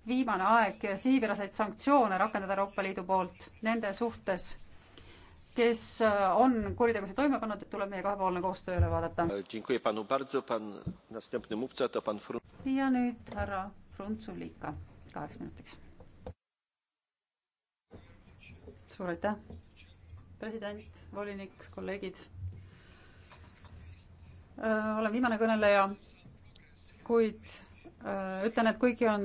viimane aeg siiviraseid sanktsioone rakendada Euroopa Liidu poolt nende suhtes, kes äh, on kuritegusid toime pannud, et tuleb meie kahepoolne koostöö üle vaadata. ja nüüd härra Frunzulika kaheks minutiks. suur aitäh, president, volinik, kolleegid Äh, olen viimane kõneleja, kuid äh, ütlen, et kuigi on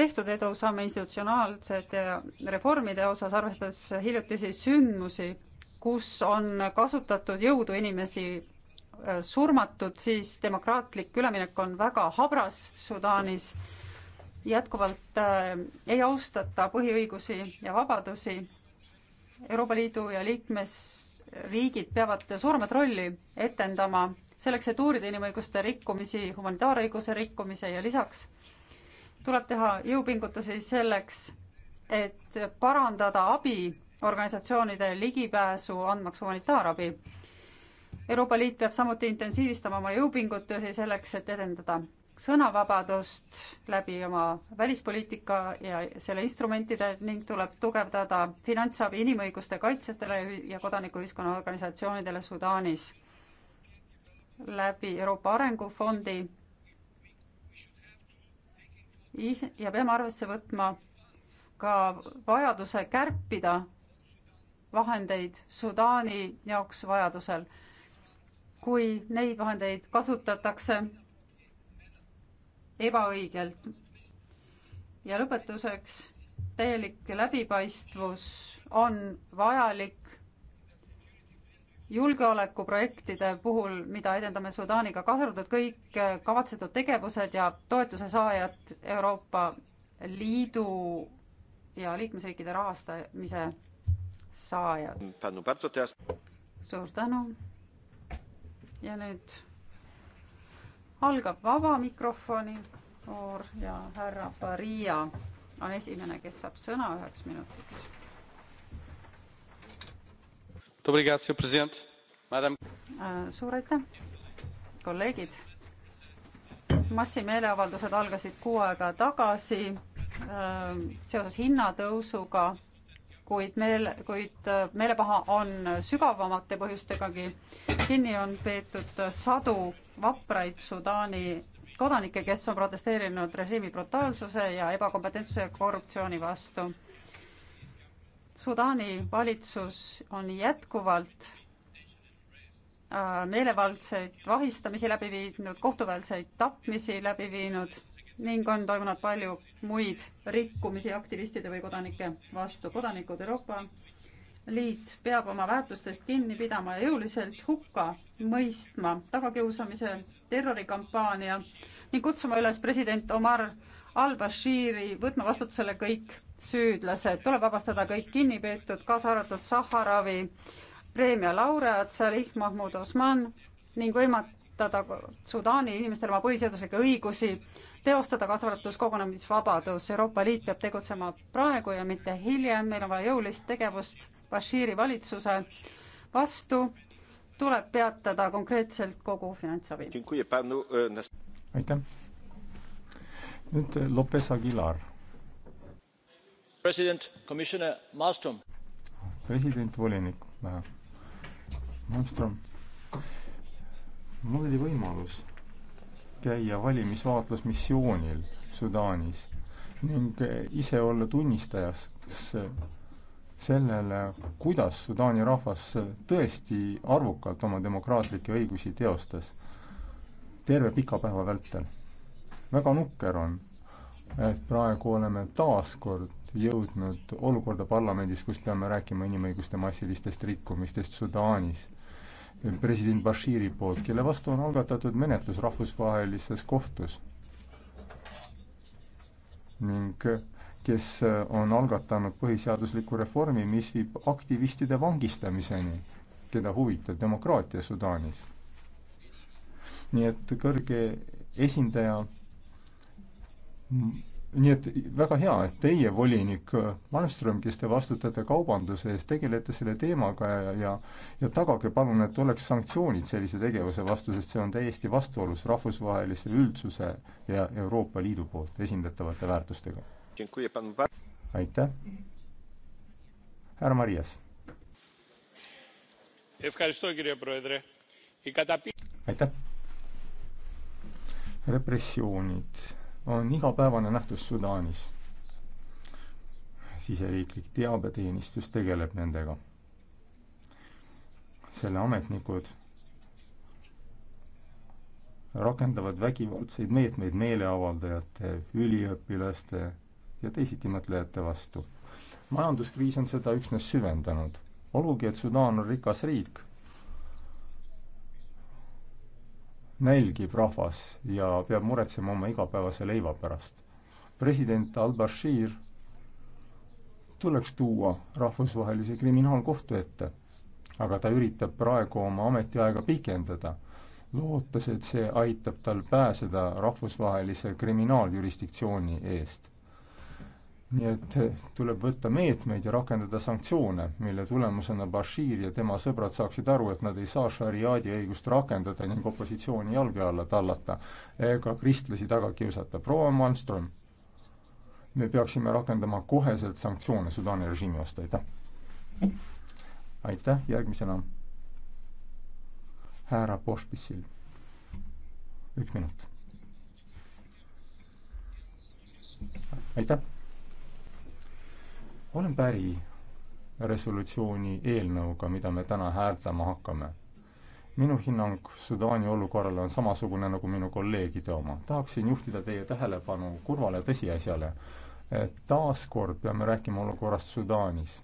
tehtud edusamme institutsionaalsete reformide osas, arvestades hiljutisi sündmusi, kus on kasutatud jõudu inimesi äh, surmatud, siis demokraatlik üleminek on väga habras Sudaanis. jätkuvalt äh, ei austata põhiõigusi ja vabadusi. Euroopa Liidu ja liikmesriigid peavad suuremat rolli etendama selleks, et uurida inimõiguste rikkumisi, humanitaarõiguse rikkumise ja lisaks tuleb teha jõupingutusi selleks, et parandada abiorganisatsioonide ligipääsu andmaks humanitaarabi. Euroopa Liit peab samuti intensiivistama oma jõupingutusi selleks, et edendada sõnavabadust läbi oma välispoliitika ja selle instrumentide ning tuleb tugevdada finantsabi inimõiguste kaitsjatele ja kodanikuühiskonna organisatsioonidele Sudaanis läbi Euroopa Arengufondi ja peame arvesse võtma ka vajaduse kärpida vahendeid Sudaani jaoks vajadusel. kui neid vahendeid kasutatakse ebaõigelt. ja lõpetuseks, täielik läbipaistvus on vajalik julgeolekuprojektide puhul, mida edendame Sudaaniga, kaasa arvatud kõik äh, kavatsetud tegevused ja toetuse saajad Euroopa Liidu ja liikmesriikide rahastamise saajad. suur tänu. ja nüüd algab vaba mikrofoni voor ja härra Faria on esimene, kes saab sõna üheks minutiks Äh, suur aitäh, kolleegid. massimeeleavaldused algasid kuu aega tagasi äh, seoses hinnatõusuga, kuid meel, kuid äh, meelepaha on sügavamate põhjustegagi. kinni on peetud sadu vapraid Sudaani kodanikke, kes on protesteerinud režiimi brutaalsuse ja ebakompetentsuse ja korruptsiooni vastu Sudaani valitsus on jätkuvalt äh, meelevaldseid vahistamisi läbi viinud, kohtuväelseid tapmisi läbi viinud ning on toimunud palju muid rikkumisi aktivistide või kodanike vastu. kodanikud Euroopa Liit peab oma väärtustest kinni pidama ja jõuliselt hukka mõistma tagakiusamise terrorikampaania ning kutsuma üles president Omar al-Bashiri võtma vastutusele kõik süüdlased, tuleb vabastada kõik kinnipeetud, kaasa arvatud Sahharovi preemia laureaat Salih Mahmud Osman ning võimatada Sudaani inimestele oma põhiseaduslikke õigusi, teostada kasvatus kogunemisvabadus. Euroopa Liit peab tegutsema praegu ja mitte hiljem, meil on vaja jõulist tegevust Bashiri valitsuse vastu, tuleb peatada konkreetselt kogu finantsabi. E, aitäh. nüüd e, Lopez Aguilar president volinik malmström mul oli võimalus käia valimisvaatlusmissioonil sudaanis ning ise olla tunnistajaks sellele kuidas sudaani rahvas tõesti arvukalt oma demokraatlikke õigusi teostas terve pika päeva vältel väga nukker on et praegu oleme taas kord jõudnud olukorda parlamendis, kus peame rääkima inimõiguste massilistest rikkumistest Sudaanis. president Bashiri poolt, kelle vastu on algatatud menetlus rahvusvahelises kohtus ning kes on algatanud põhiseadusliku reformi, mis viib aktivistide vangistamiseni, keda huvitab demokraatia Sudaanis. nii et kõrge esindaja nii et väga hea, et teie, volinik Malmström, kes te vastutate kaubanduse eest, tegelete selle teemaga ja, ja ja tagage palun, et oleks sanktsioonid sellise tegevuse vastu, sest see on täiesti vastuolus rahvusvahelise üldsuse ja Euroopa Liidu poolt esindatavate väärtustega. aitäh. härra Marias. aitäh. repressioonid on igapäevane nähtus Sudaanis. siseriiklik teabeteenistus tegeleb nendega. selle ametnikud rakendavad vägivaldseid meetmeid meeleavaldajate, üliõpilaste ja teisitimõtlejate vastu. majanduskriis on seda üksnes süvendanud. olgugi, et Sudaan on rikas riik, nälgib rahvas ja peab muretsema oma igapäevase leiva pärast. president al-Bashir tuleks tuua rahvusvahelise kriminaalkohtu ette, aga ta üritab praegu oma ametiaega pikendada, lootes, et see aitab tal pääseda rahvusvahelise kriminaaljurisdiktsiooni eest nii et eh, tuleb võtta meetmeid ja rakendada sanktsioone, mille tulemusena Bashir ja tema sõbrad saaksid aru, et nad ei saa šariaadi õigust rakendada ning opositsiooni jalge alla tallata ega kristlasi taga kiusata. proua Malmström, me peaksime rakendama koheselt sanktsioone Sudaani režiimi vastu, aitäh! aitäh, järgmisena härra Pošpisil. üks minut. aitäh! olen päri resolutsiooni eelnõuga, mida me täna hääldama hakkame. minu hinnang Sudaani olukorrale on samasugune nagu minu kolleegide oma. tahaksin juhtida teie tähelepanu kurvale tõsiasjale, et taas kord peame rääkima olukorrast Sudaanis.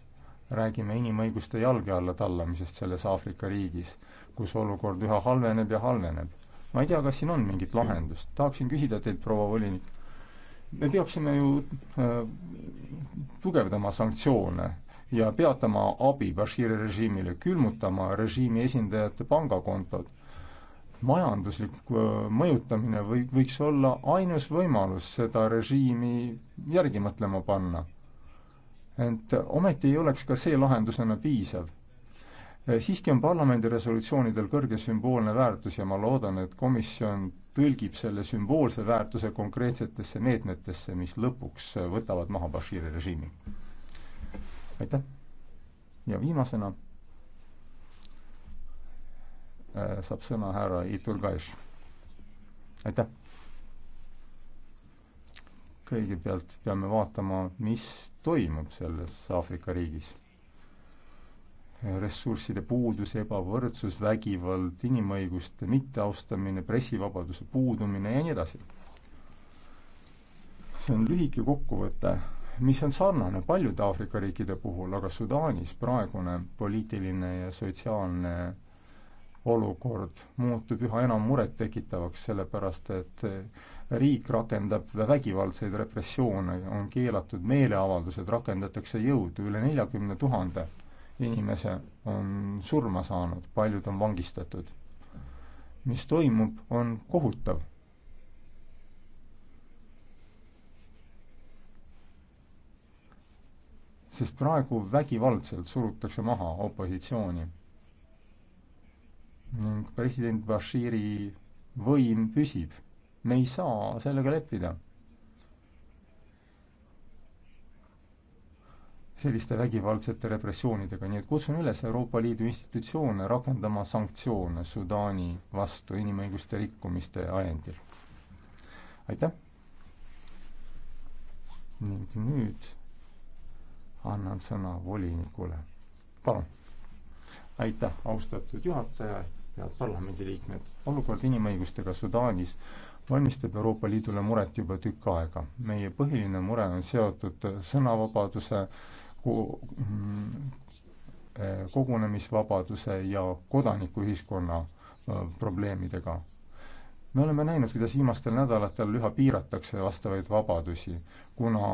räägime inimõiguste jalge alla tallamisest selles Aafrika riigis, kus olukord üha halveneb ja halveneb. ma ei tea, kas siin on mingit lahendust. tahaksin küsida teilt, proua volinik, me peaksime ju äh, tugevdama sanktsioone ja peatama abi Bashiri režiimile, külmutama režiimi esindajate pangakontod. majanduslik äh, mõjutamine või, võiks olla ainus võimalus seda režiimi järgi mõtlema panna. ent ometi ei oleks ka see lahendusena piisav. Äh, siiski on parlamendi resolutsioonidel kõrge sümboolne väärtus ja ma loodan, et komisjon tõlgib selle sümboolse väärtuse konkreetsetesse meetmetesse, mis lõpuks äh, võtavad maha Bashiri režiimi. aitäh! ja viimasena äh, saab sõna härra Iturgais. aitäh! kõigepealt peame vaatama, mis toimub selles Aafrika riigis ressursside puudus, ebavõrdsus, vägivald, inimõiguste mitteaustamine, pressivabaduse puudumine ja nii edasi. see on lühike kokkuvõte, mis on sarnane paljude Aafrika riikide puhul, aga Sudaanis praegune poliitiline ja sotsiaalne olukord muutub üha enam murettekitavaks, sellepärast et riik rakendab vägivaldseid repressioone, on keelatud meeleavaldused, rakendatakse jõudu, üle neljakümne tuhande inimese on surma saanud, paljud on vangistatud. mis toimub, on kohutav. sest praegu vägivaldselt surutakse maha opositsiooni ning president Bashiri võim püsib. me ei saa sellega leppida selliste vägivaldsete repressioonidega, nii et kutsun üles Euroopa Liidu institutsioone rakendama sanktsioone Sudaani vastu inimõiguste rikkumiste ajendil. aitäh! ning nüüd annan sõna volinikule. palun! aitäh, austatud juhataja, head parlamendiliikmed! olukord inimõigustega Sudaanis valmistab Euroopa Liidule muret juba tükk aega. meie põhiline mure on seotud sõnavabaduse Mm, äh, kogunemisvabaduse ja kodanikuühiskonna äh, probleemidega. me oleme näinud, kuidas viimastel nädalatel üha piiratakse vastavaid vabadusi, kuna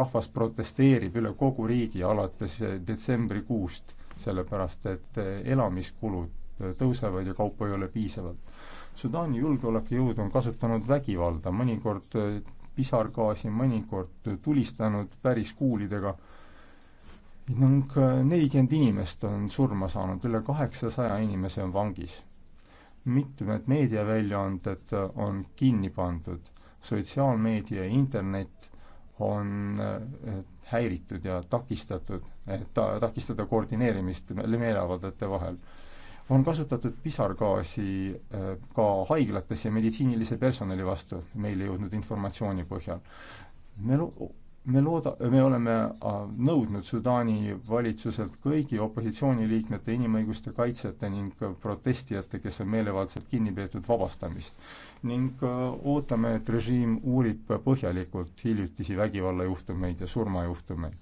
rahvas protesteerib üle kogu riigi alates äh, detsembrikuust, sellepärast et elamiskulud tõusevad ja kaupa ei ole piisavalt. Sudaani julgeolekujõud on kasutanud vägivalda, mõnikord pisargaasi, mõnikord tulistanud päris kuulidega ning nelikümmend inimest on surma saanud, üle kaheksasaja inimese on vangis. mitmed meediaväljaanded on kinni pandud, sotsiaalmeedia ja internet on eh, häiritud ja takistatud, et eh, ta, takistada koordineerimist meeleavaldajate vahel. on kasutatud pisargaasi eh, ka haiglates ja meditsiinilise personali vastu meile jõudnud informatsiooni põhjal. me lo-, me looda-, me oleme äh, nõudnud Sudaani valitsuselt kõigi opositsiooniliikmete, inimõiguste kaitsjate ning protestijate, kes on meelevaldselt kinni peetud, vabastamist. ning äh, ootame, et režiim uurib põhjalikult hiljutisi vägivallajuhtumeid ja surmajuhtumeid.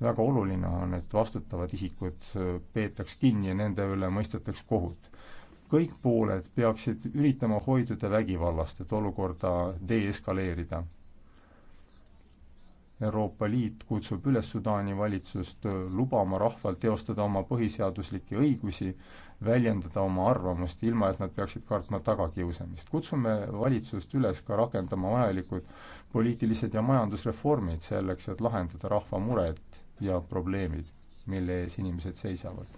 väga oluline on, et vastutavad isikud äh, peetaks kinni ja nende üle mõistetaks kohut kõik pooled peaksid üritama hoiduda vägivallast, et olukorda deeskaleerida Euroopa Liit kutsub üles Sudaani valitsust lubama rahval teostada oma põhiseaduslikke õigusi, väljendada oma arvamust, ilma et nad peaksid kartma tagakiusamist. kutsume valitsust üles ka rakendama vajalikud poliitilised ja majandusreformid selleks, et lahendada rahva mured ja probleemid, mille ees inimesed seisavad.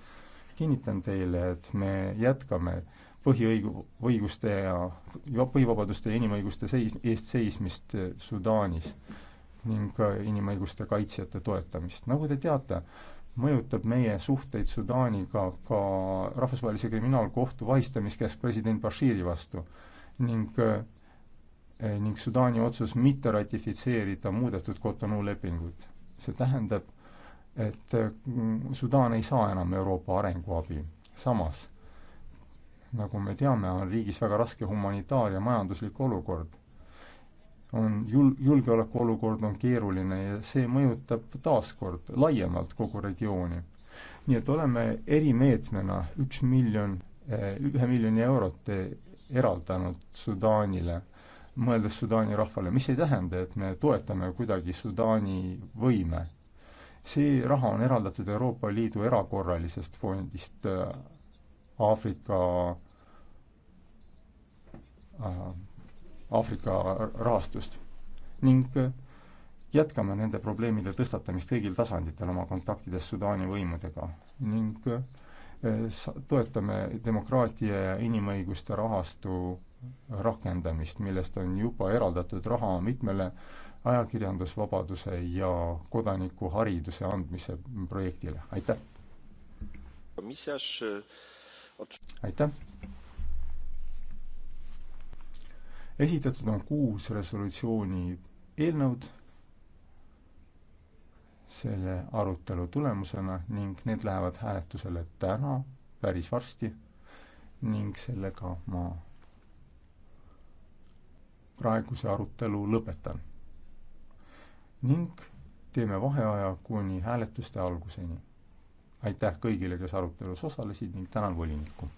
kinnitan teile, et me jätkame põhiõigu-, õiguste ja põhivabaduste ja inimõiguste seis, eest seismist Sudaanis ning inimõiguste kaitsjate toetamist. nagu te teate, mõjutab meie suhteid Sudaaniga ka Rahvusvahelise Kriminaalkohtu vahistamiskäsk president Bashiri vastu ning eh, ning Sudaani otsus mitte ratifitseerida muudetud Cotonou lepingut. see tähendab, et mm, Sudaan ei saa enam Euroopa arenguabi. samas, nagu me teame, on riigis väga raske humanitaar- ja majanduslik olukord on jul-, julgeolekuolukord on keeruline ja see mõjutab taaskord laiemalt kogu regiooni. nii et oleme erimeetmena üks miljon, eh, ühe miljoni eurot e-, eraldanud Sudaanile, mõeldes Sudaani rahvale, mis ei tähenda, et me toetame kuidagi Sudaani võime. see raha on eraldatud Euroopa Liidu erakorralisest fondist eh, Aafrika äh, Aafrika rahastust ning äh, jätkame nende probleemide tõstatamist kõigil tasanditel oma kontaktides Sudaani võimudega ning äh, toetame demokraatia ja inimõiguste rahastu rakendamist, millest on juba eraldatud raha mitmele ajakirjandusvabaduse ja kodanikuhariduse andmise projektile, aitäh! E, aitäh! esitatud on kuus resolutsiooni eelnõud selle arutelu tulemusena ning need lähevad hääletusele täna päris varsti ning sellega ma praeguse arutelu lõpetan ning teeme vaheaja kuni hääletuste alguseni. aitäh kõigile, kes arutelus osalesid ning tänan volinikku!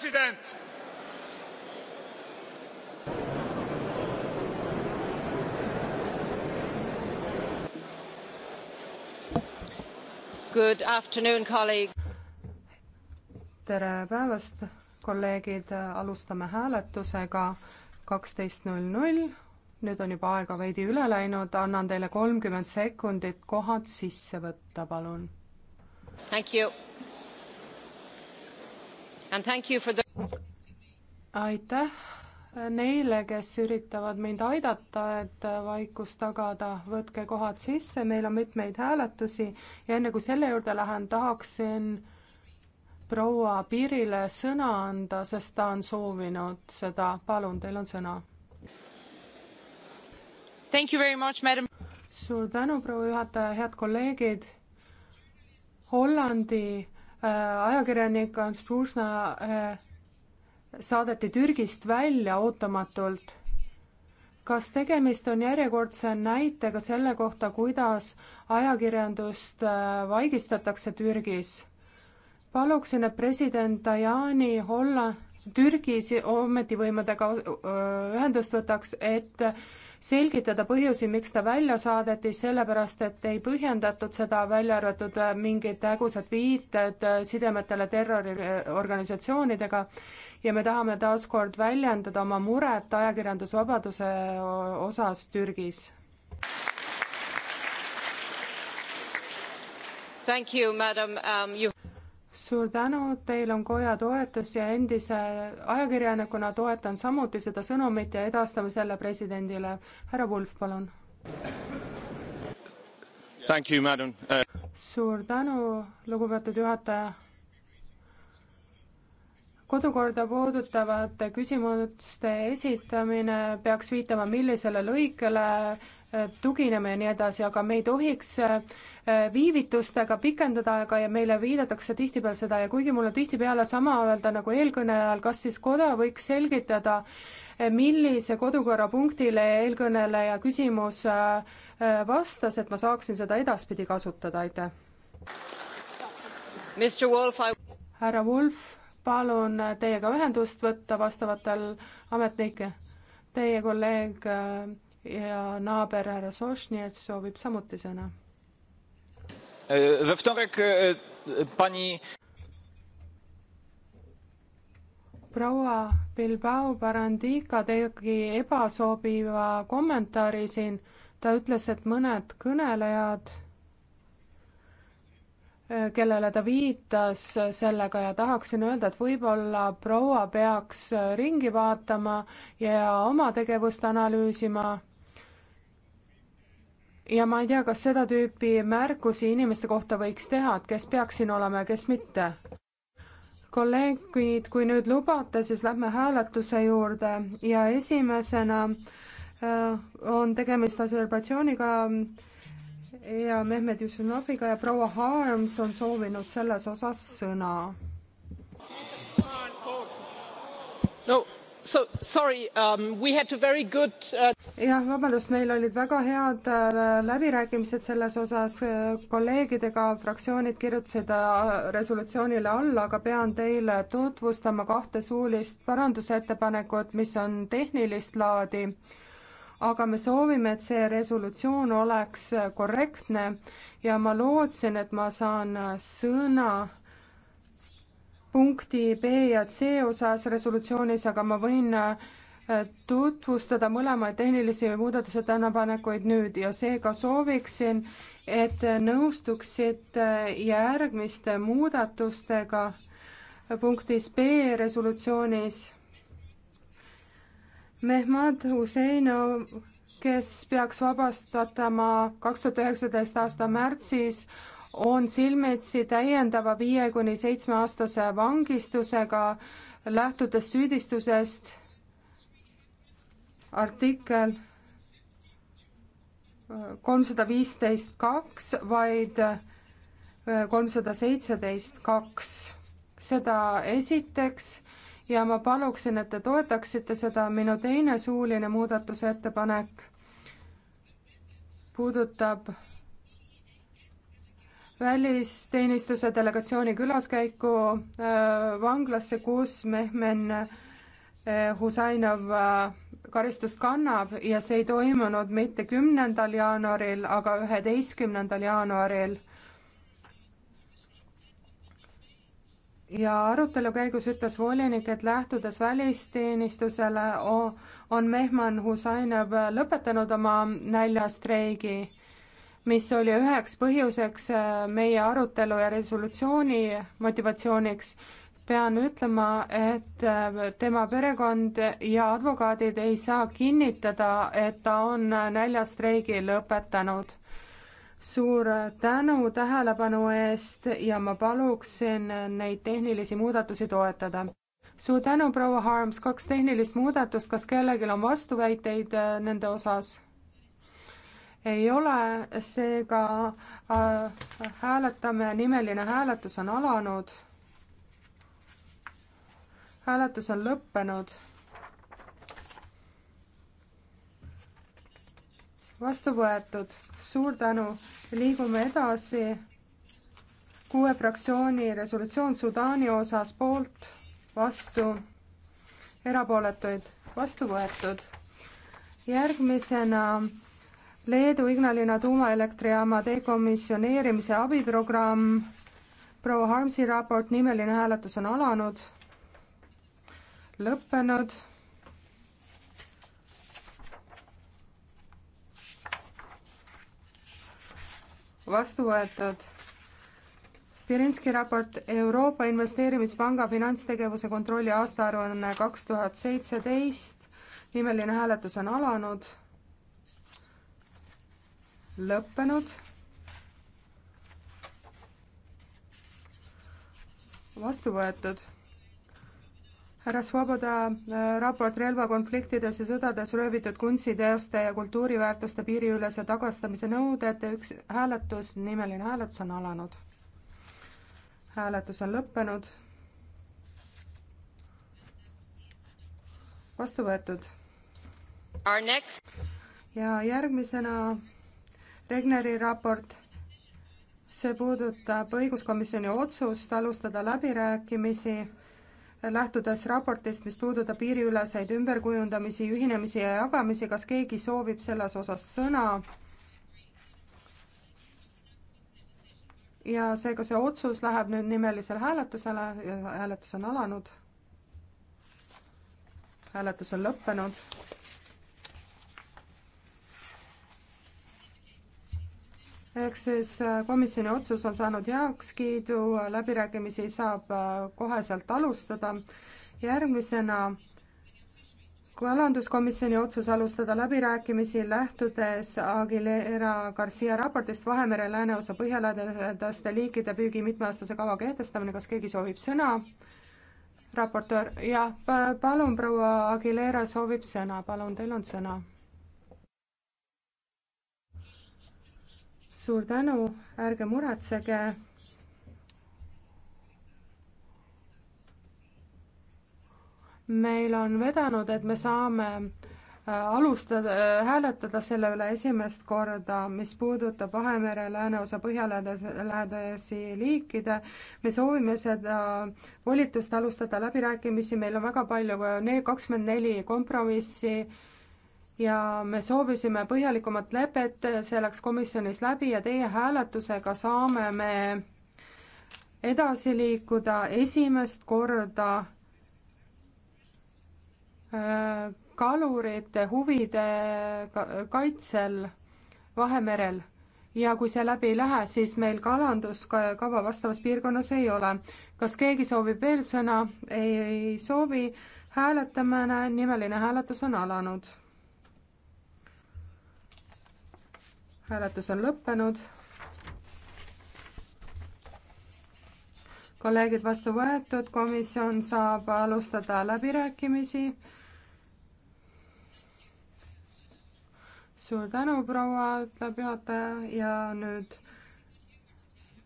president! tere päevast, kolleegid, alustame hääletusega kaksteist null null. nüüd on juba aega veidi üle läinud, annan teile kolmkümmend sekundit kohad sisse võtta, palun. Thank you. The... aitäh neile, kes üritavad mind aidata, et vaikus tagada, võtke kohad sisse, meil on mitmeid hääletusi ja enne kui selle juurde lähen, tahaksin proua Pirile sõna anda, sest ta on soovinud seda. palun, teil on sõna. suur tänu, proua juhataja, head kolleegid. Hollandi Äh, ajakirjanik Ants Puusna äh, saadeti Türgist välja ootamatult. kas tegemist on järjekordse näitega selle kohta, kuidas ajakirjandust äh, vaigistatakse Türgis? paluksin, et president Tajani Holla Türgis ametivõimudega ühendust võtaks, et selgitada põhjusi, miks ta välja saadeti, sellepärast et ei põhjendatud seda, välja arvatud äh, mingid hägusad viited äh, sidemetele terroriorganisatsioonidega ja me tahame taaskord väljendada oma muret ajakirjandusvabaduse osas Türgis. Thank you, madam um,. You suur tänu, teil on koja toetus ja endise ajakirjanikuna toetan samuti seda sõnumit ja edastame selle presidendile. härra Wulf, palun. suur tänu, lugupeetud juhataja. kodukorda puudutavate küsimuste esitamine peaks viitama, millisele lõikele tugineme ja nii edasi, aga me ei tohiks äh, viivitustega pikendada aega ja meile viidatakse tihtipeale seda ja kuigi mul on tihtipeale sama öelda nagu eelkõnelejal, kas siis koda võiks selgitada, millise kodukorrapunktile eelkõneleja küsimus äh, äh, vastas, et ma saaksin seda edaspidi kasutada, aitäh. härra Wolf, palun teiega ühendust võtta vastavatel ametnikel. Teie kolleeg ja naaber härra Sošnjev soovib samuti sõna. We wtorek e, pani proua Bilbao Barandica tegi ebasobiva kommentaari siin. ta ütles, et mõned kõnelejad, e, kellele ta viitas sellega ja tahaksin öelda, et võib-olla proua peaks ringi vaatama ja oma tegevust analüüsima ja ma ei tea, kas seda tüüpi märkusi inimeste kohta võiks teha, et kes peaks siin olema ja kes mitte. kolleegid, kui nüüd lubate, siis lähme hääletuse juurde ja esimesena äh, on tegemist Aserbaidžaaniga ja Mehmed Jussinoviga ja proua Harms on soovinud selles osas sõna. no Um, uh, jah, vabandust, meil olid väga head äh, läbirääkimised selles osas kolleegidega, fraktsioonid kirjutasid äh, resolutsioonile alla, aga pean teile tutvustama kahte suulist parandusettepanekut, mis on tehnilist laadi. aga me soovime, et see resolutsioon oleks äh, korrektne ja ma lootsin, et ma saan sõna punkti B ja C osas resolutsioonis, aga ma võin äh, tutvustada mõlemaid tehnilisi muudatusettepanekuid nüüd ja seega sooviksin, et nõustuksid äh, järgmiste muudatustega punktis B resolutsioonis. Mehmad Huseinov, kes peaks vabastatama kaks tuhat üheksateist aasta märtsis, on silmitsi täiendava viie kuni seitsme aastase vangistusega, lähtudes süüdistusest artikkel kolmsada viisteist kaks, vaid äh, kolmsada seitseteist kaks. seda esiteks ja ma paluksin, et te toetaksite seda, minu teine suuline muudatusettepanek puudutab välisteenistuse delegatsiooni külaskäiku äh, vanglasse, kus Mehmen äh, Husainov äh, karistust kannab ja see ei toimunud mitte kümnendal jaanuaril, aga üheteistkümnendal jaanuaril. ja arutelu käigus ütles volinik, et lähtudes välisteenistusele, on Mehman Husainov lõpetanud oma näljastreigi mis oli üheks põhjuseks äh, meie arutelu ja resolutsiooni motivatsiooniks. pean ütlema, et äh, tema perekond ja advokaadid ei saa kinnitada, et ta on näljastreigi lõpetanud suur tänu tähelepanu eest ja ma paluksin neid tehnilisi muudatusi toetada. suur tänu, proua Harms, kaks tehnilist muudatust, kas kellelgi on vastuväiteid äh, nende osas? ei ole, seega äh, hääletame, nimeline hääletus on alanud. hääletus on lõppenud. vastu võetud, suur tänu, liigume edasi. kuue fraktsiooni resolutsioon Sudaani osas poolt, vastu, erapooletuid, vastu võetud. järgmisena Leedu Ignalina tuumaelektrijaama dekomisjoneerimise abiprogramm, proua Harmsi raport, nimeline hääletus on alanud, lõppenud vastu võetud. Pirinski raport Euroopa Investeerimispanga finantstegevuse kontrolli aastaaruanne kaks tuhat seitseteist, nimeline hääletus on alanud lõppenud. vastu võetud. härra Svoboda äh, raport relvakonfliktides ja sõdades röövitud kunstiteoste ja kultuuriväärtuste piiriülese tagastamise nõuded, üks hääletus, nimeline hääletus on alanud. hääletus on lõppenud. vastu võetud. ja järgmisena Regneri raport, see puudutab õiguskomisjoni otsust alustada läbirääkimisi, lähtudes raportist, mis puudutab piiriüleseid ümberkujundamisi, ühinemisi ja jagamisi, kas keegi soovib selles osas sõna? ja seega see otsus läheb nüüd nimelisele hääletusele, hääletus on alanud. hääletus on lõppenud. ehk siis äh, komisjoni otsus on saanud heakskiidu, läbirääkimisi saab äh, koheselt alustada. järgmisena kalanduskomisjoni otsus alustada läbirääkimisi, lähtudes Aguilera Garcia raportist Vahemere lääneosa põhjalähedaste liikide püügi mitmeaastase kava kehtestamine, kas keegi soovib sõna? raportöör, jah, palun, proua Aguilera soovib sõna, palun, teil on sõna suur tänu, ärge muretsege. meil on vedanud, et me saame äh, alustada, äh, hääletada selle üle esimest korda, mis puudutab Vahemere lääneosa põhjalähedasi liikide. me soovime seda volitust alustada läbirääkimisi, meil on väga palju, äh, kakskümmend neli kompromissi ja me soovisime põhjalikumat lepet, see läks komisjonis läbi ja teie hääletusega saame me edasi liikuda esimest korda äh, kalurite huvide kaitsel Vahemerel ja kui see läbi ei lähe, siis meil kalanduskava vastavas piirkonnas ei ole. kas keegi soovib veel sõna? ei soovi. hääletamine, nimeline hääletus on alanud hääletus on lõppenud. kolleegid vastu võetud, komisjon saab alustada läbirääkimisi. suur tänu, proua, ütleb juhataja ja nüüd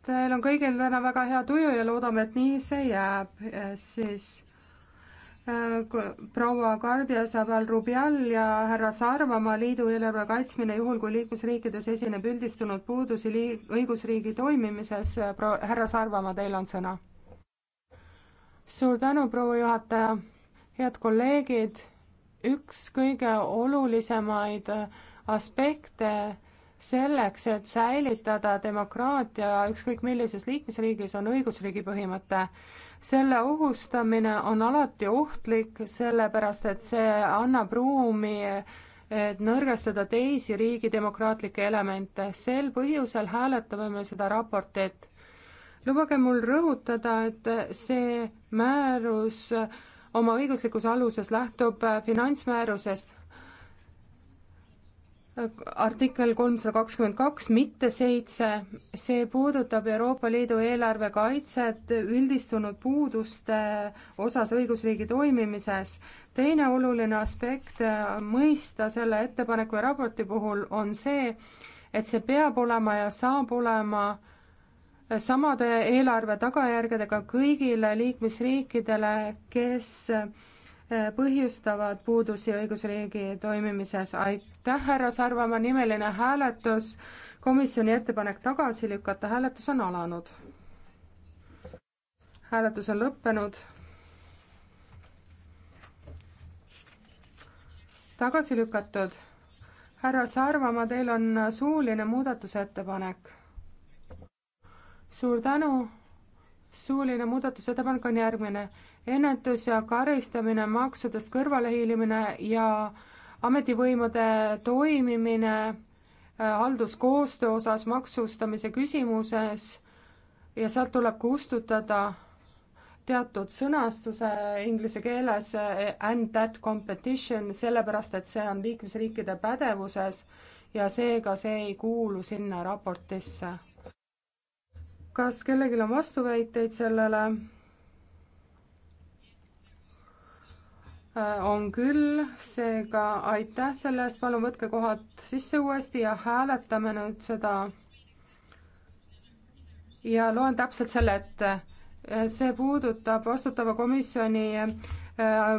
Teil on kõigil täna väga hea tuju ja loodame, et nii see jääb, siis Äh, proua Kardia Sabal Rubial ja härra Sarvamaa liidu eelarve kaitsmine juhul, kui liikmesriikides esineb üldistunud puudusi liig-, õigusriigi toimimises, pro-, härra Sarvamaa, teil on sõna. suur tänu, proua juhataja, head kolleegid, üks kõige olulisemaid äh, aspekte selleks, et säilitada demokraatia ükskõik millises liikmesriigis, on õigusriigi põhimõte selle ohustamine on alati ohtlik, sellepärast et see annab ruumi et nõrgestada teisi riigi demokraatlikke elemente. sel põhjusel hääletame me seda raportit. lubage mul rõhutada, et see määrus oma õiguslikus aluses lähtub finantsmäärusest artikkel kolmsada kakskümmend kaks, mitte seitse, see puudutab Euroopa Liidu eelarve kaitset üldistunud puuduste osas õigusriigi toimimises. teine oluline aspekt mõista selle ettepaneku ja raporti puhul on see, et see peab olema ja saab olema samade eelarve tagajärgedega kõigile liikmesriikidele, kes põhjustavad puudusi õigusriigi toimimises. aitäh, härra Sarvamaa, nimeline hääletus. komisjoni ettepanek tagasi lükata, hääletus on alanud. hääletus on lõppenud. tagasi lükatud. härra Sarvamaa, teil on suuline muudatusettepanek. suur tänu. suuline muudatusettepanek on järgmine ennetus ja karistamine, maksudest kõrvalehiilimine ja ametivõimude toimimine äh, halduskoostöö osas maksustamise küsimuses ja sealt tuleb kustutada teatud sõnastuse inglise keeles äh, and that competition, sellepärast et see on liikmesriikide pädevuses ja seega see ei kuulu sinna raportisse. kas kellelgi on vastuväiteid sellele? Äh, on küll, seega aitäh selle eest, palun võtke kohad sisse uuesti ja hääletame nüüd seda. ja loen täpselt selle ette. Äh, see puudutab vastutava komisjoni äh,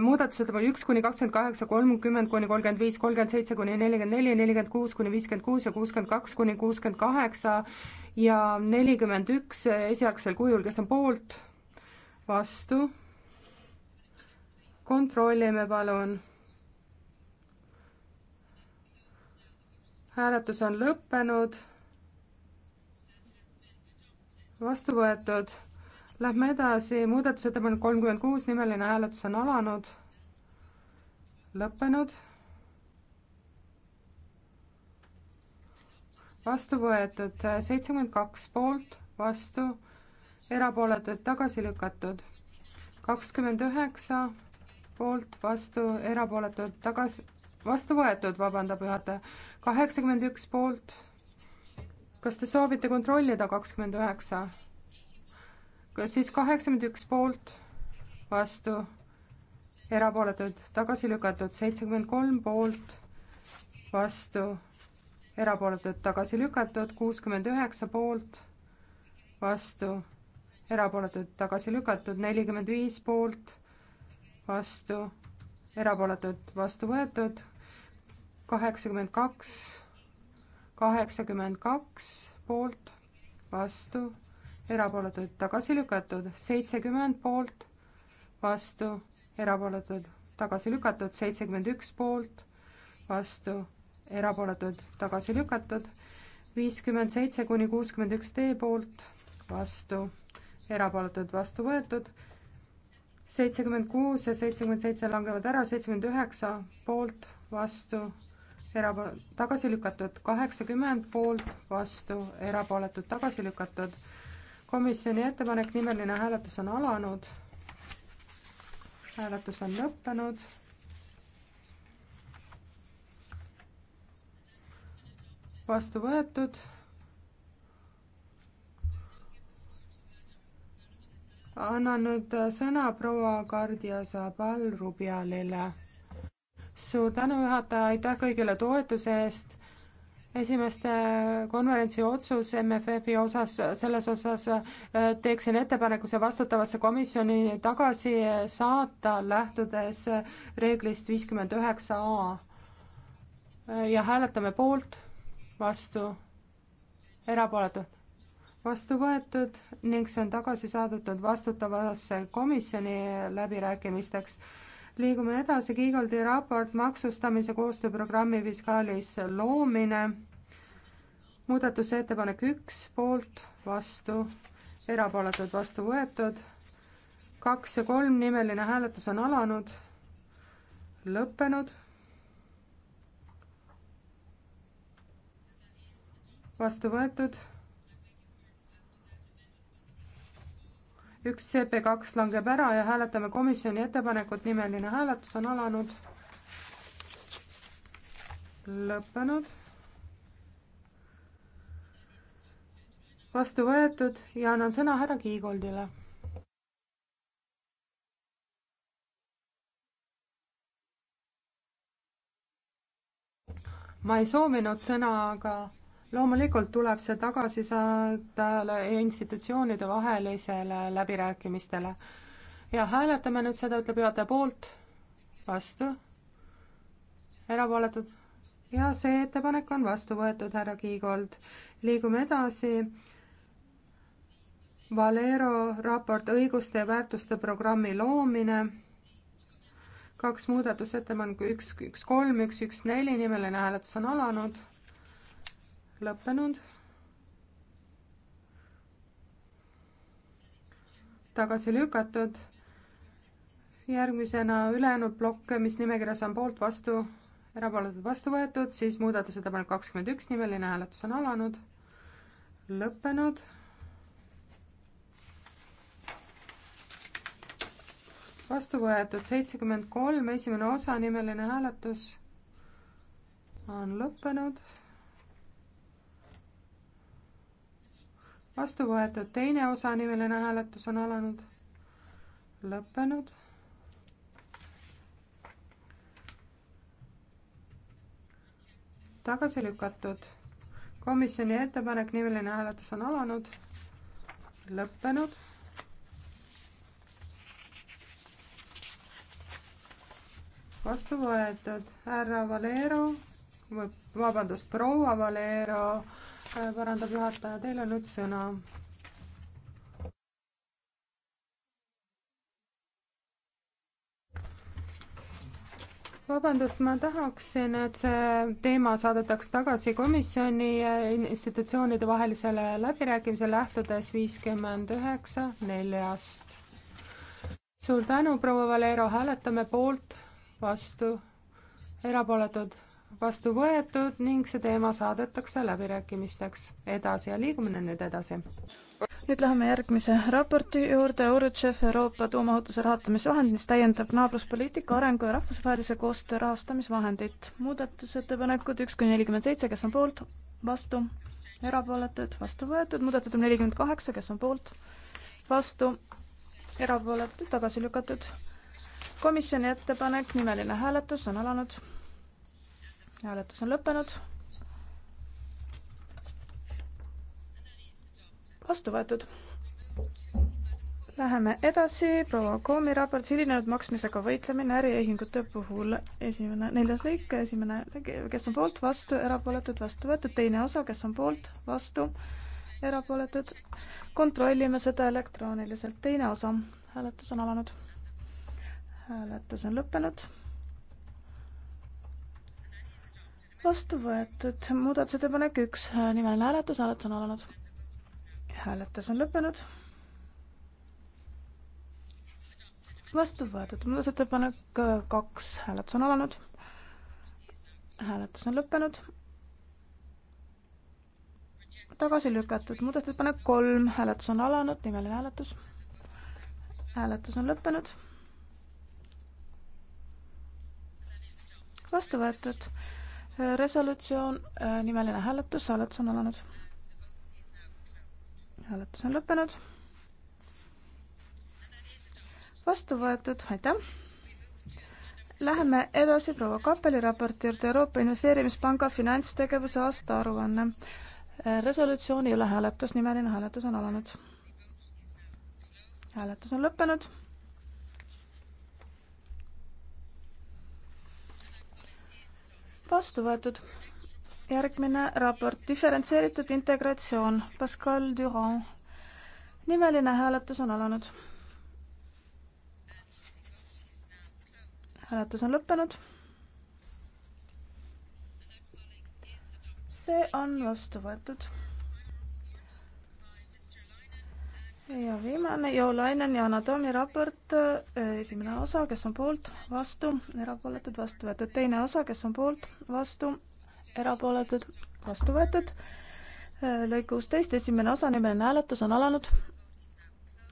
muudatusettepanek üks kuni kakskümmend kaheksa, kolmkümmend kuni kolmkümmend viis, kolmkümmend seitse kuni nelikümmend neli, nelikümmend kuus kuni viiskümmend kuus ja kuuskümmend kaks kuni kuuskümmend kaheksa ja nelikümmend üks esialgsel kujul, kes on poolt, vastu kontrollime palun. hääletus on lõppenud. vastu võetud. Lähme edasi, muudatusettepanek kolmkümmend kuus, nimeline hääletus on alanud, lõppenud. vastu võetud seitsekümmend kaks poolt, vastu, erapooletud, tagasi lükatud. kakskümmend üheksa poolt, vastu, erapooletud, tagasi, vastu võetud, vabandab juhataja, kaheksakümmend üks poolt. kas te soovite kontrollida kakskümmend üheksa? kas siis kaheksakümmend üks poolt, vastu, erapooletud, tagasi lükatud, seitsekümmend kolm poolt, vastu, erapooletud, tagasi lükatud, kuuskümmend üheksa poolt, vastu, erapooletud, tagasi lükatud, nelikümmend viis poolt vastu, erapooletud, vastu võetud, kaheksakümmend kaks, kaheksakümmend kaks poolt, vastu, erapooletud, tagasi lükatud, seitsekümmend poolt, vastu, erapooletud, tagasi lükatud, seitsekümmend üks poolt, vastu, erapooletud, tagasi lükatud, viiskümmend seitse kuni kuuskümmend üks D poolt, vastu, erapooletud, vastu võetud seitsekümmend kuus ja seitsekümmend seitse langevad ära, seitsekümmend üheksa poolt, vastu, erapa-, tagasi lükatud, kaheksakümmend poolt, vastu, erapooletud, tagasi lükatud. komisjoni ettepanek, nimeline hääletus on alanud. hääletus on lõppenud. vastu võetud annan nüüd sõna proua Gardia Zabal Rubialile. suur tänu, juhataja, aitäh kõigile toetuse eest esimeste konverentsi otsus MFF-i osas, selles osas äh, teeksin ettepaneku see vastutavasse komisjoni tagasi saata, lähtudes reeglist viiskümmend üheksa A. Äh, ja hääletame poolt, vastu, erapooletu vastu võetud ning see on tagasi saadetud vastutavasse komisjoni läbirääkimisteks. liigume edasi, Kiigoldi raport maksustamise koostööprogrammi fiskaalis loomine. muudatusettepanek üks, poolt, vastu, erapooletud, vastu võetud. kaks ja kolm nimeline hääletus on alanud, lõppenud vastu võetud üks CP2 langeb ära ja hääletame komisjoni ettepanekut, nimeline hääletus on alanud. lõppenud. vastu võetud ja annan sõna härra Kiigoldile. ma ei soovinud sõna, aga loomulikult tuleb see tagasi saada institutsioonide vahelisele läbirääkimistele. ja hääletame nüüd seda, ütleb juhataja poolt, vastu, erapooletud ja see ettepanek on vastu võetud, härra Kiigold. liigume edasi. Valero raport õiguste ja väärtuste programmi loomine. kaks muudatusettepanekut, üks, üks, kolm, üks, üks, neli, nimeline hääletus on alanud lõppenud. tagasi lükatud. järgmisena ülejäänud plokke, mis nimekirjas on poolt, vastu, erapooletud, vastu võetud, siis muudatusettepanek kakskümmend üks, nimeline hääletus on alanud, lõppenud vastu võetud seitsekümmend kolm, esimene osa, nimeline hääletus on lõppenud vastu võetud, teine osa nimeline hääletus on alanud, lõppenud. tagasi lükatud, komisjoni ettepanek, nimeline hääletus on alanud, lõppenud. vastu võetud härra Valero, vabandust, proua Valero Äh, parandab juhataja, teil on nüüd sõna. vabandust, ma tahaksin, et see teema saadetaks tagasi komisjoni institutsioonide vahelisele läbirääkimisele, lähtudes viiskümmend üheksa neljast. suur tänu, proua Valero, hääletame poolt, vastu, erapooletud vastu võetud ning see teema saadetakse läbirääkimisteks edasi ja liigume nüüd edasi. nüüd läheme järgmise raporti juurde, Urutšev Euroopa tuumaohutuse rahastamisvahend, mis täiendab naabruspoliitika arengu ja rahvusvahelise koostöö rahastamisvahendit. muudatusettepanekud üks kuni nelikümmend seitse, kes on poolt, vastu, erapooletud, vastu võetud, muudatusettepanek nelikümmend kaheksa, kes on poolt, vastu, erapooletud, tagasi lükatud. komisjoni ettepanek, nimeline hääletus on alanud hääletus on lõppenud. vastu võetud. Läheme edasi, proua Koomi raport hilinenud maksmisega võitlemine äriühingute puhul. esimene, neljas lõik, esimene, kes on poolt, vastu, erapooletud, vastu võetud, teine osa, kes on poolt, vastu, erapooletud. kontrollime seda elektrooniliselt, teine osa. hääletus on alanud. hääletus on lõppenud vastu võetud, muudatusettepanek üks, nimeline hääletus, hääletus on alanud. hääletus on lõppenud. vastu võetud, muudatusettepanek kaks, hääletus on alanud. hääletus on lõppenud. tagasi lükatud, muudatusettepanek kolm, hääletus on alanud, nimeline hääletus. hääletus on lõppenud vastu võetud resolutsioon, äh, nimeline hääletus, hääletus on alanud. hääletus on lõppenud. vastu võetud, aitäh. Läheme edasi proua Kappeli raporti juurde Euroopa Investeerimispanga finantstegevuse aastaaruanne. Äh, resolutsiooni üle hääletus, nimeline hääletus on alanud. hääletus on lõppenud vastu võetud. järgmine raport, diferentseeritud integratsioon, Pascal Durand. nimeline hääletus on alanud. hääletus on lõppenud. see on vastu võetud ja viimane Joolainen ja Anatomi raport, eh, esimene osa, kes on poolt, vastu, erapooletud, vastu võetud, teine osa, kes on poolt, vastu, erapooletud, vastu võetud. Eh, lõik kuusteist, esimene osa, nimeline hääletus on alanud.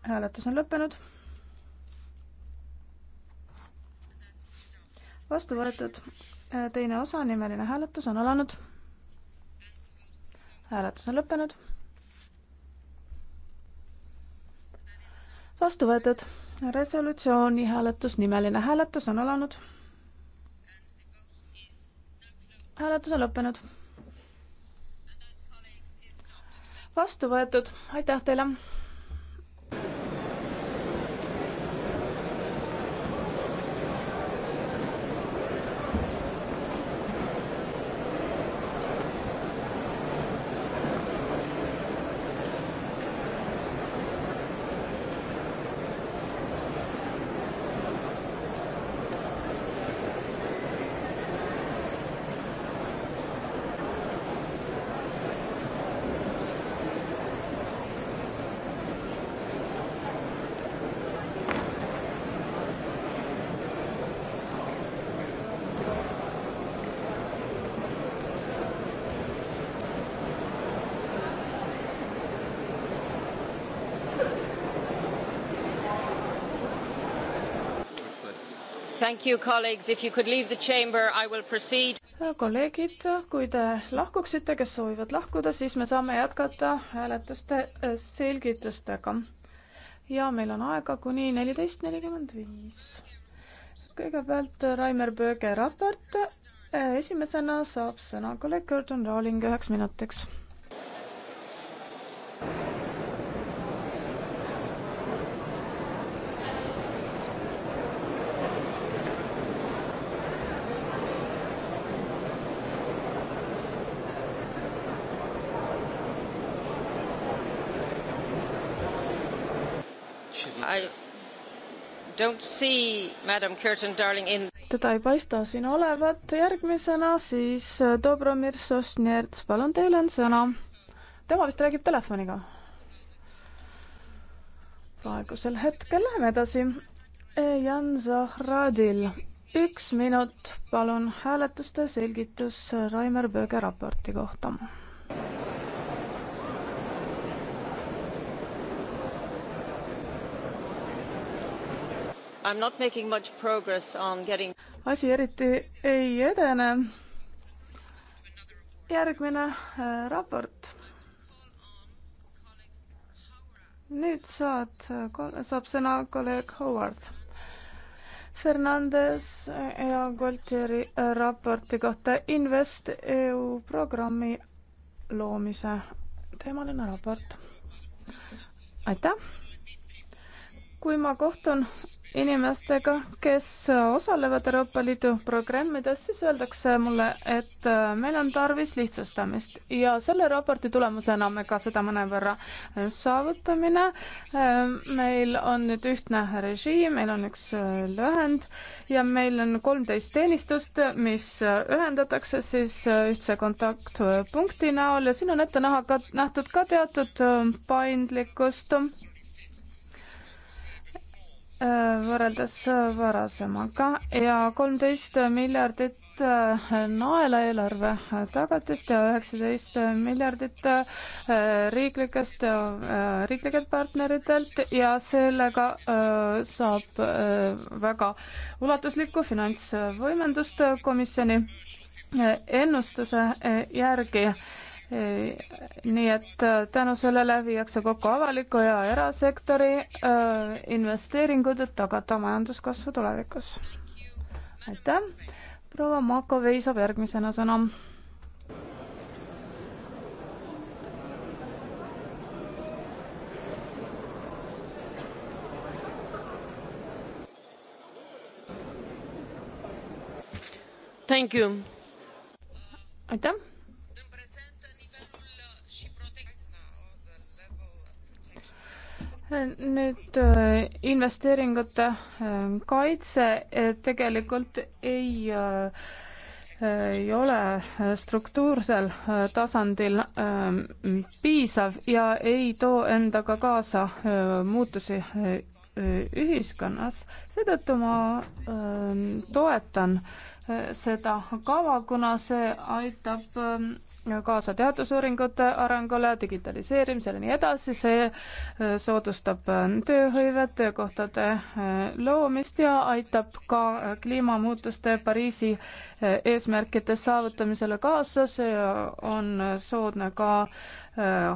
hääletus on lõppenud. vastu võetud, eh, teine osa, nimeline hääletus on alanud. hääletus on lõppenud vastu võetud. resolutsiooni hääletus, nimeline hääletus on alanud. hääletus on lõppenud. vastu võetud, aitäh teile kolleegid, kui te lahkuksite, kes soovivad lahkuda, siis me saame jätkata hääletuste äh, selgitustega. ja meil on aega kuni neliteist nelikümmend viis. kõigepealt Raimar Pööge raport. Äh, esimesena saab sõna kolleeg Gordon Rowling üheks minutiks. In... teda ei paista siin olevat, järgmisena siis äh, Dobromir Sosnjerts, palun, teil on sõna. tema vist räägib telefoniga. praegusel hetkel läheme edasi. Jan Zahradil üks minut, palun, hääletuste selgitus Raimar Pööge raporti kohta Getting... asi eriti ei edene. järgmine äh, raport. nüüd saad, äh, saab sõna kolleeg Howard. Fernandes äh, ja Gualtieri raporti kohta Invest EU programmi loomise teemaline raport. aitäh! kui ma kohtun inimestega, kes osalevad Euroopa Liidu programmides, siis öeldakse mulle, et äh, meil on tarvis lihtsustamist ja selle raporti tulemusena me ka seda mõnevõrra äh, saavutamine. Äh, meil on nüüd ühtne režiim, meil on üks lühend ja meil on kolmteist teenistust, mis ühendatakse siis ühtse kontaktpunkti näol ja siin on ette näha ka, nähtud ka teatud paindlikkust Äh, võrreldes äh, varasemaga ja kolmteist miljardit äh, naela eelarve tagatist ja üheksateist miljardit riiklikest, riiklikelt partneritelt ja sellega saab väga ulatuslikku finantsvõimendust komisjoni ennustuse järgi nii et äh, tänu sellele viiakse kokku avaliku ja erasektori äh, investeeringud, et tagada majanduskasvu tulevikus. aitäh, proua Makovei saab järgmisena sõna. aitäh nüüd äh, investeeringute äh, kaitse äh, tegelikult ei ei ole struktuursel tasandil piisav ja ei too endaga kaasa muutusi ühiskonnas. seetõttu ma ähm, toetan äh, seda kava, kuna see aitab ähm, kaasa teadusuuringute arengule, digitaliseerimisele ja nii edasi, see äh, soodustab äh, tööhõivet, töökohtade loomist ja aitab ka kliimamuutuste Pariisi eesmärkide saavutamisele kaasa, see on soodne ka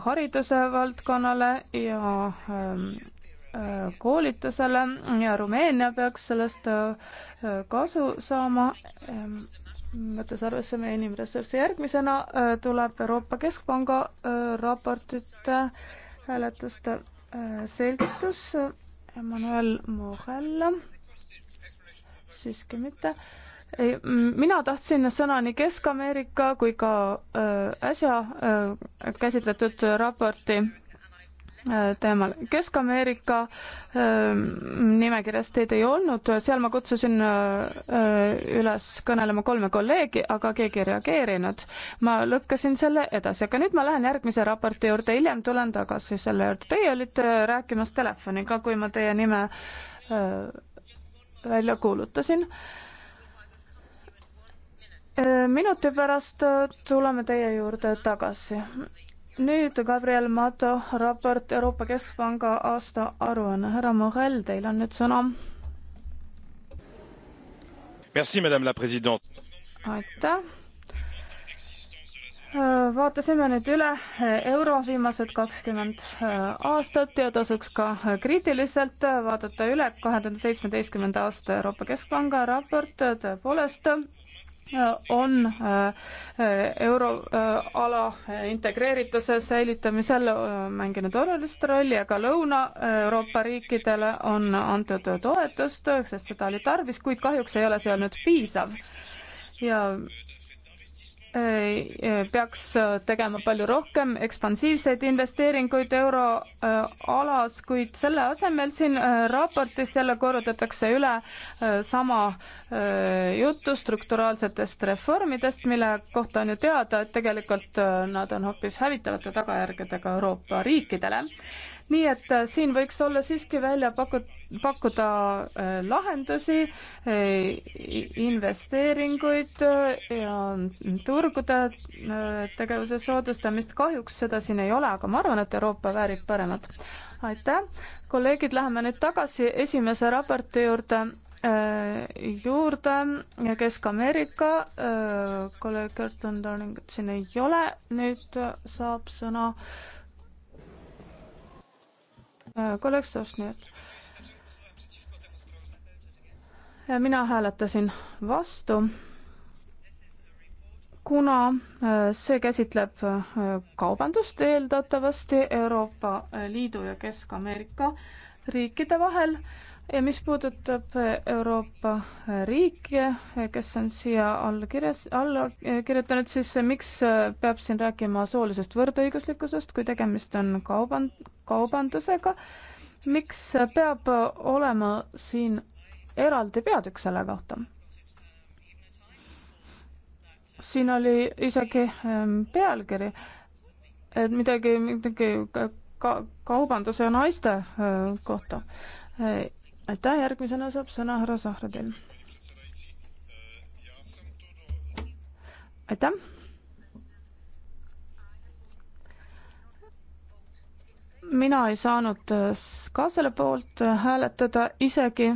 hariduse valdkonnale ja ähm, koolitusele ja Rumeenia peaks sellest äh, kasu saama ähm, võttes arvesse meie inimressursse. järgmisena äh, tuleb Euroopa Keskpanga äh, raportite hääletuste selgitus Emmanuel Morel, siiski mitte. ei, mina tahtsin sõna nii Kesk-Ameerika kui ka äsja käsitletud raporti Äh, teemal. Kesk-Ameerika ähm, nimekirjas teid ei olnud, seal ma kutsusin äh, äh, üles kõnelema kolme kolleegi, aga keegi ei reageerinud. ma lükkasin selle edasi, aga nüüd ma lähen järgmise raporti juurde, hiljem tulen tagasi selle juurde. Teie olite rääkimas telefoniga, kui ma teie nime välja kuulutasin. minuti pärast tuleme teie juurde tagasi nüüd Gabriel Mato raport Euroopa Keskpanga aastaaruanne. härra Morel, teil on nüüd sõna. aitäh. vaatasime nüüd üle euro viimased kakskümmend äh, aastat ja tasuks ka kriitiliselt vaadata üle kahe tuhande seitsmeteistkümnenda aasta Euroopa Keskpanga raport tõepoolest Äh, on äh, euroala äh, integreerituse säilitamisel mänginud olulist rolli, aga Lõuna-Euroopa riikidele on antud toetust, sest seda oli tarvis, kuid kahjuks ei ole see olnud piisav. ja Äh, äh, peaks äh, tegema palju rohkem ekspansiivseid investeeringuid euroalas, kuid selle asemel siin raportis jälle korrutatakse üle sama juttu strukturaalsetest reformidest, mille kohta on ju teada, et tegelikult nad on hoopis hävitavate tagajärgedega Euroopa riikidele nii et äh, siin võiks olla siiski välja pakut-, pakkuda äh, lahendusi, äh, investeeringuid ja turgude tegevuse soodustamist, kahjuks seda siin ei ole, aga ma arvan, et Euroopa väärib paremat. aitäh, kolleegid, läheme nüüd tagasi esimese raporti juurde, juurde Kesk-Ameerika, kolleeg Kerton Darling siin ei ole, nüüd saab sõna äh, Äh, kolleeg Sosnjev. mina hääletasin vastu, kuna äh, see käsitleb äh, kaubandust eeldatavasti Euroopa Liidu ja Kesk-Ameerika riikide vahel ja mis puudutab Euroopa riike, kes on siia allkirjas, alla kirjutanud, siis miks peab siin rääkima soolisest võrdõiguslikkusest, kui tegemist on kauban-, kaubandusega? miks peab olema siin eraldi peatükk selle kohta? siin oli isegi ehm, pealkiri, et midagi, midagi ka kaubanduse ja naiste ehm, kohta aitäh, järgmisena saab sõna härra Zahradil. aitäh. mina ei saanud äh, ka selle poolt äh, hääletada, isegi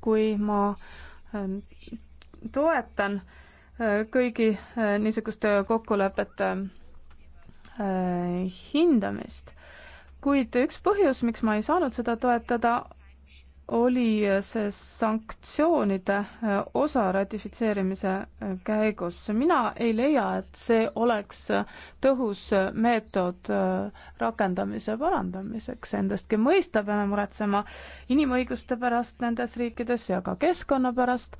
kui ma äh, toetan kõigi niisuguste kokkulepete hindamist kuid üks põhjus, miks ma ei saanud seda toetada, oli see sanktsioonide äh, osa ratifitseerimise äh, käigus. mina ei leia, et see oleks äh, tõhus meetod rakendamise parandamiseks, endastki mõista peame muretsema inimõiguste pärast nendes riikides ja ka keskkonna pärast,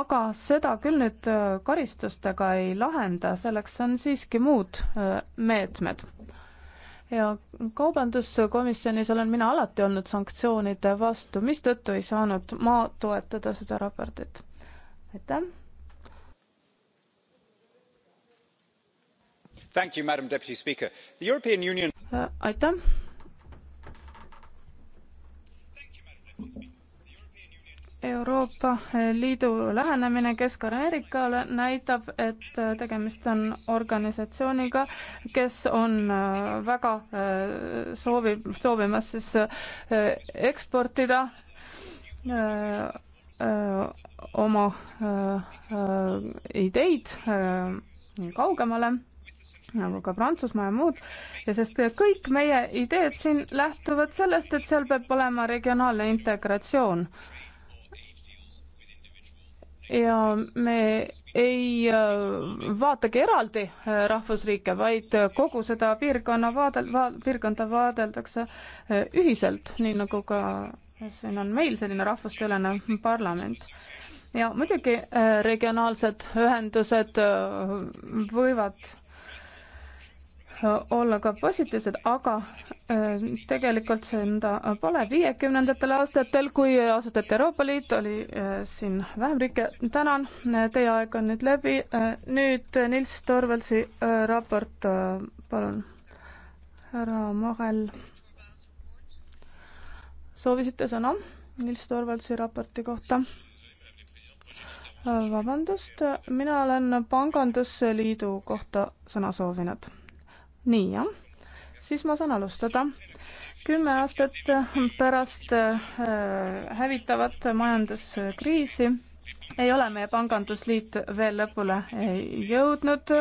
aga seda küll nüüd karistustega ei lahenda, selleks on siiski muud meetmed ja kaubanduskomisjonis olen mina alati olnud sanktsioonide vastu, mistõttu ei saanud ma toetada seda raportit. aitäh. Union... aitäh. Euroopa Liidu lähenemine Kesk-Ameerikale näitab, et tegemist on organisatsiooniga, kes on äh, väga äh, soovib, soovimas siis äh, eksportida oma ideid kaugemale nagu ka Prantsusmaa ja muud, ja sest kõik meie ideed siin lähtuvad sellest, et seal peab olema regionaalne integratsioon äh, ja me ei äh, vaatagi eraldi äh, rahvusriike, vaid äh, kogu seda piirkonna vaadel- va,, piirkonda vaadeldakse ühiselt, nii nagu ka siin on meil selline rahvusteülene parlament ja muidugi regionaalsed ühendused võivad olla ka positiivsed, aga äh, tegelikult see nõnda pole. viiekümnendatel aastatel, kui asutati Euroopa Liit, oli äh, siin vähem riike. tänan, äh, teie aeg on nüüd läbi. nüüd Nils Torvaldsi raport, palun. härra Mahel. soovisite sõna Nils Torvaldsi raporti kohta? vabandust, mina olen Pangandusliidu kohta sõna soovinud nii jah, siis ma saan alustada. kümme aastat pärast äh, hävitavat majanduskriisi ei ole meie pangandusliit veel lõpule äh, jõudnud.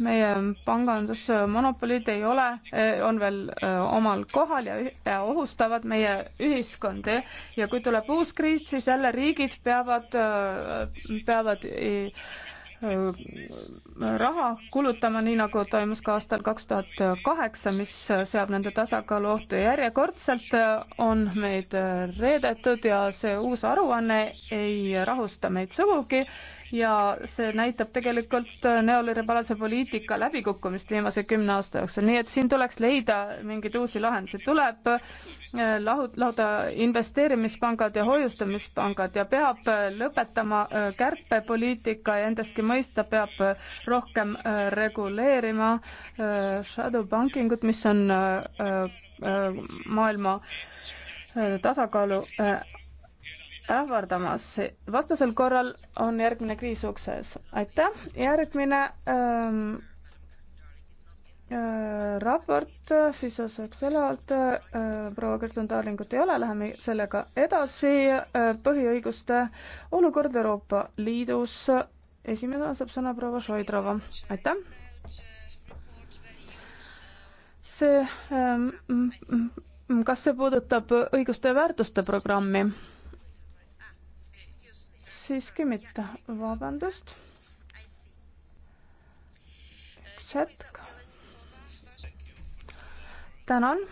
meie pangandusmonopolid ei ole, äh, on veel omal kohal ja, ja ohustavad meie ühiskondi ja kui tuleb uus kriis, siis jälle riigid peavad, peavad Äh, raha kulutama, nii nagu toimus ka aastal kaks tuhat kaheksa, mis seab nende tasakaalu ohtu ja järjekordselt äh, on meid äh, reedetud ja see uus aruanne ei rahusta meid sugugi ja see näitab tegelikult neoliberaalse poliitika läbikukkumist viimase kümne aasta jooksul, nii et siin tuleks leida mingeid uusi lahendusi, tuleb äh, lahut-, lahuda investeerimispangad ja hoiustamispangad ja peab äh, lõpetama äh, kärpepoliitika ja endastki mõista peab rohkem reguleerima shadow banking ut, mis on maailma tasakaalu ähvardamas. vastasel korral on järgmine kriis ukses. aitäh, järgmine ähm, äh, raport äh, Fisosekselalt äh,, proua Kertun Darlingut ei ole, läheme sellega edasi äh,. põhiõiguste olukord Euroopa Liidus. esimesena saab sõna proua Šoidrova, aitäh see, ähm, kas see puudutab õiguste ja väärtuste programmi? siiski mitte, vabandust. üks hetk. tänan.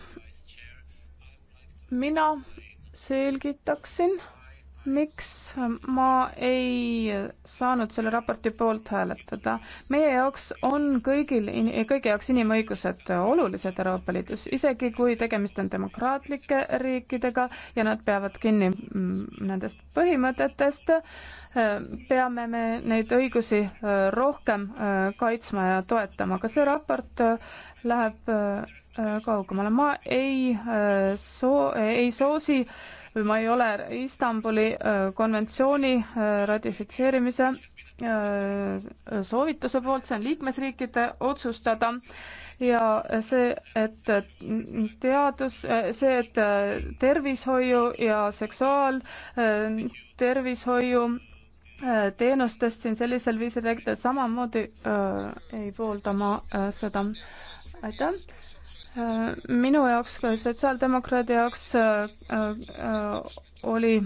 mina selgitaksin miks ma ei saanud selle raporti poolt hääletada? meie jaoks on kõigil, kõigi jaoks inimõigused olulised Euroopa Liidus, isegi kui tegemist on demokraatlike riikidega ja nad peavad kinni mm, nendest põhimõtetest, peame me neid õigusi äh, rohkem äh, kaitsma ja toetama. ka see raport äh, läheb kaugemale. ma ei soo-, ei soosi või ma ei ole Istanbuli äh, konventsiooni äh, ratifitseerimise äh, soovituse poolt, see on liikmesriikide otsustada ja see, et teadus, see, et tervishoiu ja seksuaaltervishoiu teenustest siin sellisel viisil rääkida, samamoodi äh, ei poolda ma äh, seda. aitäh Äh, minu jaoks, sotsiaaldemokraadi jaoks äh, äh, oli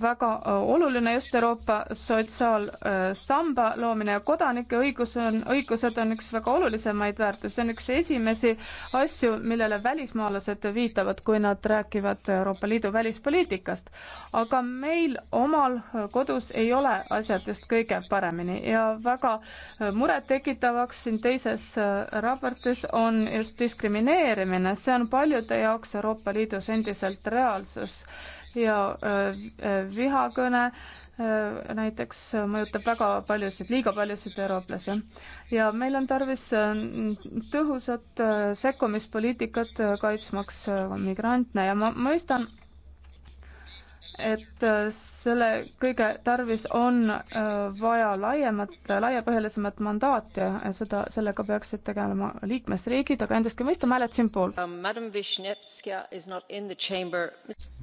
väga äh, oluline just Euroopa sotsiaalsamba äh, loomine ja kodanike õigus on, õigused on üks väga olulisemaid väärtusi, see on üks esimesi asju, millele välismaalased viitavad, kui nad räägivad Euroopa Liidu välispoliitikast. aga meil omal kodus ei ole asjad just kõige paremini ja väga äh, murettekitavaks siin teises raportis on just diskrimineerimine, see on paljude jaoks Euroopa Liidus endiselt reaalsus ja äh, vihakõne äh, näiteks mõjutab väga paljusid, liiga paljusid eurooplasi. ja meil on tarvis äh, tõhusat sekkumispoliitikat, kaitsmaks migrante ja ma mõistan, et selle kõige tarvis on vaja laiemat, laiapõhjalisemat mandaati ja seda, sellega peaksid tegelema liikmesriigid, aga endast ka mõistame hääled siin pool. Um,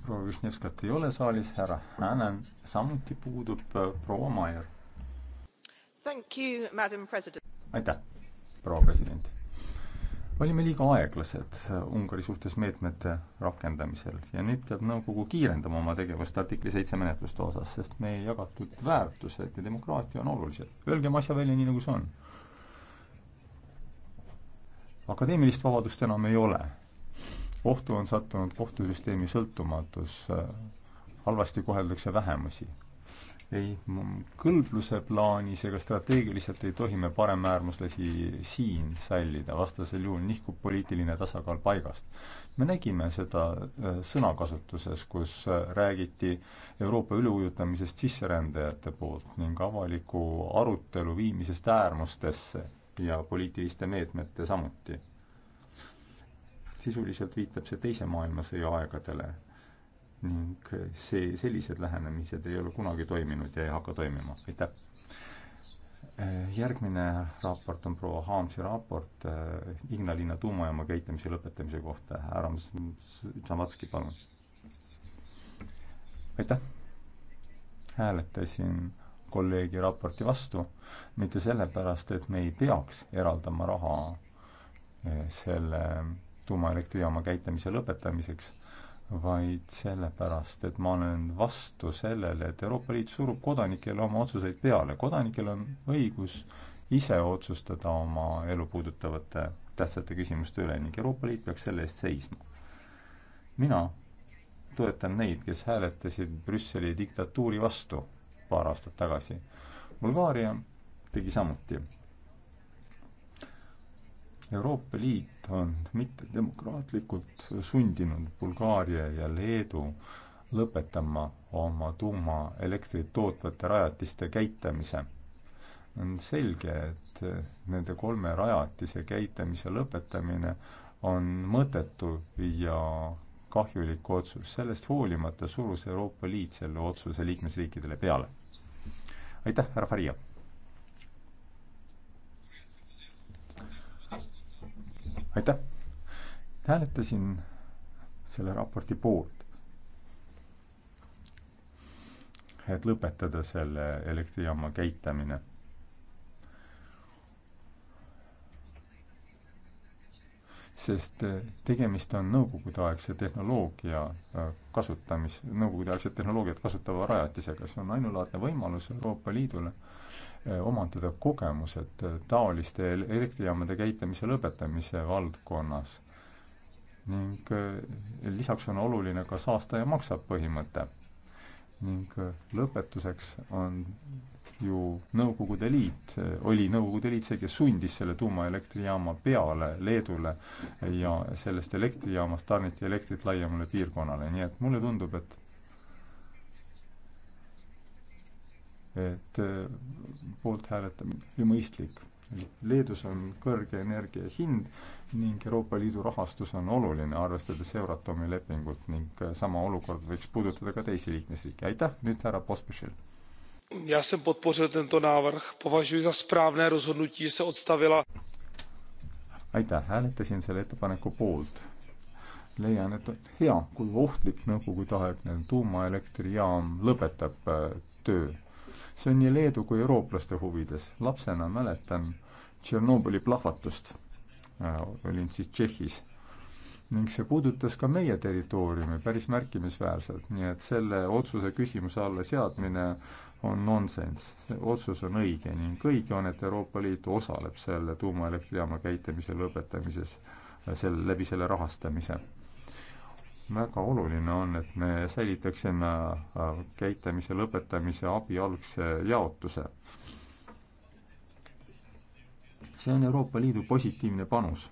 proua Višnevskat ei ole saalis, härra Hänen samuti puudub, proua Maier. aitäh, proua president. olime liiga aeglased äh, Ungari suhtes meetmete rakendamisel ja nüüd peab nõukogu kiirendama oma tegevust artikli seitse menetluste osas, sest meie jagatud väärtused ja demokraatia on olulised. Öelgem asja välja nii, nagu see on. akadeemilist vabadust enam ei ole ohtu on sattunud kohtusüsteemi sõltumatus, äh, halvasti koheldakse vähemusi. ei, kõlbluse plaanis ega strateegiliselt ei tohi me paremäärmuslasi siin sallida, vastasel juhul nihkub poliitiline tasakaal paigast. me nägime seda äh, sõnakasutuses, kus äh, räägiti Euroopa üleujutamisest sisserändajate poolt ning avaliku arutelu viimisest äärmustesse ja poliitiliste meetmete samuti sisuliselt viitab see Teise maailmasõja aegadele ning see, sellised lähenemised ei ole kunagi toiminud ja ei hakka toimima, aitäh. järgmine raport on proua Haamsi raport eh, Ignalina tuumajaama käitumise lõpetamise kohta, härra Zavatski, palun. aitäh. hääletasin kolleegi raporti vastu, mitte sellepärast, et me ei peaks eraldama raha eh, selle tuumaelektrijaama käitlemise lõpetamiseks, vaid sellepärast, et ma olen vastu sellele, et Euroopa Liit surub kodanikele oma otsuseid peale. kodanikel on õigus ise otsustada oma elu puudutavate tähtsate küsimuste üle ning Euroopa Liit peaks selle eest seisma. mina toetan neid, kes hääletasid Brüsseli diktatuuri vastu paar aastat tagasi. Bulgaaria tegi samuti Euroopa Liit on mittedemokraatlikult sundinud Bulgaaria ja Leedu lõpetama oma tuumaelektrit tootvate rajatiste käitamise. on selge, et nende kolme rajatise käitamise lõpetamine on mõttetu ja kahjulik otsus. sellest hoolimata surus Euroopa Liit selle otsuse liikmesriikidele peale. aitäh, härra Faria! aitäh! hääletasin selle raporti poolt, et lõpetada selle elektrijaama käitamine. sest eh, tegemist on nõukogudeaegse tehnoloogia eh, kasutamis, nõukogudeaegset tehnoloogiat kasutava rajatisega, see on ainulaadne võimalus Euroopa Liidule Äh, omandada kogemused äh, taoliste elektrijaamade käitamise lõpetamise valdkonnas. ning äh, lisaks on oluline ka saastaja maksab põhimõte. ning lõpetuseks on ju Nõukogude Liit, oli Nõukogude Liit see, kes sundis selle tuumaelektrijaama peale Leedule ja sellest elektrijaamast tarniti elektrit laiemale piirkonnale, nii et mulle tundub, et et eh, poolt hääletamine oli mõistlik. Leedus on kõrge energia hind ning Euroopa Liidu rahastus on oluline, arvestades Euratomi lepingut ning eh, sama olukord võiks puudutada ka teisi liikmesriike. aitäh, nüüd härra Pospišil. Já jsem podpořil tento návrh, považuji za správné rozhodnutí, že se odstavila. Aitäh, hääletasin selle ettepaneku poolt. leian, et on hea, kui ohtlik nõukogu tahe, et tuumaelektrijaam lõpetab eh, töö see on nii Leedu kui eurooplaste huvides. lapsena mäletan Tšernobõli plahvatust. Äh, olin siis Tšehhis ning see puudutas ka meie territooriumi päris märkimisväärselt, nii et selle otsuse küsimuse alla seadmine on nonsenss. see otsus on õige ning õige on, et Euroopa Liit osaleb selle tuumaelektrijaama käitamise lõpetamises, äh, selle, läbi selle rahastamise väga oluline on, et me säilitaksime äh, käitamise lõpetamise abi algse jaotuse. see on Euroopa Liidu positiivne panus,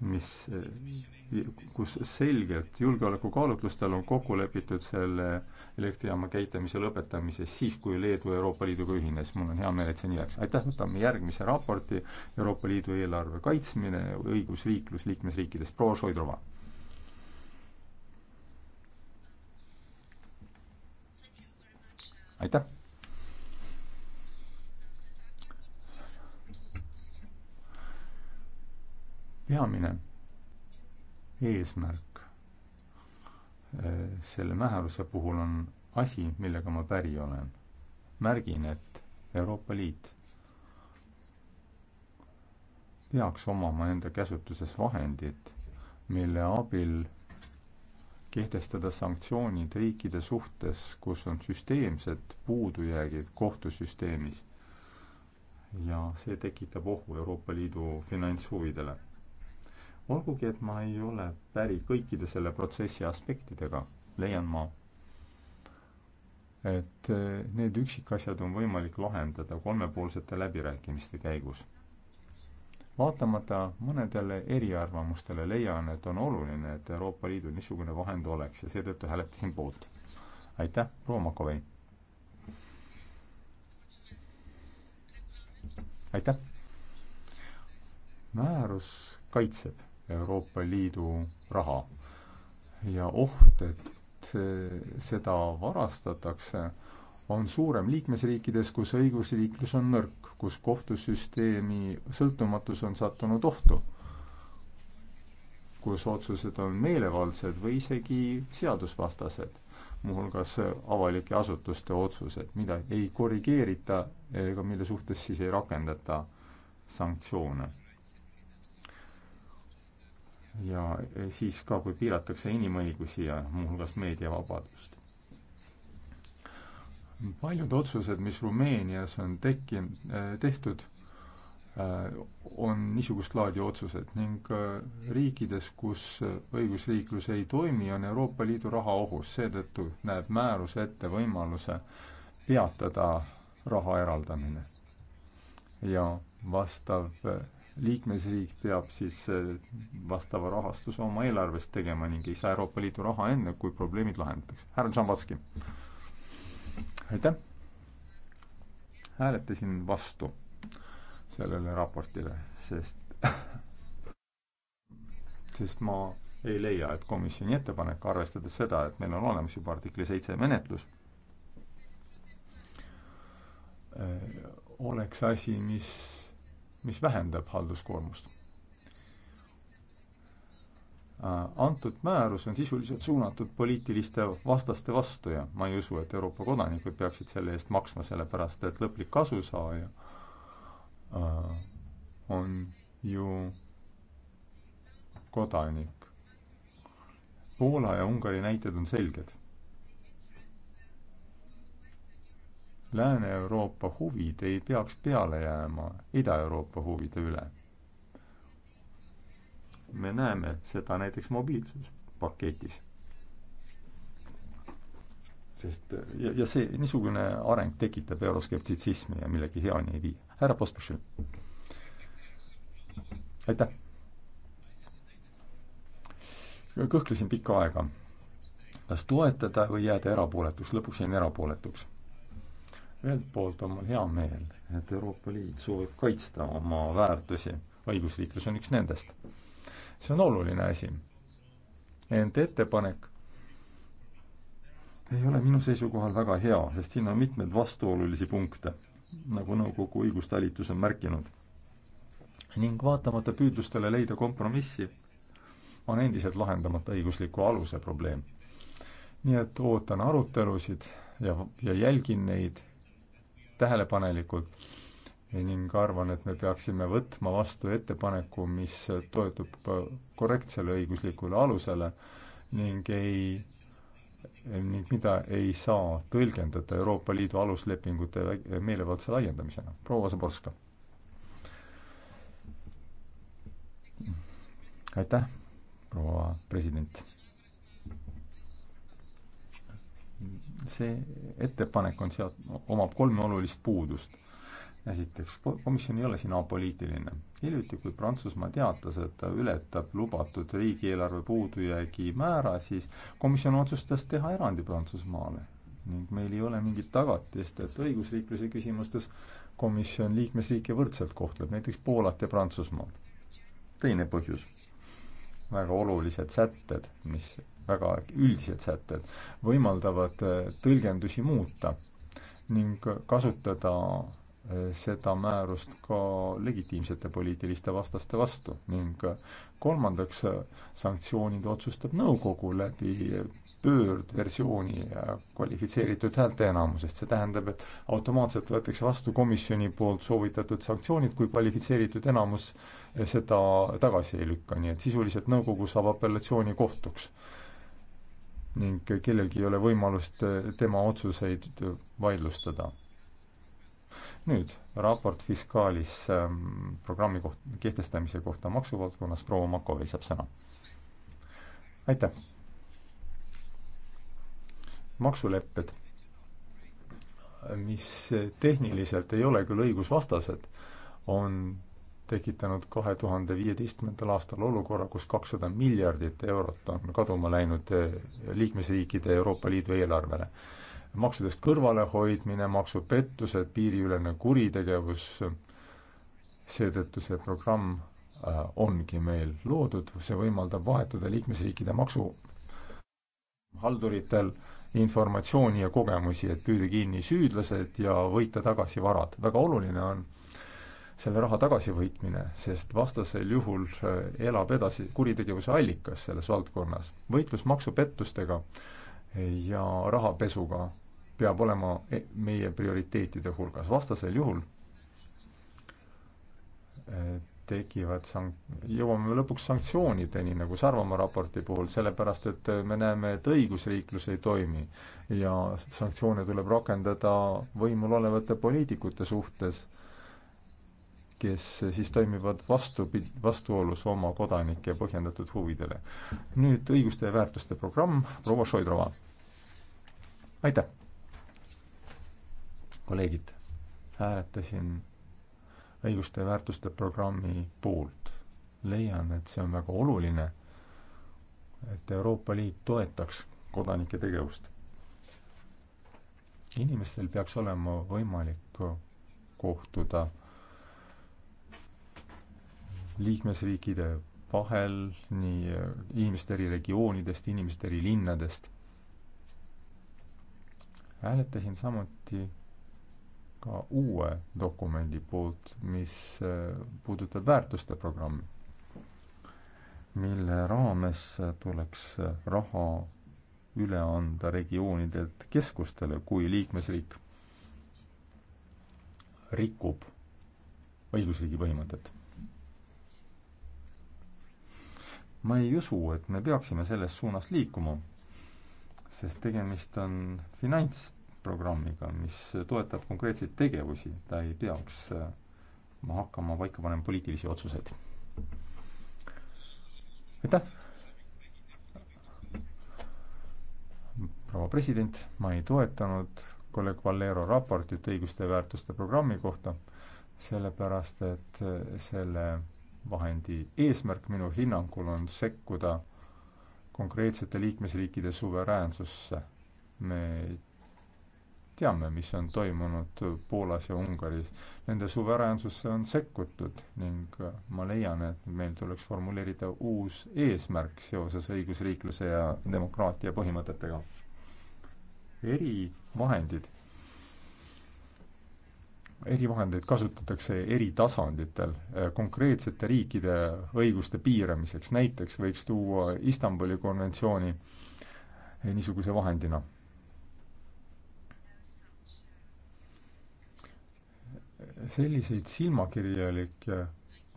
mis, äh, kus selgelt julgeolekukaalutlustel on kokku lepitud selle elektrijaama käitamise lõpetamises siis, kui Leedu Euroopa Liiduga ühines. mul on hea meel, et see nii läks. aitäh, võtame järgmise raporti Euroopa Liidu eelarve kaitsmine, õigusriiklus liikmesriikides. proua Šoidrova aitäh! peamine eesmärk äh, selle määruse puhul on asi, millega ma päri olen. märgin, et Euroopa Liit peaks omama enda käsutuses vahendid, mille abil kehtestada sanktsioonid riikide suhtes, kus on süsteemsed puudujäägid kohtusüsteemis. ja see tekitab ohu Euroopa Liidu finantshuvidele. olgugi, et ma ei ole päri kõikide selle protsessi aspektidega, leian ma, et need üksikasjad on võimalik lahendada kolmepoolsete läbirääkimiste käigus vaatamata mõnedele eriarvamustele leian et on oluline et euroopa liidul niisugune vahend oleks ja seetõttu hääletasin poolt aitäh proua makovei aitäh määrus kaitseb euroopa liidu raha ja oht et eh, seda varastatakse on suurem liikmesriikides kus õigusriiklus on nõrk kus kohtusüsteemi sõltumatus on sattunud ohtu, kus otsused on meelevaldsed või isegi seadusvastased, muuhulgas avalike asutuste otsused, mida ei korrigeerita ega mille suhtes siis ei rakendata sanktsioone ja siis ka, kui piiratakse inimõigusi ja muuhulgas meediavabadust paljud otsused, mis Rumeenias on tekkinud, äh, tehtud, äh, on niisugust laadi otsused ning äh, riikides, kus õigusriiklus ei toimi, on Euroopa Liidu raha ohus, seetõttu näeb määrus ette võimaluse peatada raha eraldamine. ja vastav liikmesriik peab siis vastava rahastuse oma eelarvest tegema ning ei saa Euroopa Liidu raha enne, kui probleemid lahendatakse. härra Žambatski aitäh! hääletasin vastu sellele raportile, sest sest ma ei leia, et komisjoni ettepanek, arvestades seda, et meil on olemas juba artikli seitse menetlus, eh, oleks asi, mis, mis vähendab halduskoormust. Äh, antud määrus on sisuliselt suunatud poliitiliste vastaste vastu ja ma ei usu, et Euroopa kodanikud peaksid selle eest maksma, sellepärast et lõplik kasusaaja äh, on ju kodanik. Poola ja Ungari näited on selged. Lääne-Euroopa huvid ei peaks peale jääma Ida-Euroopa huvide üle me näeme seda näiteks mobiilsuspaketis. sest ja, ja see, niisugune areng tekitab euroskeptitsismi ja millegi heani ei vii. härra Pospešil. aitäh! kõhklesin pikka aega, kas toetada või jääda erapooletuks, lõpuks jäin erapooletuks. ühelt poolt on mul hea meel, et Euroopa Liit soovib kaitsta oma väärtusi, õigusriiklus on üks nendest see on oluline asi. ent ettepanek ei ole minu seisukohal väga hea, sest siin on mitmeid vastuolulisi punkte, nagu nõukogu õigustalitus on märkinud. ning vaatamata püüdlustele leida kompromissi, on endiselt lahendamata õigusliku aluse probleem. nii et ootan arutelusid ja, ja jälgin neid tähelepanelikult ning arvan, et me peaksime võtma vastu ettepaneku, mis toetub korrektsele õiguslikule alusele ning ei, ning mida ei saa tõlgendada Euroopa Liidu aluslepingute meelevaldse laiendamisena. proua Zaborska. aitäh, proua president. see ettepanek on sealt, omab kolme olulist puudust esiteks, komisjon ei ole siin apoliitiline. hiljuti, kui Prantsusmaa teatas, et ta ületab lubatud riigieelarve puudujäägi määra, siis komisjon otsustas teha erandi Prantsusmaale. ning meil ei ole mingit tagatist, et õigusriikluse küsimustes komisjon liikmesriike võrdselt kohtleb, näiteks Poolat ja Prantsusmaad. teine põhjus, väga olulised sätted, mis, väga üldised sätted, võimaldavad tõlgendusi muuta ning kasutada Äh, seda määrust ka legitiimsete poliitiliste vastaste vastu ning kolmandaks, äh, sanktsioonid otsustab nõukogu läbi pöördversiooni kvalifitseeritud häälteenamusest, see tähendab, et automaatselt võetakse vastu komisjoni poolt soovitatud sanktsioonid, kui kvalifitseeritud enamus äh, seda tagasi ei lükka, nii et sisuliselt nõukogu saab apellatsioonikohtuks ning kellelgi ei ole võimalust tema otsuseid vaidlustada nüüd raport fiskaalis ähm, programmi koht-, kehtestamise kohta maksuvaldkonnas, proua Makovi saab sõna. aitäh! maksulepped, mis tehniliselt ei ole küll õigusvastased, on tekitanud kahe tuhande viieteistkümnendal aastal olukorra, kus kakssada miljardit eurot on kaduma läinud äh, liikmesriikide Euroopa Liidu eelarvele maksudest kõrvalehoidmine, maksupettused, piiriülene kuritegevus, seetõttu see programm äh, ongi meil loodud, see võimaldab vahetada liikmesriikide maksuhalduritel informatsiooni ja kogemusi, et püüda kinni süüdlased ja võita tagasi varad. väga oluline on selle raha tagasivõitmine, sest vastasel juhul äh, elab edasi kuritegevuse allikas selles valdkonnas. võitlus maksupettustega ja rahapesuga peab olema e-, meie prioriteetide hulgas, vastasel juhul e, tekivad sank-, jõuame lõpuks sanktsioonideni, nagu Sarvamaa raporti puhul, sellepärast et me näeme, et õigusriiklus ei toimi. ja sanktsioone tuleb rakendada võimul olevate poliitikute suhtes, kes siis toimivad vastupidi, vastuolus oma kodanike põhjendatud huvidele. nüüd õiguste ja väärtuste programm, proua Šoidrova. aitäh! kolleegid, hääletasin õiguste ja väärtuste programmi poolt. leian, et see on väga oluline, et Euroopa Liit toetaks kodanike tegevust. inimestel peaks olema võimalik kohtuda liikmesriikide vahel, nii inimeste eri regioonidest, inimeste eri linnadest. hääletasin samuti ka uue dokumendi poolt, mis eh, puudutab väärtuste programmi, mille raames tuleks raha üle anda regioonidelt keskustele, kui liikmesriik rikub õigusriigi põhimõtet. ma ei usu, et me peaksime selles suunas liikuma, sest tegemist on finants- programmiga, mis toetab konkreetseid tegevusi, ta ei peaks äh, hakkama paika panema poliitilisi otsuseid. aitäh! proua president, ma ei toetanud kolleeg Valero raportit õiguste ja väärtuste programmi kohta, sellepärast et äh, selle vahendi eesmärk minu hinnangul on sekkuda konkreetsete liikmesriikide suveräänsusse. me teame, mis on toimunud Poolas ja Ungaris. Nende suveräänsusse on sekkutud ning ma leian, et meil tuleks formuleerida uus eesmärk seoses õigusriikluse ja demokraatia põhimõtetega. erivahendid, erivahendeid kasutatakse eri tasanditel eh, konkreetsete riikide õiguste piiramiseks, näiteks võiks tuua Istanbuli konventsiooni eh, niisuguse vahendina selliseid silmakirjalikke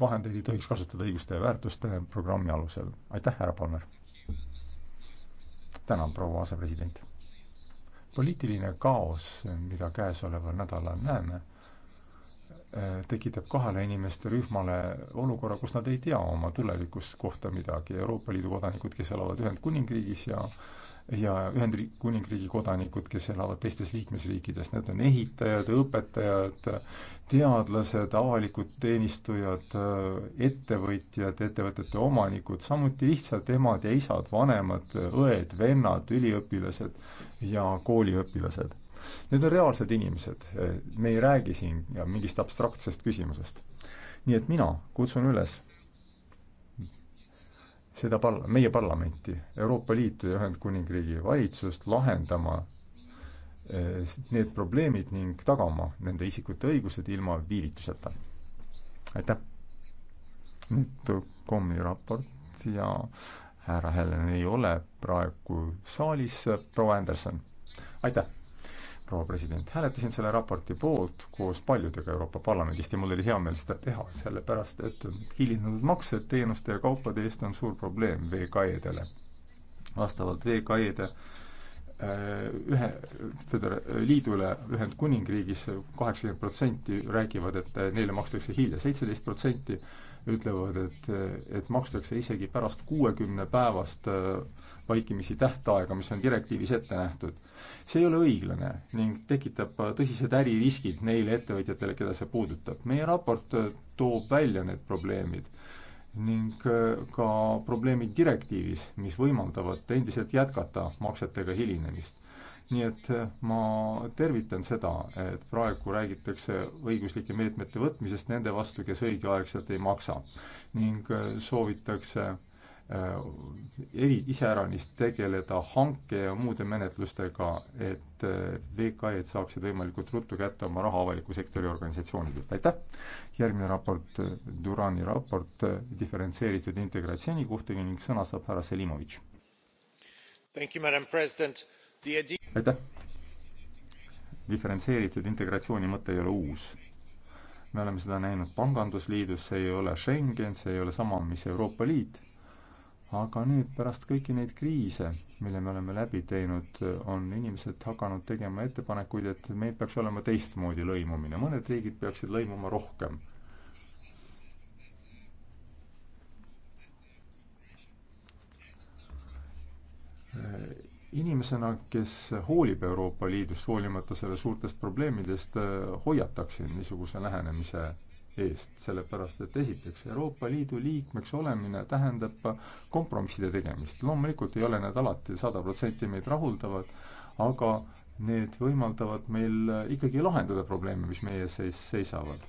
vahendeid ei tohiks kasutada õiguste ja väärtuste programmi alusel. aitäh, härra Palmer! tänan, proua asepresident! poliitiline kaos, mida käesoleval nädalal näeme, äh, tekitab kahele inimeste rühmale olukorra, kus nad ei tea oma tulevikus kohta midagi. Euroopa Liidu kodanikud, kes elavad Ühendkuningriigis ja ja Ühendkuningriigi kodanikud, kes elavad teistes liikmesriikides, need on ehitajad, õpetajad, teadlased, avalikud teenistujad, ettevõtjad, ettevõtete omanikud, samuti lihtsalt emad ja isad, vanemad, õed, vennad, üliõpilased ja kooliõpilased. Need on reaalsed inimesed, me ei räägi siin mingist abstraktsest küsimusest. nii et mina kutsun üles seda parla-, meie parlamenti, Euroopa Liitu ja Ühendkuningriigi valitsust lahendama eh, need probleemid ning tagama nende isikute õigused ilma viivituseta. aitäh! nüüd komi raport ja härra Helen ei ole praegu saalis, proua Anderson, aitäh! proua president, hääletasin selle raporti poolt koos paljudega Euroopa Parlamendist ja mul oli hea meel seda teha, sellepärast et hilinenud maksed teenuste ja kaupade eest on suur probleem VKE-dele. vastavalt VKE-de äh, ühe föder-, äh, liidule Ühendkuningriigis kaheksakümmend protsenti räägivad, et neile makstakse hilja, seitseteist protsenti ütlevad, et, et makstakse isegi pärast kuuekümnepäevast äh, vaikimisi tähtaega, mis on direktiivis ette nähtud. see ei ole õiglane ning tekitab äh, tõsised äririskid neile ettevõtjatele, keda see puudutab. meie raport äh, toob välja need probleemid ning ka probleemid direktiivis, mis võimaldavad endiselt jätkata maksetega hilinemist nii et äh, ma tervitan seda, et praegu räägitakse õiguslike meetmete võtmisest nende vastu, kes õigeaegselt ei maksa. ning äh, soovitakse äh, eri, iseäranis tegeleda hanke ja muude menetlustega, et VKE-d saaksid võimalikult ruttu kätte oma raha avaliku sektori organisatsioonidelt, aitäh! järgmine raport, Durani raport diferentseeritud integratsiooni kohta ning sõna saab härra Selimovitš. madam president aitäh! diferentseeritud integratsiooni mõte ei ole uus. me oleme seda näinud Pangandusliidus, see ei ole Schengen, see ei ole sama, mis Euroopa Liit, aga nüüd pärast kõiki neid kriise, mille me oleme läbi teinud, on inimesed hakanud tegema ettepanekuid, et meil peaks olema teistmoodi lõimumine, mõned riigid peaksid lõimuma rohkem inimesena, kes hoolib Euroopa Liidust, hoolimata selle suurtest probleemidest, hoiataksin niisuguse lähenemise eest, sellepärast et esiteks, Euroopa Liidu liikmeks olemine tähendab kompromisside tegemist. loomulikult ei ole need alati sada protsenti meid rahuldavad, aga need võimaldavad meil ikkagi lahendada probleeme, mis meie sees seisavad.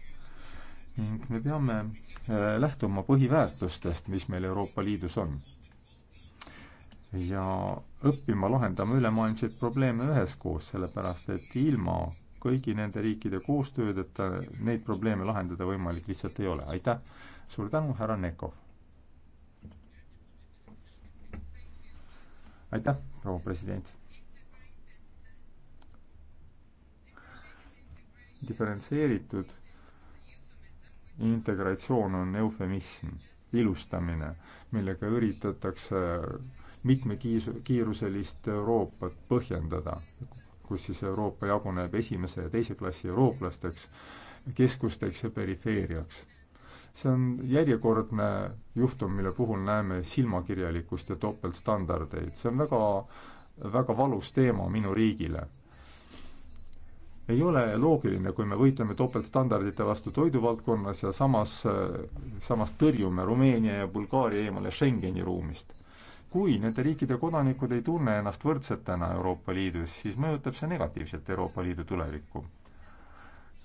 ning me peame äh, lähtuma põhiväärtustest, mis meil Euroopa Liidus on ja õppima lahendama ülemaailmseid probleeme üheskoos, sellepärast et ilma kõigi nende riikide koostöödeta neid probleeme lahendada võimalik lihtsalt ei ole. aitäh! suur tänu, härra Nekov! aitäh, proua president! diferentseeritud integratsioon on eufemism, ilustamine, millega üritatakse mitmekiiruselist Euroopat põhjendada, kus siis Euroopa jaguneb esimese ja teise klassi eurooplasteks, keskusteks ja perifeeriaks. see on järjekordne juhtum, mille puhul näeme silmakirjalikkust ja topeltstandardeid. see on väga, väga valus teema minu riigile ei ole loogiline, kui me võitleme topeltstandardite vastu toiduvaldkonnas ja samas, samas tõrjume Rumeenia ja Bulgaaria eemale Schengeni ruumist kui nende riikide kodanikud ei tunne ennast võrdsetena Euroopa Liidus, siis mõjutab see negatiivselt Euroopa Liidu tulevikku.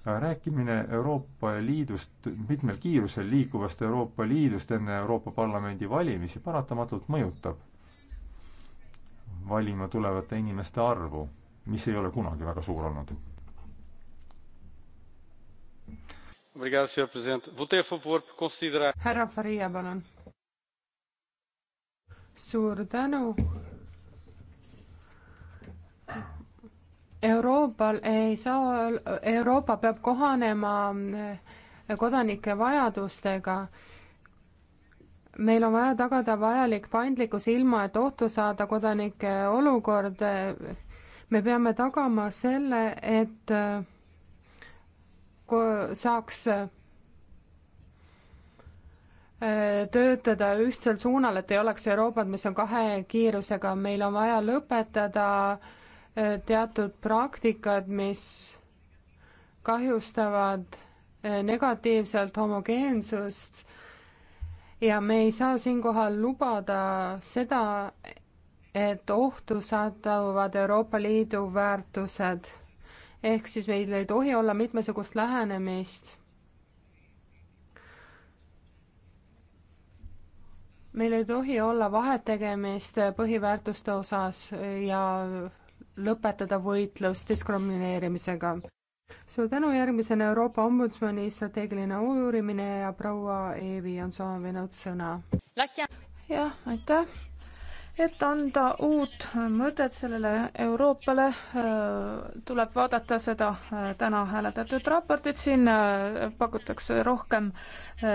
rääkimine Euroopa Liidust, mitmel kiirusel liikuvast Euroopa Liidust enne Euroopa Parlamendi valimisi paratamatult mõjutab valima tulevate inimeste arvu, mis ei ole kunagi väga suur olnud. härra Faria, palun suur tänu. Euroopal ei saa, Euroopa peab kohanema eh, kodanike vajadustega. meil on vaja tagada vajalik paindlikkus, ilma et ohtu saada kodanike olukord. me peame tagama selle, et eh, saaks töötada ühtsel suunal, et ei oleks Euroopat, mis on kahe kiirusega, meil on vaja lõpetada äh, teatud praktikad, mis kahjustavad äh, negatiivselt homogeensust ja me ei saa siinkohal lubada seda, et ohtu satuvad Euroopa Liidu väärtused. ehk siis meil ei tohi olla mitmesugust lähenemist meil ei tohi olla vahetegemist põhiväärtuste osas ja lõpetada võitlus diskrimineerimisega. suur tänu, järgmisena Euroopa Ombudsmani strateegiline uurimine ja proua Eevi on soovinud sõna. jah, aitäh et anda uut mõtet sellele Euroopale, äh, tuleb vaadata seda äh, täna hääletatud raportit, siin äh, pakutakse rohkem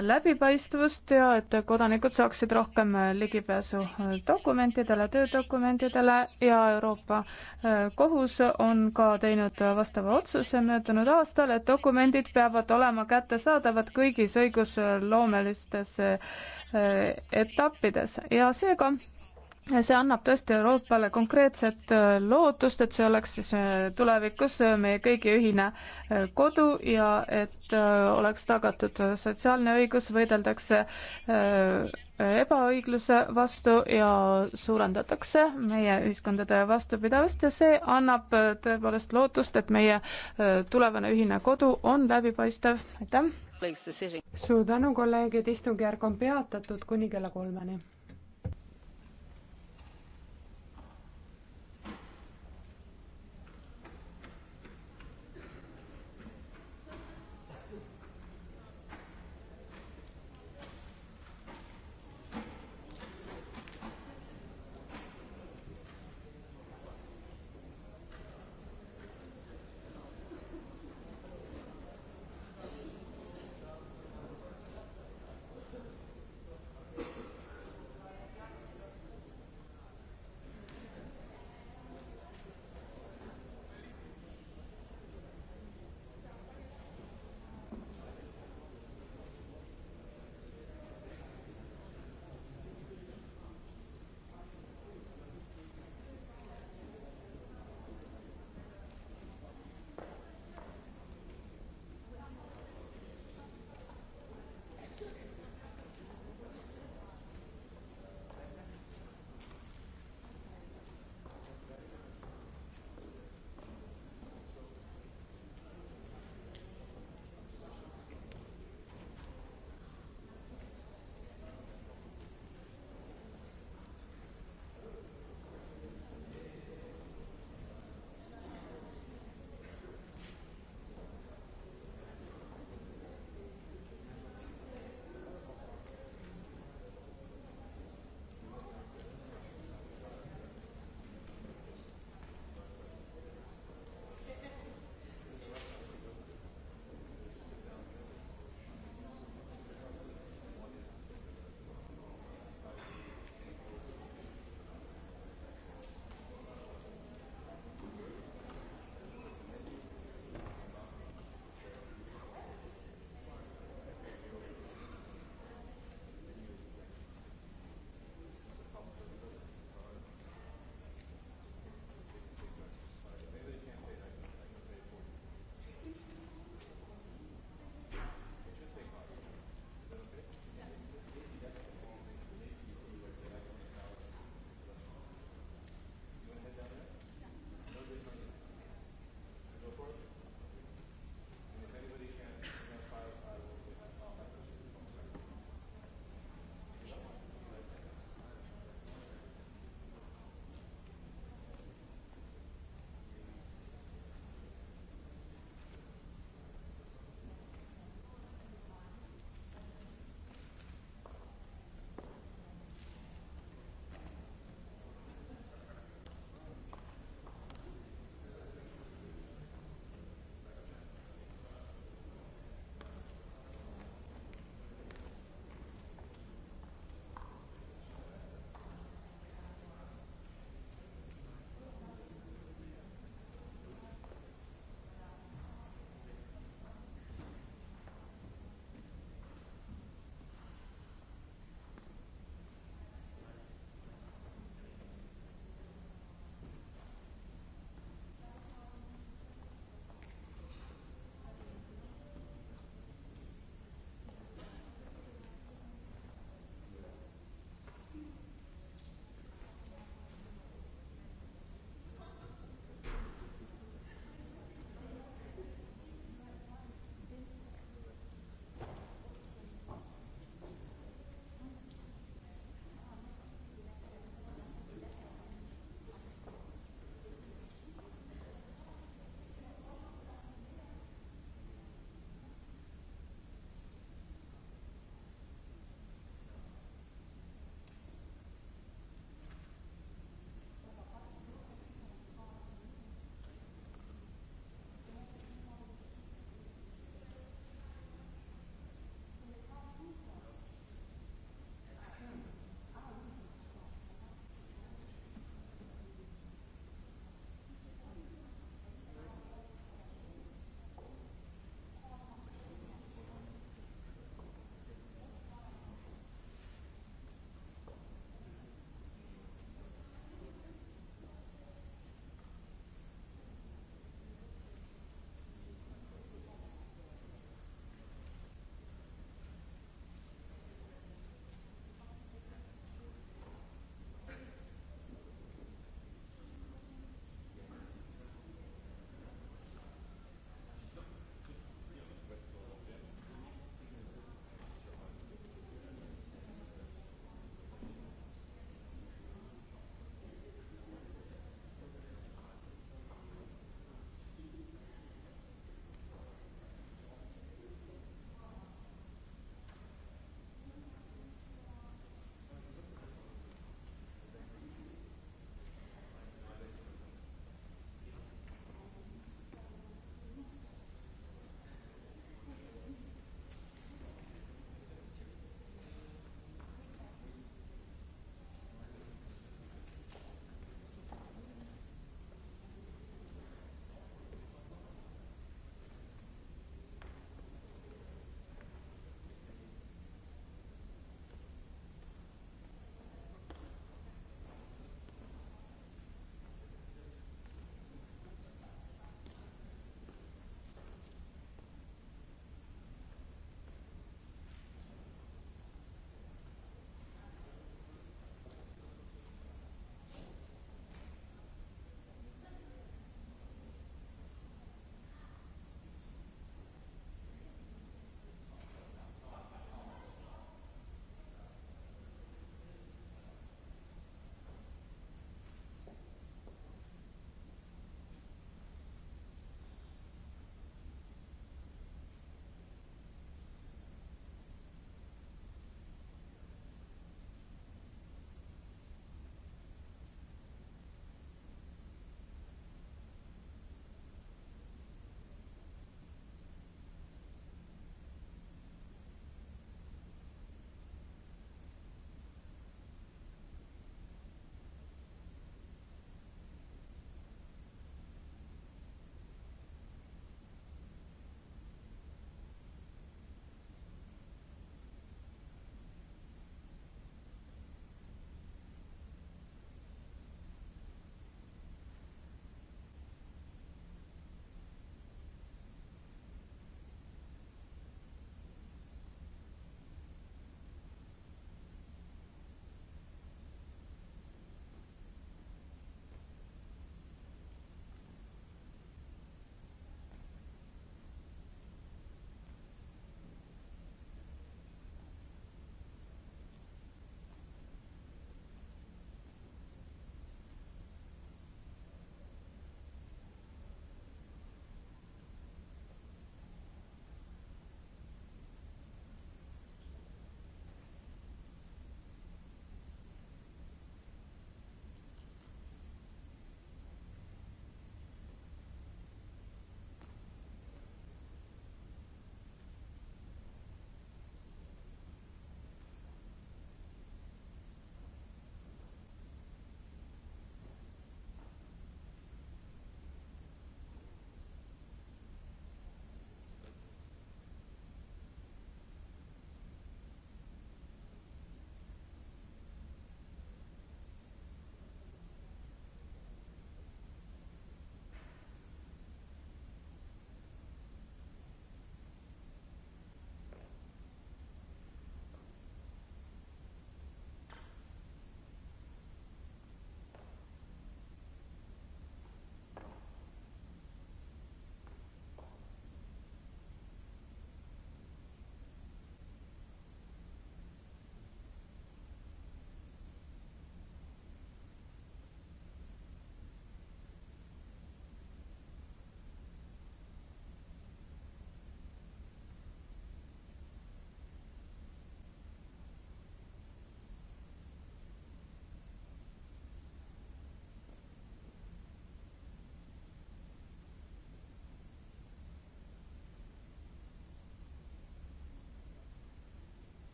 läbipaistvust ja et kodanikud saaksid rohkem ligipääsu dokumentidele, töödokumentidele ja Euroopa Kohus on ka teinud vastava otsuse möödunud aastal, et dokumendid peavad olema kättesaadavad kõigis õigusloomelistes etappides ja seega see annab tõesti Euroopale konkreetset äh, lootust, et see oleks siis äh, tulevikus äh, meie kõigi ühine kodu ja et oleks tagatud sotsiaalne õigus, võideldakse ebaõigluse vastu ja suurendatakse meie ühiskondade vastupidavust ja see annab tõepoolest lootust, et meie tulevane ühine kodu on läbipaistev. aitäh! suur tänu, kolleegid, istungjärk on peatatud kuni kella kolmeni.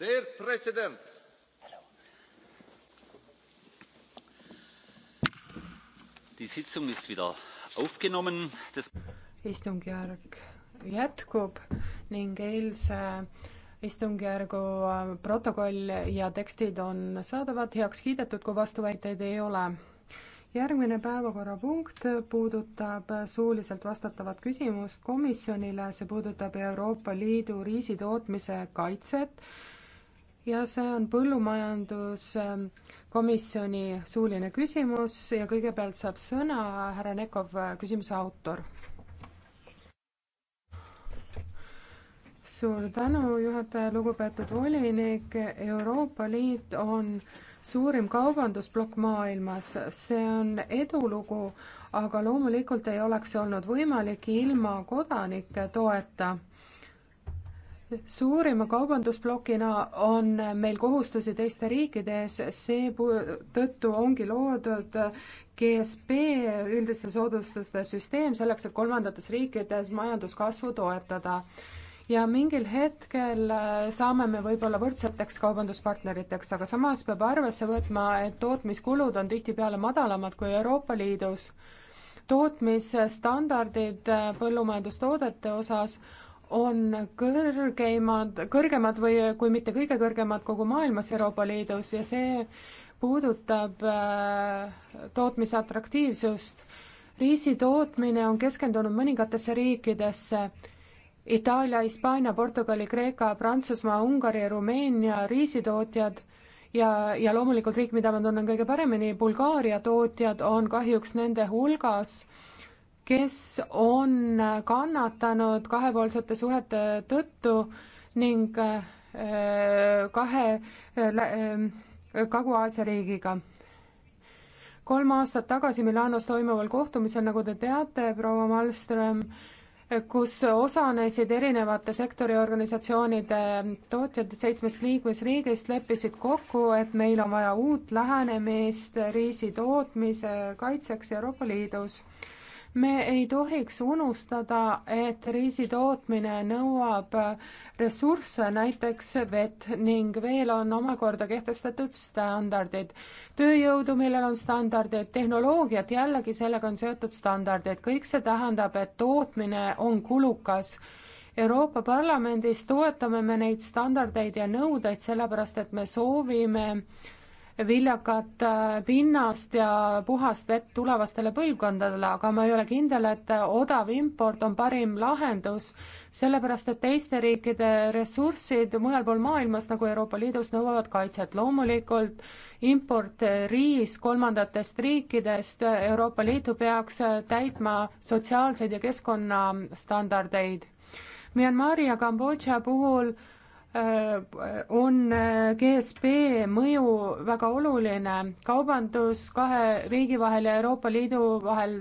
Dear President. Die Sitzung ist wieder aufgenommen. Das istungjärk jätkub ning eilse istungjärgu äh, protokoll ja tekstid on saadavad heaks kiidetud, kui vastuväiteid ei ole järgmine päevakorrapunkt puudutab suuliselt vastatavat küsimust komisjonile, see puudutab Euroopa Liidu riisitootmise kaitset ja see on põllumajanduskomisjoni suuline küsimus ja kõigepealt saab sõna härra Nekov, küsimuse autor. suur tänu, juhataja, lugupeetud volinik, Euroopa Liit on suurim kaubandusplokk maailmas, see on edulugu, aga loomulikult ei oleks see olnud võimalik ilma kodanike toeta suurima kaubandusplokina on meil kohustusi teiste riikide ees, seetõttu ongi loodud GSP üldiste soodustuste süsteem selleks, et kolmandates riikides majanduskasvu toetada. ja mingil hetkel äh, saame me võib-olla võrdseteks kaubanduspartneriteks, aga samas peab arvesse võtma, et tootmiskulud on tihtipeale madalamad kui Euroopa Liidus. tootmisstandardid äh, põllumajandustoodete osas on kõrgeimad, kõrgemad või kui mitte kõige kõrgemad kogu maailmas Euroopa Liidus ja see puudutab äh, tootmise atraktiivsust. riisi tootmine on keskendunud mõningatesse riikidesse. Itaalia, Hispaania, Portugali, Kreeka, Prantsusmaa, Ungari, Rumeenia riisitootjad ja, ja loomulikult riik, mida ma tunnen kõige paremini, Bulgaaria tootjad on kahjuks nende hulgas kes on kannatanud kahepoolsete suhete tõttu ning äh, kahe äh, Kagu-Aasia riigiga. kolm aastat tagasi Milanos toimuval kohtumisel, nagu te teate, proua Malmström, kus osalesid erinevate sektori organisatsioonide tootjad seitsmest liikmesriigist, leppisid kokku, et meil on vaja uut lähenemist riisi tootmise kaitseks Euroopa Liidus me ei tohiks unustada, et riisi tootmine nõuab ressursse, näiteks vett ning veel on omakorda kehtestatud standardid. tööjõudu, millel on standardid, tehnoloogiat, jällegi sellega on seotud standardid, kõik see tähendab, et tootmine on kulukas. Euroopa Parlamendis toetame me neid standardeid ja nõudeid, sellepärast et me soovime äh, viljakat äh, pinnast ja puhast vett tulevastele põlvkondadele, aga ma ei ole kindel, et odav import on parim lahendus, sellepärast et teiste riikide ressursid mujal pool maailmas, nagu Euroopa Liidus, nõuavad kaitset. loomulikult importriis kolmandatest riikidest Euroopa Liitu peaks täitma sotsiaalseid ja keskkonnastandardeid. Myanmari ja Kambodža puhul Äh, on äh, GSP mõju väga oluline. kaubandus kahe riigi vahel ja Euroopa Liidu vahel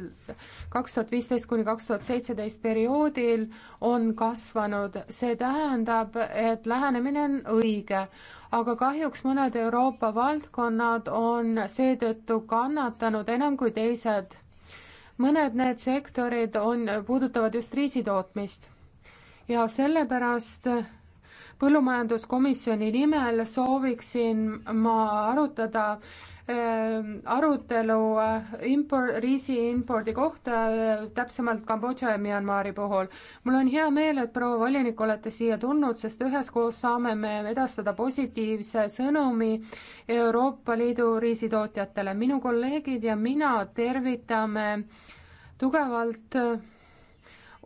kaks tuhat viisteist kuni kaks tuhat seitseteist perioodil on kasvanud. see tähendab, et lähenemine on õige, aga kahjuks mõned Euroopa valdkonnad on seetõttu kannatanud enam kui teised. mõned need sektorid on, puudutavad just riisitootmist ja sellepärast põllumajanduskomisjoni nimel sooviksin ma arutada ähm, arutelu äh, impor-, riisi impordi kohta, äh, täpsemalt Kambodža ja Myanmari puhul. mul on hea meel, et proua volinik olete siia tulnud, sest üheskoos saame me edastada positiivse sõnumi Euroopa Liidu riisitootjatele. minu kolleegid ja mina tervitame tugevalt äh,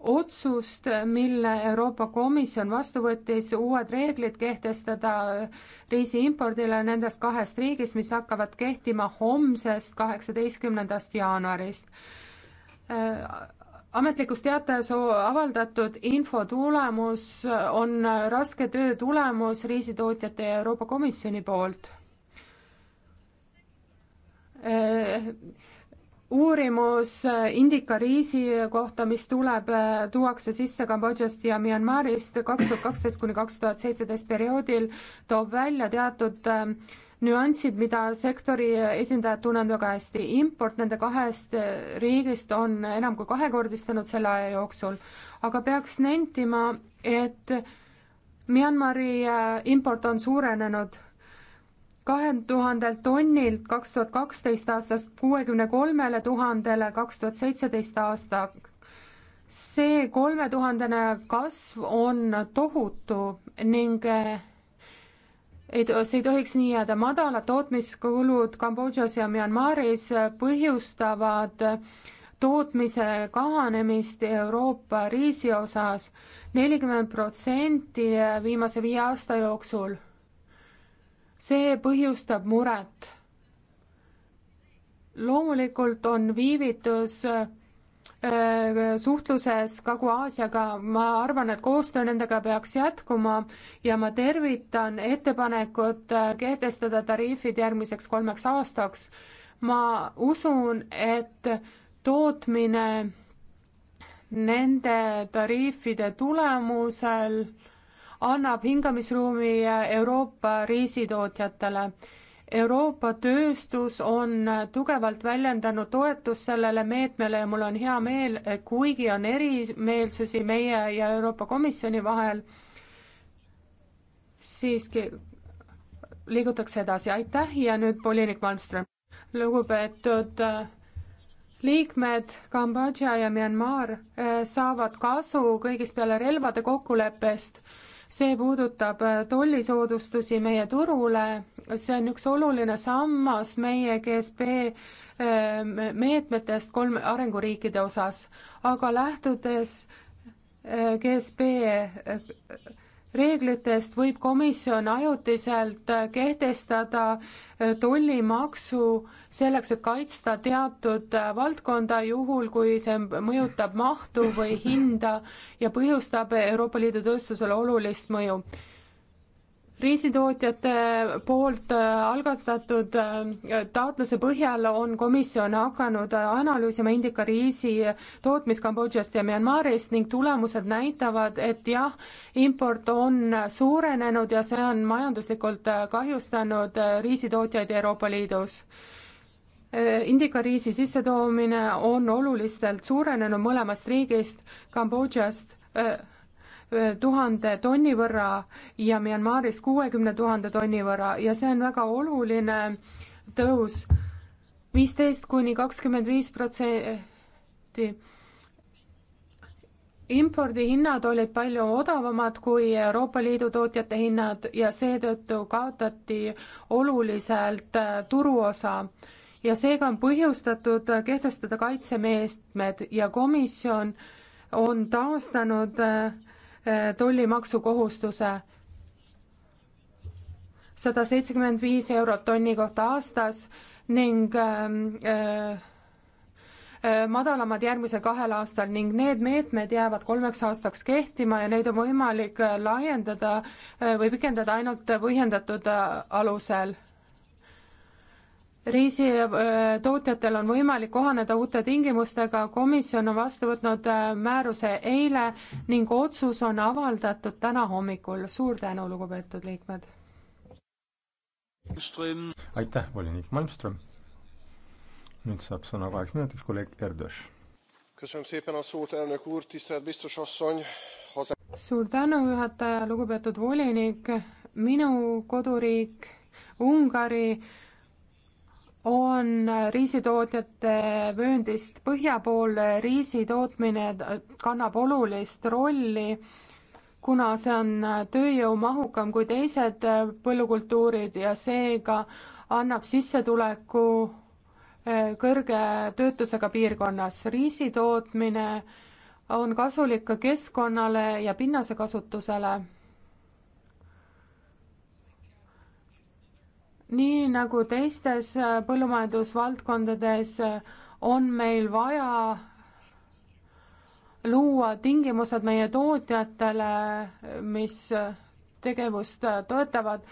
otsust, mille Euroopa Komisjon vastu võttis, uued reeglid kehtestada riisi impordile nendest kahest riigist, mis hakkavad kehtima homsest, kaheksateistkümnendast jaanuarist. ametlikus teatajas avaldatud info tulemus on raske töö tulemus riisitootjate ja Euroopa Komisjoni poolt uurimus äh, Indika riisi kohta, mis tuleb, äh, tuuakse sisse Kambodžast ja Myanmarist kaks tuhat kaksteist kuni kaks tuhat seitseteist perioodil, toob välja teatud äh, nüansid, mida sektori esindajad tunnevad väga hästi. import nende kahest riigist on enam kui kahekordistunud selle aja jooksul, aga peaks nentima, et Myanmari import on suurenenud kahe tuhandelt tonnilt kaks tuhat kaksteist aastast kuuekümne kolmele tuhandele kaks tuhat seitseteist aasta. see kolmetuhandene kasv on tohutu ning eh, ei, see ei tohiks nii jääda, madalad tootmiskulud Kambodžas ja Myanmaris põhjustavad tootmise kahanemist Euroopa riisi osas nelikümmend protsenti viimase viie aasta jooksul see põhjustab muret. loomulikult on viivitus äh, suhtluses Kagu-Aasiaga, ma arvan, et koostöö nendega peaks jätkuma ja ma tervitan ettepanekut äh, kehtestada tariifid järgmiseks kolmeks aastaks. ma usun, et tootmine nende tariifide tulemusel äh, annab hingamisruumi Euroopa riisitootjatele. Euroopa tööstus on tugevalt väljendanud toetust sellele meetmele ja mul on hea meel, kuigi on erimeelsusi meie ja Euroopa Komisjoni vahel, siiski liigutakse edasi, aitäh ja nüüd volinik Malmström. lugupeetud äh, liikmed Kambodža ja Myanmar äh, saavad kasu kõigist peale relvade kokkuleppest see puudutab äh, tollisoodustusi meie turule, see on üks oluline sammas meie GSP äh, meetmetest kolm arenguriikide osas, aga lähtudes äh, GSP reeglitest võib komisjon ajutiselt kehtestada tollimaksu selleks, et kaitsta teatud äh, valdkonda juhul, kui see mõjutab mahtu või hinda ja põhjustab Euroopa Liidu tööstusele olulist mõju. riisitootjate poolt äh, algatatud äh, taotluse põhjal on komisjon hakanud analüüsima indikariisi tootmist Kambodžast ja Myanmarist ning tulemused näitavad, et jah, import on suurenenud ja see on majanduslikult kahjustanud riisitootjaid Euroopa Liidus Äh, indikariisi sissetoomine on oluliselt suurenenud mõlemast riigist, Kambodžast äh, äh, tuhande tonni võrra ja Myanmarist kuuekümne tuhande tonni võrra ja see on väga oluline tõus, viisteist kuni kakskümmend viis protsenti. impordihinnad olid palju odavamad kui Euroopa Liidu tootjate hinnad ja seetõttu kaotati oluliselt turuosa ja seega on põhjustatud kehtestada kaitsemeetmed ja komisjon on taastanud äh, äh, tollimaksukohustuse sada seitsekümmend viis eurot tonni kohta aastas ning ähm, äh, äh, madalamad järgmisel kahel aastal ning need meetmed jäävad kolmeks aastaks kehtima ja neid on võimalik äh, laiendada äh, või pikendada ainult põhjendatud alusel reisitootjatel äh, on võimalik kohaneda uute tingimustega, komisjon on vastu võtnud äh, määruse eile ning otsus on avaldatud täna hommikul. suur tänu, lugupeetud liikmed! aitäh, volinik Malmström! nüüd saab sõna kaheks minutiks kolleeg Erdos. suur tänu, juhataja, lugupeetud volinik! minu koduriik Ungari on riisitootjate vööndist põhja pool riisi tootmine kannab olulist rolli, kuna see on tööjõumahukam kui teised põllukultuurid ja seega annab sissetuleku eh, kõrge töötusega piirkonnas. riisi tootmine on kasulik ka keskkonnale ja pinnase kasutusele nii nagu teistes äh, põllumajandusvaldkondades äh, on meil vaja luua tingimused meie tootjatele, mis äh, tegevust toetavad.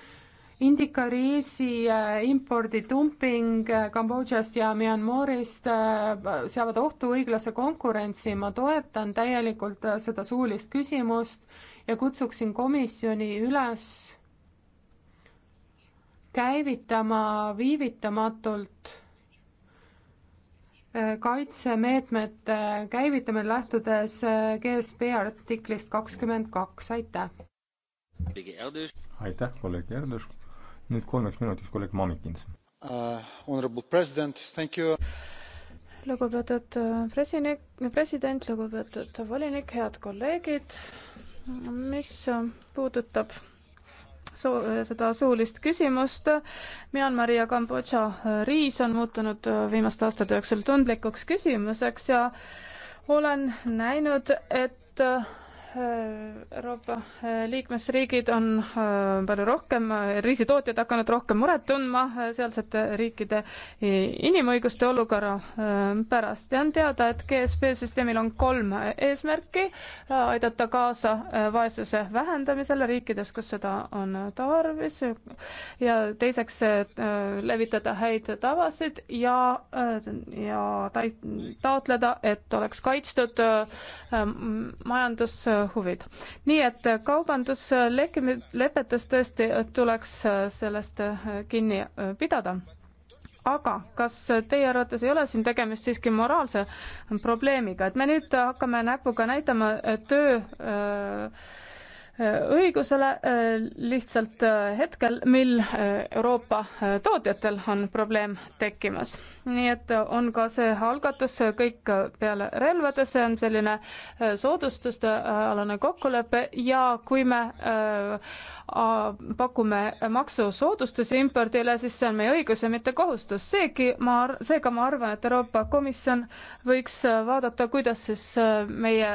indikariisi impordidumping Kambodžast ja Myanmarist seavad ohtu õiglase konkurentsi, ma toetan täielikult seda suulist küsimust ja kutsuksin komisjoni üles käivitama viivitamatult äh, kaitsemeetmete käivitamine lähtudes äh, GSP artiklist kakskümmend kaks, aitäh. aitäh, kolleeg Erdős. nüüd kolmeks minutiks kolleeg Mamikins uh,. Honorable president, thank you. lugupeetud äh, president, president, lugupeetud volinik, head kolleegid. mis puudutab soo-, seda suulist küsimust. Myanmari ja Kambodža riis on muutunud äh, viimaste aastate jooksul tundlikuks küsimuseks ja olen näinud, et äh, Euroopa äh, liikmesriigid on äh, palju rohkem, äh, riisitootjad hakanud rohkem muret tundma sealsete riikide inimõiguste olukorra pärast ja on teada, et GSP süsteemil on kolm eesmärki, aidata kaasa vaesuse vähendamisele riikides, kus seda on tarvis ja teiseks levitada häid tavasid ja, ja taotleda, et oleks kaitstud majandus huvid. nii et kaubanduslepetest tõesti tuleks sellest kinni pidada aga kas teie arvates ei ole siin tegemist siiski moraalse probleemiga, et me nüüd hakkame näpuga näitama töö äh, õigusele äh, lihtsalt äh, hetkel, mil Euroopa tootjatel on probleem tekkimas? nii et on ka see algatus, kõik peale relvade, see on selline äh, soodustuste äh, alane kokkulepe ja kui me äh, pakume maksusoodustusi impordile, siis see on meie õigus ja mitte kohustus. seegi ma, seega ma arvan, et Euroopa Komisjon võiks vaadata, kuidas siis meie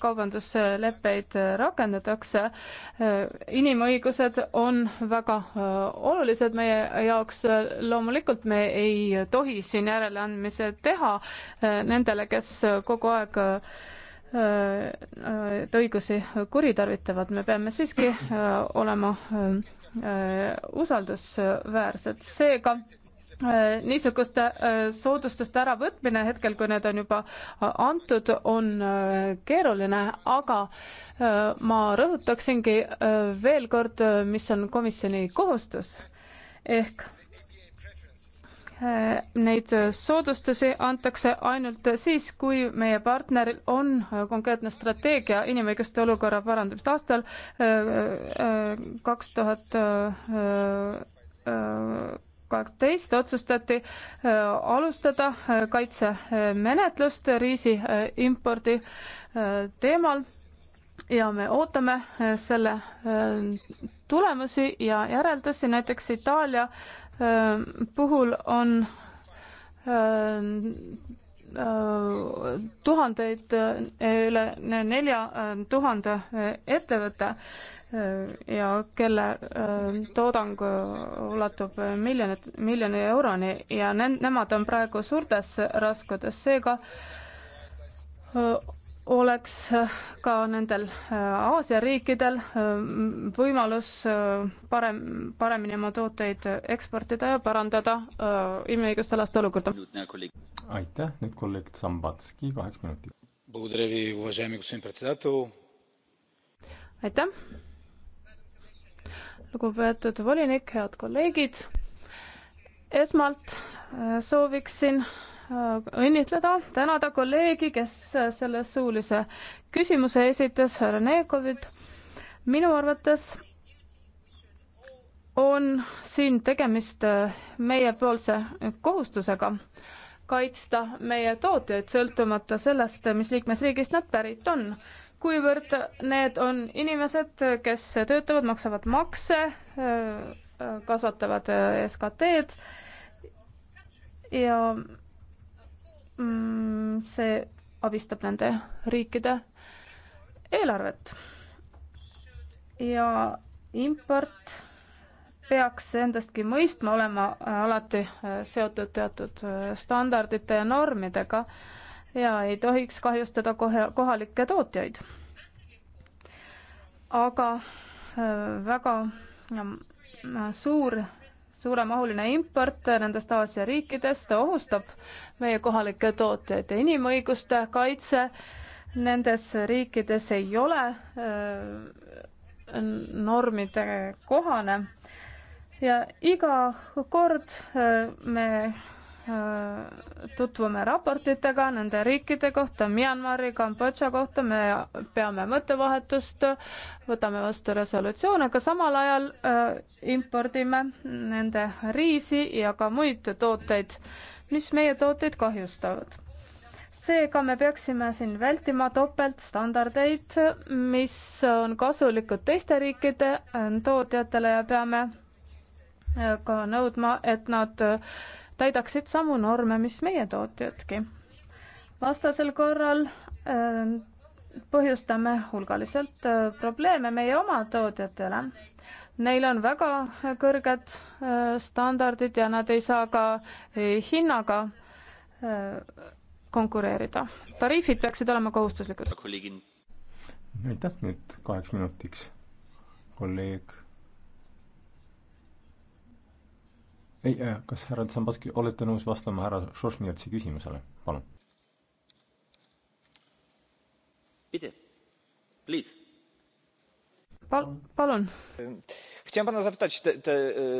kaubandusleppeid rakendatakse. inimõigused on väga olulised meie jaoks, loomulikult me ei tohi siin järeleandmise teha eh, nendele, kes kogu aeg et eh, eh, õigusi kuritarvitavad, me peame siiski olema usaldusväärsed, seega niisuguste soodustuste äravõtmine hetkel, kui need on juba antud, on keeruline, aga ma rõhutaksingi veel kord, mis on komisjoni kohustus ehk Äh, neid äh, soodustusi antakse ainult siis, kui meie partneril on äh, konkreetne strateegia inimõiguste olukorra parandamist. aastal kaks tuhat kaksteist otsustati alustada kaitsemenetlust riisi impordi teemal ja me ootame selle tulemusi ja järeldusi, näiteks Itaalia äh, puhul on tuhandeid, üle nelja tuhande ettevõtte ja kelle toodang ulatub miljonit, miljoni euroni ja ne-, nemad on praegu suurtes raskudes, seega oleks äh, ka nendel äh, Aasia riikidel äh, võimalus parem, paremini oma tooteid eksportida ja parandada inimõiguste laste olukorda. aitäh, nüüd kolleeg Zambatski kaheks minutiks. aitäh, lugupeetud volinik, head kolleegid. esmalt sooviksin Äh, õnnitleda, tänada kolleegi, kes äh, selle suulise küsimuse esitas, härra Neekovit. minu arvates on siin tegemist äh, meiepoolse kohustusega kaitsta meie tootjaid, sõltumata sellest, mis liikmesriigist nad pärit on. kuivõrd need on inimesed, kes töötavad, maksavad makse, kasvatavad SKT-d ja Mm, see abistab nende riikide eelarvet. ja import peaks endastki mõistma olema äh, alati äh, seotud teatud äh, standardite ja normidega ja ei tohiks kahjustada kohe kohalikke tootjaid. aga väga ja, mm, suur suuremahuline import nendest Aasia riikidest ohustab meie kohalikke tooteid ja inimõiguste kaitse nendes riikides ei ole äh, normide kohane ja iga kord äh, me Äh, tutvume raportitega nende riikide kohta, Myanmari, Kambodža kohta, me peame mõttevahetust, võtame vastu resolutsioone, aga samal ajal äh, impordime nende riisi ja ka muid tooteid, mis meie tooteid kahjustavad. seega me peaksime siin vältima topeltstandardeid, mis on kasulikud teiste riikide äh, tootjatele ja peame ka nõudma, et nad äh, täidaksid samu norme, mis meie tootjadki. vastasel korral äh, põhjustame hulgaliselt äh, probleeme meie oma tootjatele. Neil on väga kõrged äh, standardid ja nad ei saa ka hinnaga konkureerida. tariifid peaksid olema kohustuslikud. aitäh, nüüd kaheks minutiks kolleeg ei, äh, kas härra Tsambaski, olete nõus vastama härra Šošnjevtsi küsimusele, palun? Pal-, palun. Chciałem pana zapytać, te, te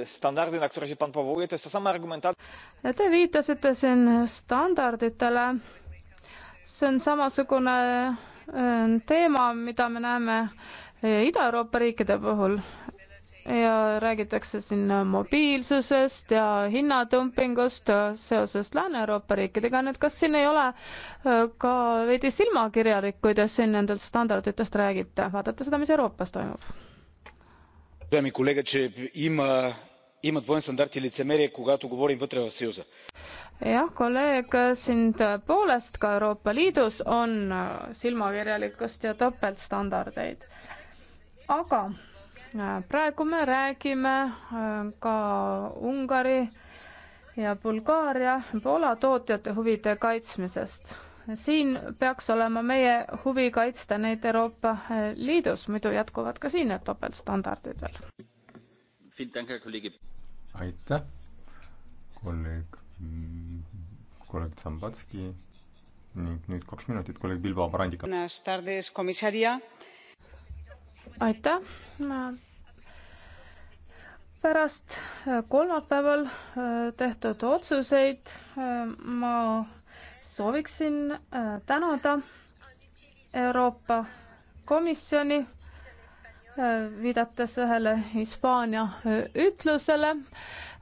standardy, na które się pan powołuje, to jest ta sama argumentacja? Te viitasite siin standarditele, see on samasugune teema, mida me näeme Ida-Euroopa riikide puhul, ja räägitakse siin mobiilsusest ja hinnatumpingust seoses Lääne-Euroopa riikidega, nii et kas siin ei ole äh, ka veidi silmakirjalik, kuidas siin nendest standarditest räägite, vaadata seda, mis Euroopas toimub? имат вън стандарти лицемерие, когато говорим вътре в Съюза. jah, kolleeg, siin tõepoolest ka Euroopa Liidus on äh, silmakirjalikkust ja topeltstandardeid. aga praegu me räägime äh, ka Ungari ja Bulgaaria, Poola tootjate huvide kaitsmisest. siin peaks olema meie huvi kaitsta neid Euroopa äh, Liidus, muidu jätkuvad ka siin need topeltstandardid veel. aitäh, kolleeg, kolleeg Zambatski ning nüüd kaks minutit kolleeg Bilbao Barandika aitäh. pärast äh, kolmapäeval äh, tehtud otsuseid äh, ma sooviksin tänada Euroopa Komisjoni, viidates ühele Hispaania ütlusele,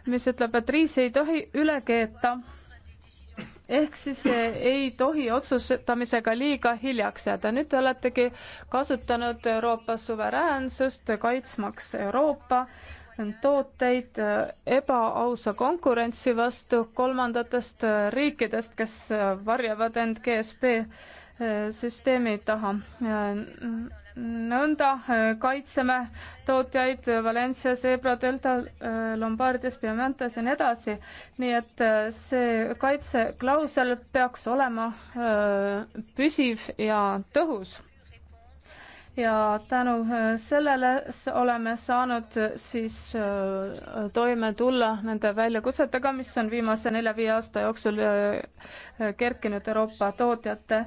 mis ütleb, et riisi ei tohi üle keeta ehk siis eh, ei tohi otsustamisega liiga hiljaks jääda. nüüd te oletegi kasutanud Euroopa suveräänsust, kaitsmaks Euroopa tooteid eh, ebaausa konkurentsi vastu kolmandatest eh, riikidest, kes varjavad end GSP süsteemi taha. Mm, nõnda äh, kaitseme tootjaid Valencia, Zebra, Delta, äh, Lombardias, Piemontes ja nii edasi. nii et äh, see kaitseklausel peaks olema püsiv ja tõhus. ja tänu sellele oleme saanud siis toime tulla nende väljakutsetega, mis on viimase nelja-viie aasta jooksul kerkinud Euroopa tootjate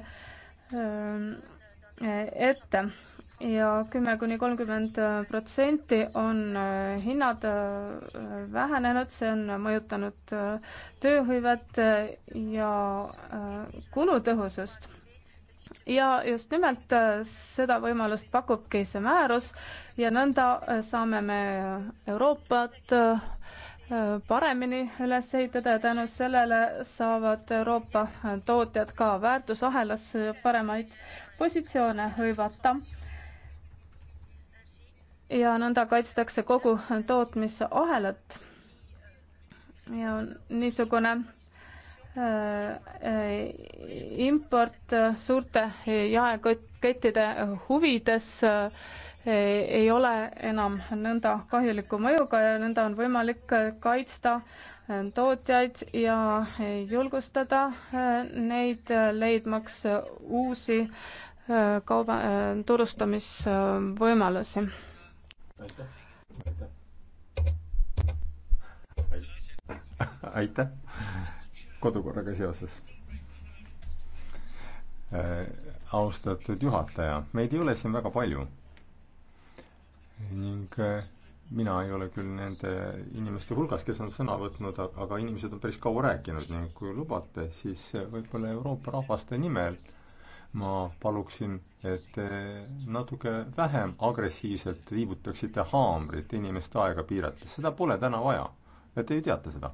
ette ja kümme kuni kolmkümmend protsenti on äh, hinnad äh, vähenenud, see on mõjutanud äh, tööhõivet ja kulutõhusust ja just nimelt seda võimalust pakubki see määrus ja nõnda saame me Euroopat paremini üles ehitada ja tänu sellele saavad Euroopa tootjad ka väärtusahelas paremaid positsioone hõivata. ja nõnda kaitstakse kogu tootmisahelat. ja niisugune äh, import suurte jaekettide huvides äh, ei ole enam nõnda kahjuliku mõjuga ja nõnda on võimalik kaitsta tootjaid ja julgustada neid leidmaks uusi kauba, turustamisvõimalusi. aitäh, aitäh.. aitäh kodukorraga seoses äh,. austatud juhataja, meid ei ole siin väga palju ning eh, mina ei ole küll nende inimeste hulgas, kes on sõna võtnud, aga inimesed on päris kaua rääkinud ning kui lubate, siis eh, võib-olla Euroopa rahvaste nimel ma paluksin, et te natuke vähem agressiivselt viibutaksite haamrit inimeste aega piirates, seda pole täna vaja ja te ju teate seda.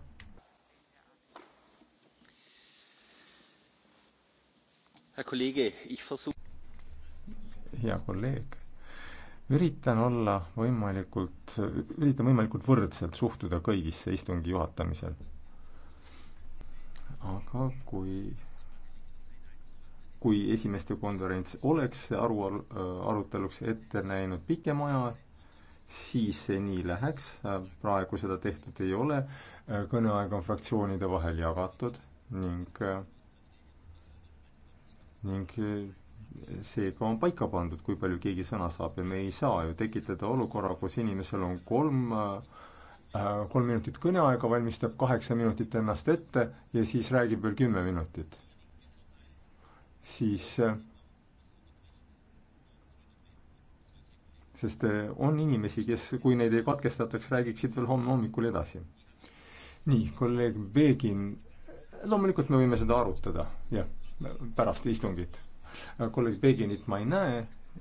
hea kolleeg üritan olla võimalikult, üritan võimalikult võrdselt suhtuda kõigisse istungi juhatamisel. aga kui, kui esimeste konverents oleks aru, aruteluks ette näinud pikema aja, siis see nii läheks, praegu seda tehtud ei ole, kõneaeg on fraktsioonide vahel jagatud ning ning seega on paika pandud, kui palju keegi sõna saab ja me ei saa ju tekitada olukorra, kus inimesel on kolm äh, kolm minutit kõneaega, valmistab kaheksa minutit ennast ette ja siis räägib veel kümme minutit. siis äh, sest äh, on inimesi, kes, kui neid ei katkestataks, räägiksid veel homme hommikul edasi. nii, kolleeg Begin, loomulikult me võime seda arutada, jah, pärast istungit kolleeg Beginit ma ei näe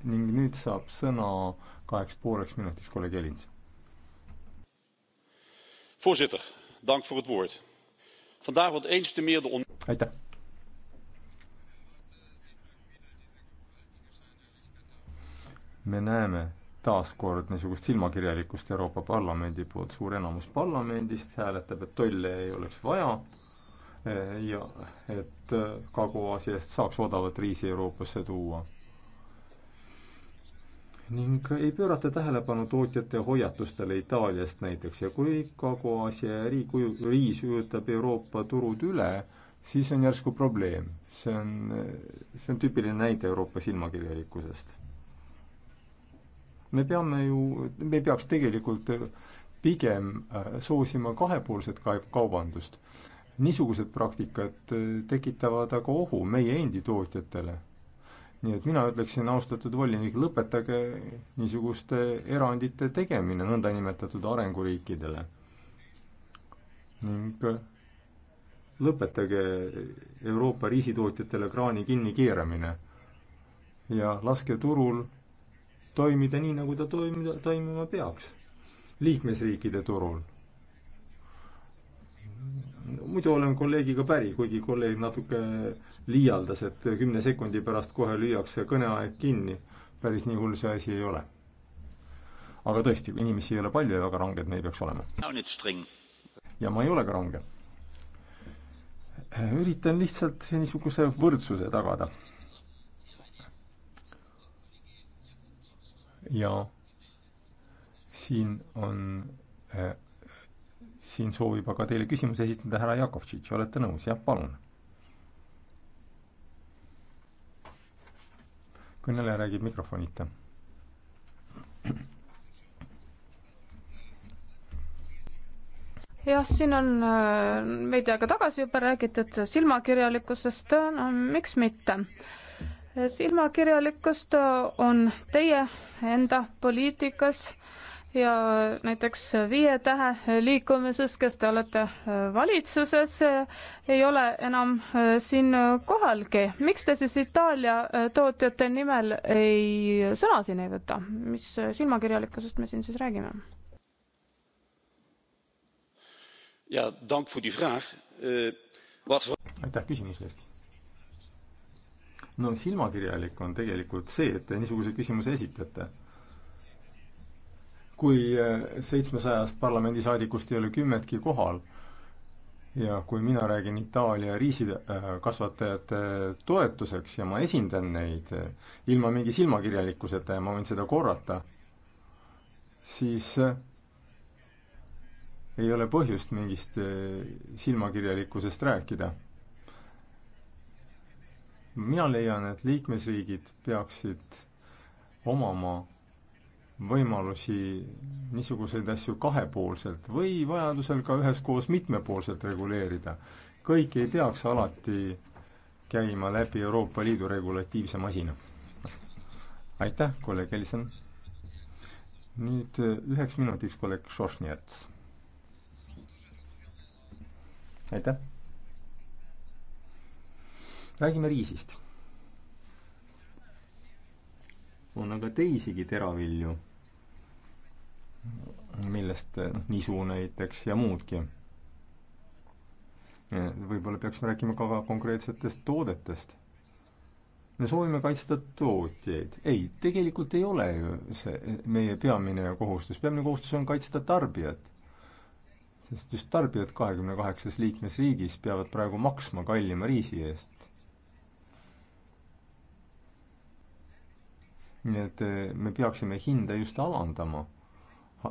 ning nüüd saab sõna kaheks pooleks minutiks kolleeg Elins. aitäh. me näeme taas kord niisugust silmakirjalikkust Euroopa Parlamendi poolt, suur enamus parlamendist hääletab, et tolle ei oleks vaja ja et äh, Kagu-Aasiast saaks odavat riisi Euroopasse tuua. ning ei pöörata tähelepanu tootjate hoiatustele Itaaliast näiteks ja kui Kagu-Aasia riik, riis ujutab Euroopa turud üle, siis on järsku probleem. see on, äh, see on tüüpiline näide Euroopa silmakirjalikkusest. me peame ju, me peaks tegelikult äh, pigem soosima kahepoolset kaubandust niisugused praktikad äh, tekitavad aga ohu meie endi tootjatele. nii et mina ütleksin, austatud volinik, lõpetage niisuguste erandite tegemine nõndanimetatud arenguriikidele. ning äh, lõpetage Euroopa riisitootjatele kraani kinnikeeramine ja laske turul toimida nii, nagu ta toimida, toimima peaks liikmesriikide turul muidu olen kolleegiga päri, kuigi kolleeg natuke liialdas, et kümne sekundi pärast kohe lüüakse kõneaeg kinni. päris nii hull see asi ei ole. aga tõesti, inimesi ei ole palju ja väga ranged me ei peaks olema. ja ma ei ole ka range. üritan lihtsalt niisuguse võrdsuse tagada. ja siin on eh, siin soovib aga teile küsimuse esitada härra Jakovtšitš, olete nõus, jah, palun. kõneleja räägib mikrofonita. jah, siin on äh, veidi aega tagasi juba räägitud silmakirjalikkusest äh, no,, miks mitte silmakirjalikkust on teie enda poliitikas ja näiteks viie tähe liikumises, kes te olete äh, valitsuses, äh, ei ole enam äh, siin kohalgi. miks te siis Itaalia tootjate nimel ei, sõna siin ei võta? mis silmakirjalikkusest me siin siis räägime? Eh, aitäh küsimuse eest! no silmakirjalik on tegelikult see, et te niisuguse küsimuse esitate kui eh, seitsmesajast parlamendisaadikust ei ole kümmetki kohal ja kui mina räägin Itaalia riisikasvatajate toetuseks ja ma esindan neid eh, ilma mingi silmakirjalikkuseta ja ma võin seda korrata, siis eh, ei ole põhjust mingist silmakirjalikkusest rääkida. mina leian, et liikmesriigid peaksid omama võimalusi niisuguseid asju kahepoolselt või vajadusel ka üheskoos mitmepoolselt reguleerida. kõik ei peaks alati käima läbi Euroopa Liidu regulatiivse masina. aitäh, kolleeg Elson. nüüd eh, üheks minutiks kolleeg Šošnjärts. aitäh. räägime riisist on aga teisigi teravilju millest eh, noh, nisu näiteks ja muudki. võib-olla peaksime rääkima ka konkreetsetest toodetest. me soovime kaitsta tootjaid. ei, tegelikult ei ole ju see eh, meie peamine kohustus, peamine kohustus on kaitsta tarbijat. sest just tarbijad kahekümne kaheksas liikmesriigis peavad praegu maksma kallima riisi eest. nii et eh, me peaksime hinda just alandama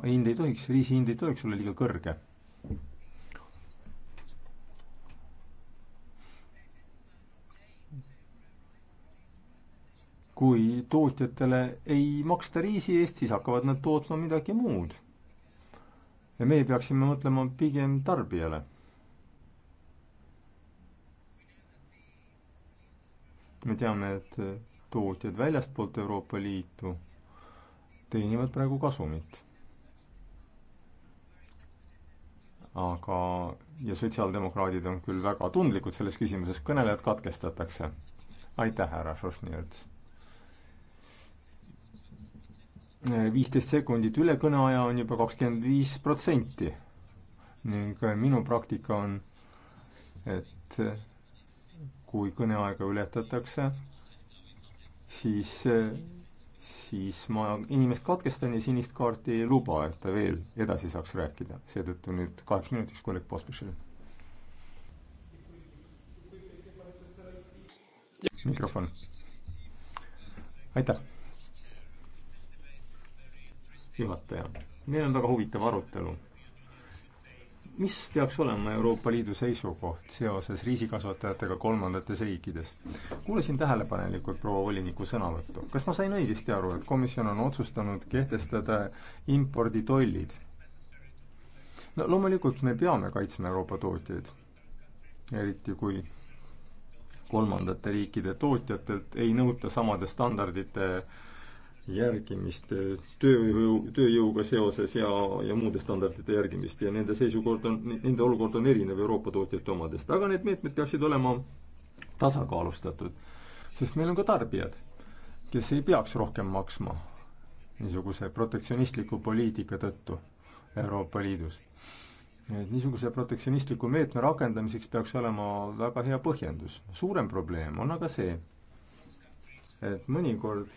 hind ei tohiks, riisi hind ei tohiks olla liiga kõrge. kui tootjatele ei maksta riisi eest, siis hakkavad nad tootma midagi muud. ja meie peaksime mõtlema pigem tarbijale. me teame, et tootjad väljastpoolt Euroopa Liitu teenivad praegu kasumit aga, ja sotsiaaldemokraadid on küll väga tundlikud selles küsimuses, kõnelejad katkestatakse. aitäh, härra Šošnjõrts. viisteist sekundit üle kõneaja on juba kakskümmend viis protsenti ning äh, minu praktika on, et äh, kui kõneaega ületatakse, siis äh, siis ma inimest katkestan ja sinist kaarti ei luba, et ta veel edasi saaks rääkida. seetõttu nüüd kaheks minutiks kolleeg Pospišile. mikrofon. aitäh. juhataja, meil on väga huvitav arutelu mis peaks olema Euroopa Liidu seisukoht seoses riisikasvatajatega kolmandates riikides? kuulasin tähelepanelikult proua voliniku sõnavõttu. kas ma sain õigesti aru, et komisjon on otsustanud kehtestada imporditollid? no loomulikult me peame kaitsma Euroopa tootjaid, eriti kui kolmandate riikide tootjatelt ei nõuta samade standardite äh, järgimist tööjõu, tööjõuga seoses ja, ja muude standardite järgimist ja nende seisukord on, nende olukord on erinev Euroopa tootjate omadest, aga need meetmed peaksid olema tasakaalustatud. sest meil on ka tarbijad, kes ei peaks rohkem maksma niisuguse protektsionistliku poliitika tõttu Euroopa Liidus. et niisuguse protektsionistliku meetme rakendamiseks peaks olema väga hea põhjendus. suurem probleem on aga see, et mõnikord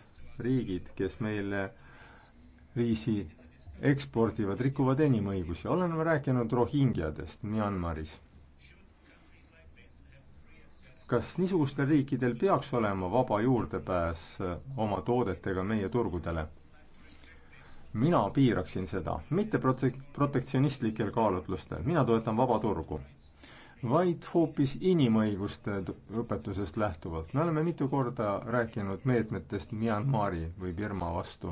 riigid, kes meile riisi ekspordivad, rikuvad enim õigusi. oleme rääkinud rohingjadest Myanmaris. kas niisugustel riikidel peaks olema vaba juurdepääs eh, oma toodetega meie turgudele? mina piiraksin seda, mitte protsek-, protektsionistlikel kaalutlustel, mina toetan vaba turgu vaid hoopis inimõiguste õpetusest lähtuvalt. me oleme mitu korda rääkinud meetmetest Myanmari või Birma vastu.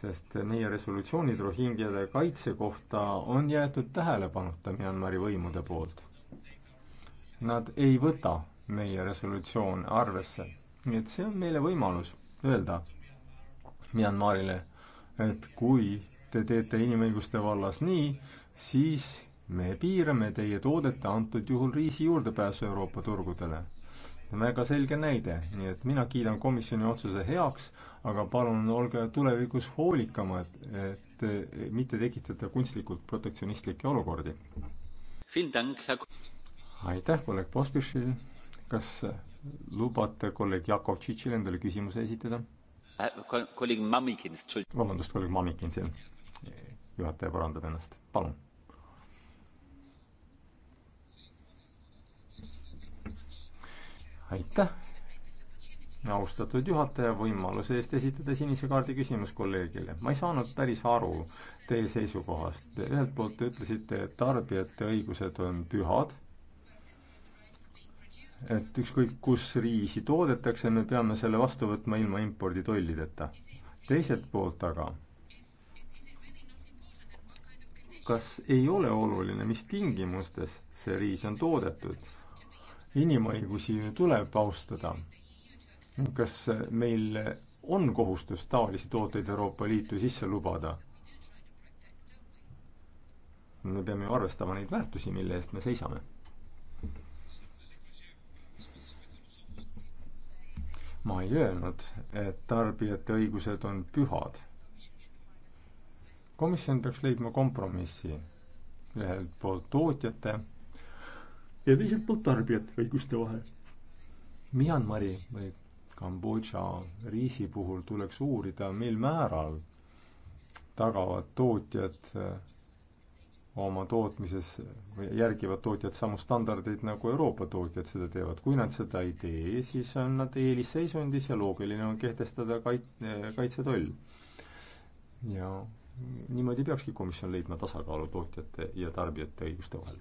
sest meie resolutsioonid rohingjade kaitse kohta on jäetud tähelepanuta Myanmari võimude poolt. Nad ei võta meie resolutsioone arvesse. nii et see on meile võimalus öelda Myanmarile, et kui te teete inimõiguste vallas nii, siis me piirame teie toodete, antud juhul riisi juurdepääsu Euroopa turgudele. väga selge näide, nii et mina kiidan komisjoni otsuse heaks, aga palun olge tulevikus hoolikamad, et mitte tekitada kunstlikult protektsionistlikke olukordi. aitäh, kolleeg Pospišil. kas lubate kolleeg Jakovtšitšil endale küsimuse esitada? Äh, kolleeg Mamikins. vabandust, kolleeg Mamikinsil. juhataja parandab ennast, palun aitäh, austatud juhataja, võimaluse eest esitada sinise kaardi küsimus kolleegile. ma ei saanud päris aru teie seisukohast. ühelt poolt te ütlesite, et tarbijate õigused on pühad, et ükskõik, kus riisi toodetakse, me peame selle vastu võtma ilma imporditollideta. teiselt poolt aga kas ei ole oluline, mis tingimustes see riis on toodetud inimõigusi tuleb austada. kas meil on kohustus taolisi tooteid Euroopa Liitu sisse lubada? me peame ju arvestama neid väärtusi, mille eest me seisame. ma ei öelnud, et tarbijate õigused on pühad. komisjon peaks leidma kompromissi ühelt poolt tootjate ja teiselt poolt tarbijate õiguste vahel. Myanmari või Kambodža riisi puhul tuleks uurida, mil määral tagavad tootjad eh, oma tootmises, järgivad tootjad samu standardeid nagu Euroopa tootjad seda teevad. kui nad seda ei tee, siis on nad eelisseisundis ja loogiline on kehtestada kait-, eh, kaitsetoll. ja niimoodi peakski komisjon leidma tasakaalu tootjate ja tarbijate õiguste vahel.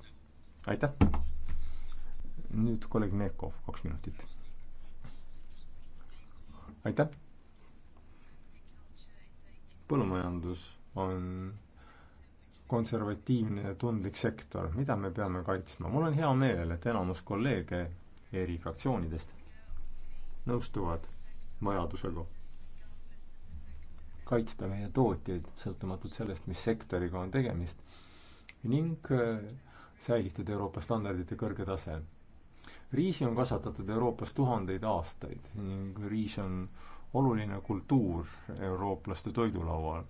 aitäh! nüüd kolleeg Neekov, kaks minutit. aitäh. põllumajandus on konservatiivne ja tundlik sektor, mida me peame kaitsma. mul on hea meel, et enamus kolleege eri fraktsioonidest nõustuvad vajadusega kaitsta meie tootjaid, sõltumatult sellest, mis sektoriga on tegemist, ning äh, säilitada Euroopa standardite kõrge tase riisi on kasvatatud Euroopas tuhandeid aastaid ning riis on oluline kultuur eurooplaste toidulaual.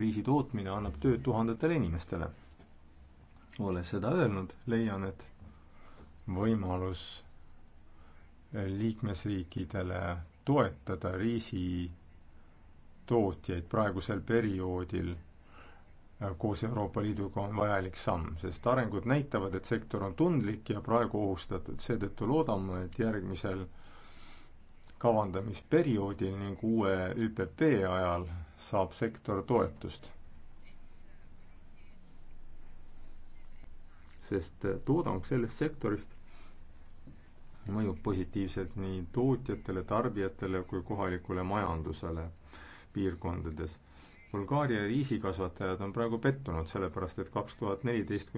riisi tootmine annab tööd tuhandetele inimestele. olles seda öelnud, leian, et võimalus liikmesriikidele toetada riisitootjaid praegusel perioodil koos Euroopa Liiduga on vajalik samm, sest arengud näitavad, et sektor on tundlik ja praegu ohustatud, seetõttu loodame, et järgmisel kavandamisperioodil ning uue ÜPP ajal saab sektor toetust. sest eh, toodang sellest sektorist mõjub positiivselt nii tootjatele, tarbijatele kui kohalikule majandusele piirkondades Bulgaaria riisikasvatajad on praegu pettunud, sellepärast et kaks tuhat neliteist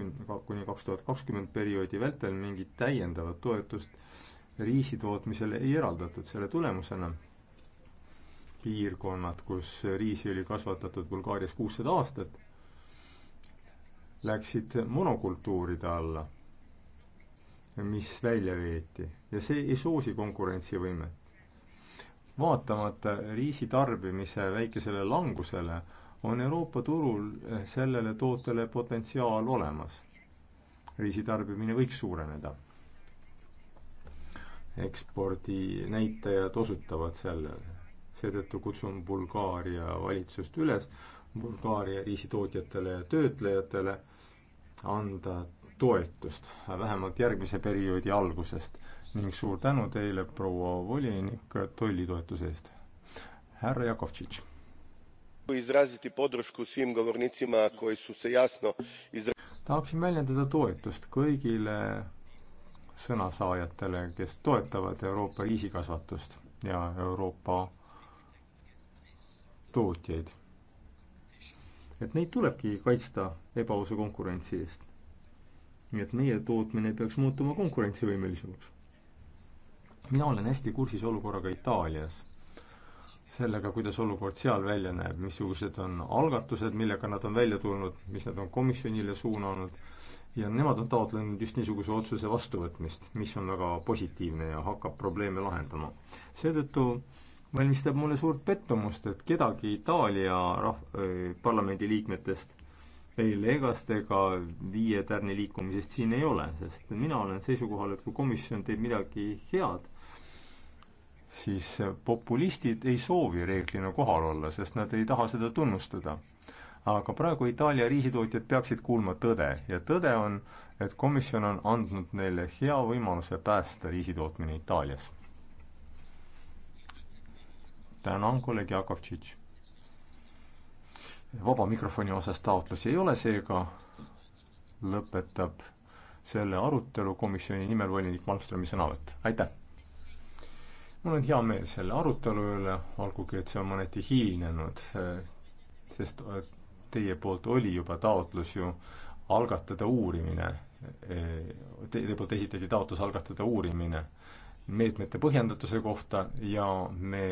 kuni kaks tuhat kakskümmend perioodi vältel mingit täiendavat toetust riisitootmisele ei eraldatud. selle tulemusena piirkonnad, kus riisi oli kasvatatud Bulgaarias kuussada aastat, läksid monokultuuride alla, mis välja veeti ja see ei soosi konkurentsivõimet vaatamata riisi tarbimise väikesele langusele, on Euroopa turul eh, sellele tootele potentsiaal olemas. riisi tarbimine võiks suureneda. ekspordi näitajad osutavad sellele. seetõttu kutsun Bulgaaria valitsust üles Bulgaaria riisitootjatele ja töötlejatele anda toetust vähemalt järgmise perioodi algusest ning suur tänu teile, proua volinik, tollitoetuse eest. härra Jakovtšitš. tahaksin väljendada toetust kõigile sõnasaajatele, kes toetavad Euroopa riisikasvatust ja Euroopa tootjaid. et neid tulebki kaitsta ebaausa konkurentsi eest. nii et meie tootmine peaks muutuma konkurentsivõimelisemaks mina olen hästi kursis olukorraga Itaalias. sellega, kuidas olukord seal välja näeb, missugused on algatused, millega nad on välja tulnud, mis nad on komisjonile suunanud ja nemad on taotlenud just niisuguse otsuse vastuvõtmist, mis on väga positiivne ja hakkab probleeme lahendama. seetõttu valmistab mulle suurt pettumust, et kedagi Itaalia rahv- äh,, parlamendi liikmetest ei Legast ega Viie Tärni liikumisest siin ei ole, sest mina olen seisukohal, et kui komisjon teeb midagi head, siis populistid ei soovi reeglina kohal olla, sest nad ei taha seda tunnustada. aga praegu Itaalia riisitootjad peaksid kuulma tõde ja tõde on, et komisjon on andnud neile hea võimaluse päästa riisitootmine Itaalias. tänan, kolleeg Jakovtšitš. vaba mikrofoni osas taotlusi ei ole, seega lõpetab selle arutelu komisjoni nimel volinik Malmströmi sõnavõtt, aitäh! mul on hea meel selle arutelu üle, olgugi et see on mõneti hilinenud, eh, sest eh, teie poolt oli juba taotlus ju algatada uurimine, eh, teie poolt esitati taotlus algatada uurimine meetmete põhjendatuse kohta ja me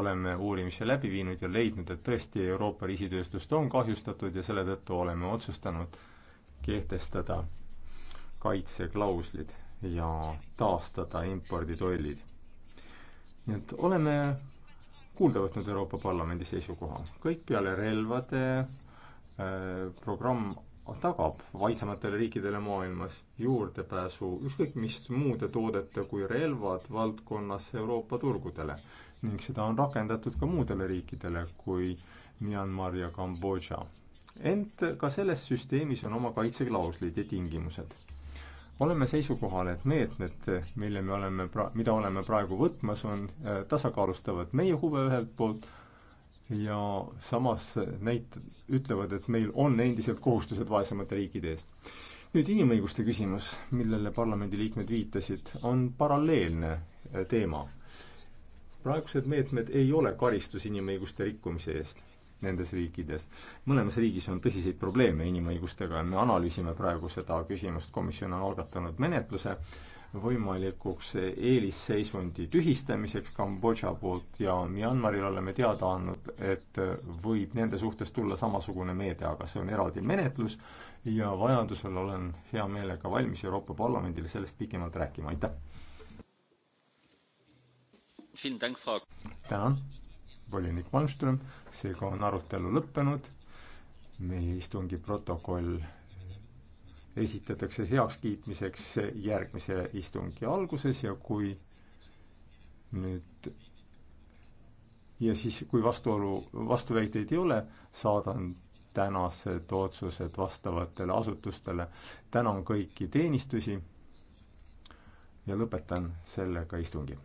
oleme uurimise läbi viinud ja leidnud, et tõesti Euroopa riisitööstust on kahjustatud ja selle tõttu oleme otsustanud kehtestada kaitseklauslid ja taastada imporditollid nii et oleme kuulda võtnud Euroopa Parlamendi seisukoha. kõik peale relvade äh, programm tagab vaidsematele riikidele maailmas juurdepääsu ükskõik mis muude toodete kui relvad valdkonnas Euroopa turgudele ning seda on rakendatud ka muudele riikidele kui Myanmar ja Kambodža. ent ka selles süsteemis on oma kaitseklauslid ja tingimused oleme seisukohal, et meetmed, mille me oleme pra-, mida oleme praegu võtmas, on, äh, tasakaalustavad meie huve ühelt poolt ja samas näit-, ütlevad, et meil on endiselt kohustused vaesemate riikide eest. nüüd inimõiguste küsimus, millele parlamendiliikmed viitasid, on paralleelne äh, teema. praegused meetmed ei ole karistus inimõiguste rikkumise eest nendes riikides. mõlemas riigis on tõsiseid probleeme inimõigustega ja me analüüsime praegu seda küsimust, komisjon on algatanud menetluse võimalikuks eelisseisundi tühistamiseks Kambodža poolt ja Myanmaril oleme teada andnud, et võib nende suhtes tulla samasugune meede, aga see on eraldi menetlus ja vajadusel olen hea meelega valmis Euroopa Parlamendile sellest pikemalt rääkima, aitäh! tänan! volinik Malmström, seega on arutelu lõppenud. meie istungi protokoll esitatakse heakskiitmiseks järgmise istungi alguses ja kui nüüd ja siis, kui vastuolu, vastuväiteid ei ole, saadan tänased otsused vastavatele asutustele. tänan kõiki teenistusi ja lõpetan sellega istungi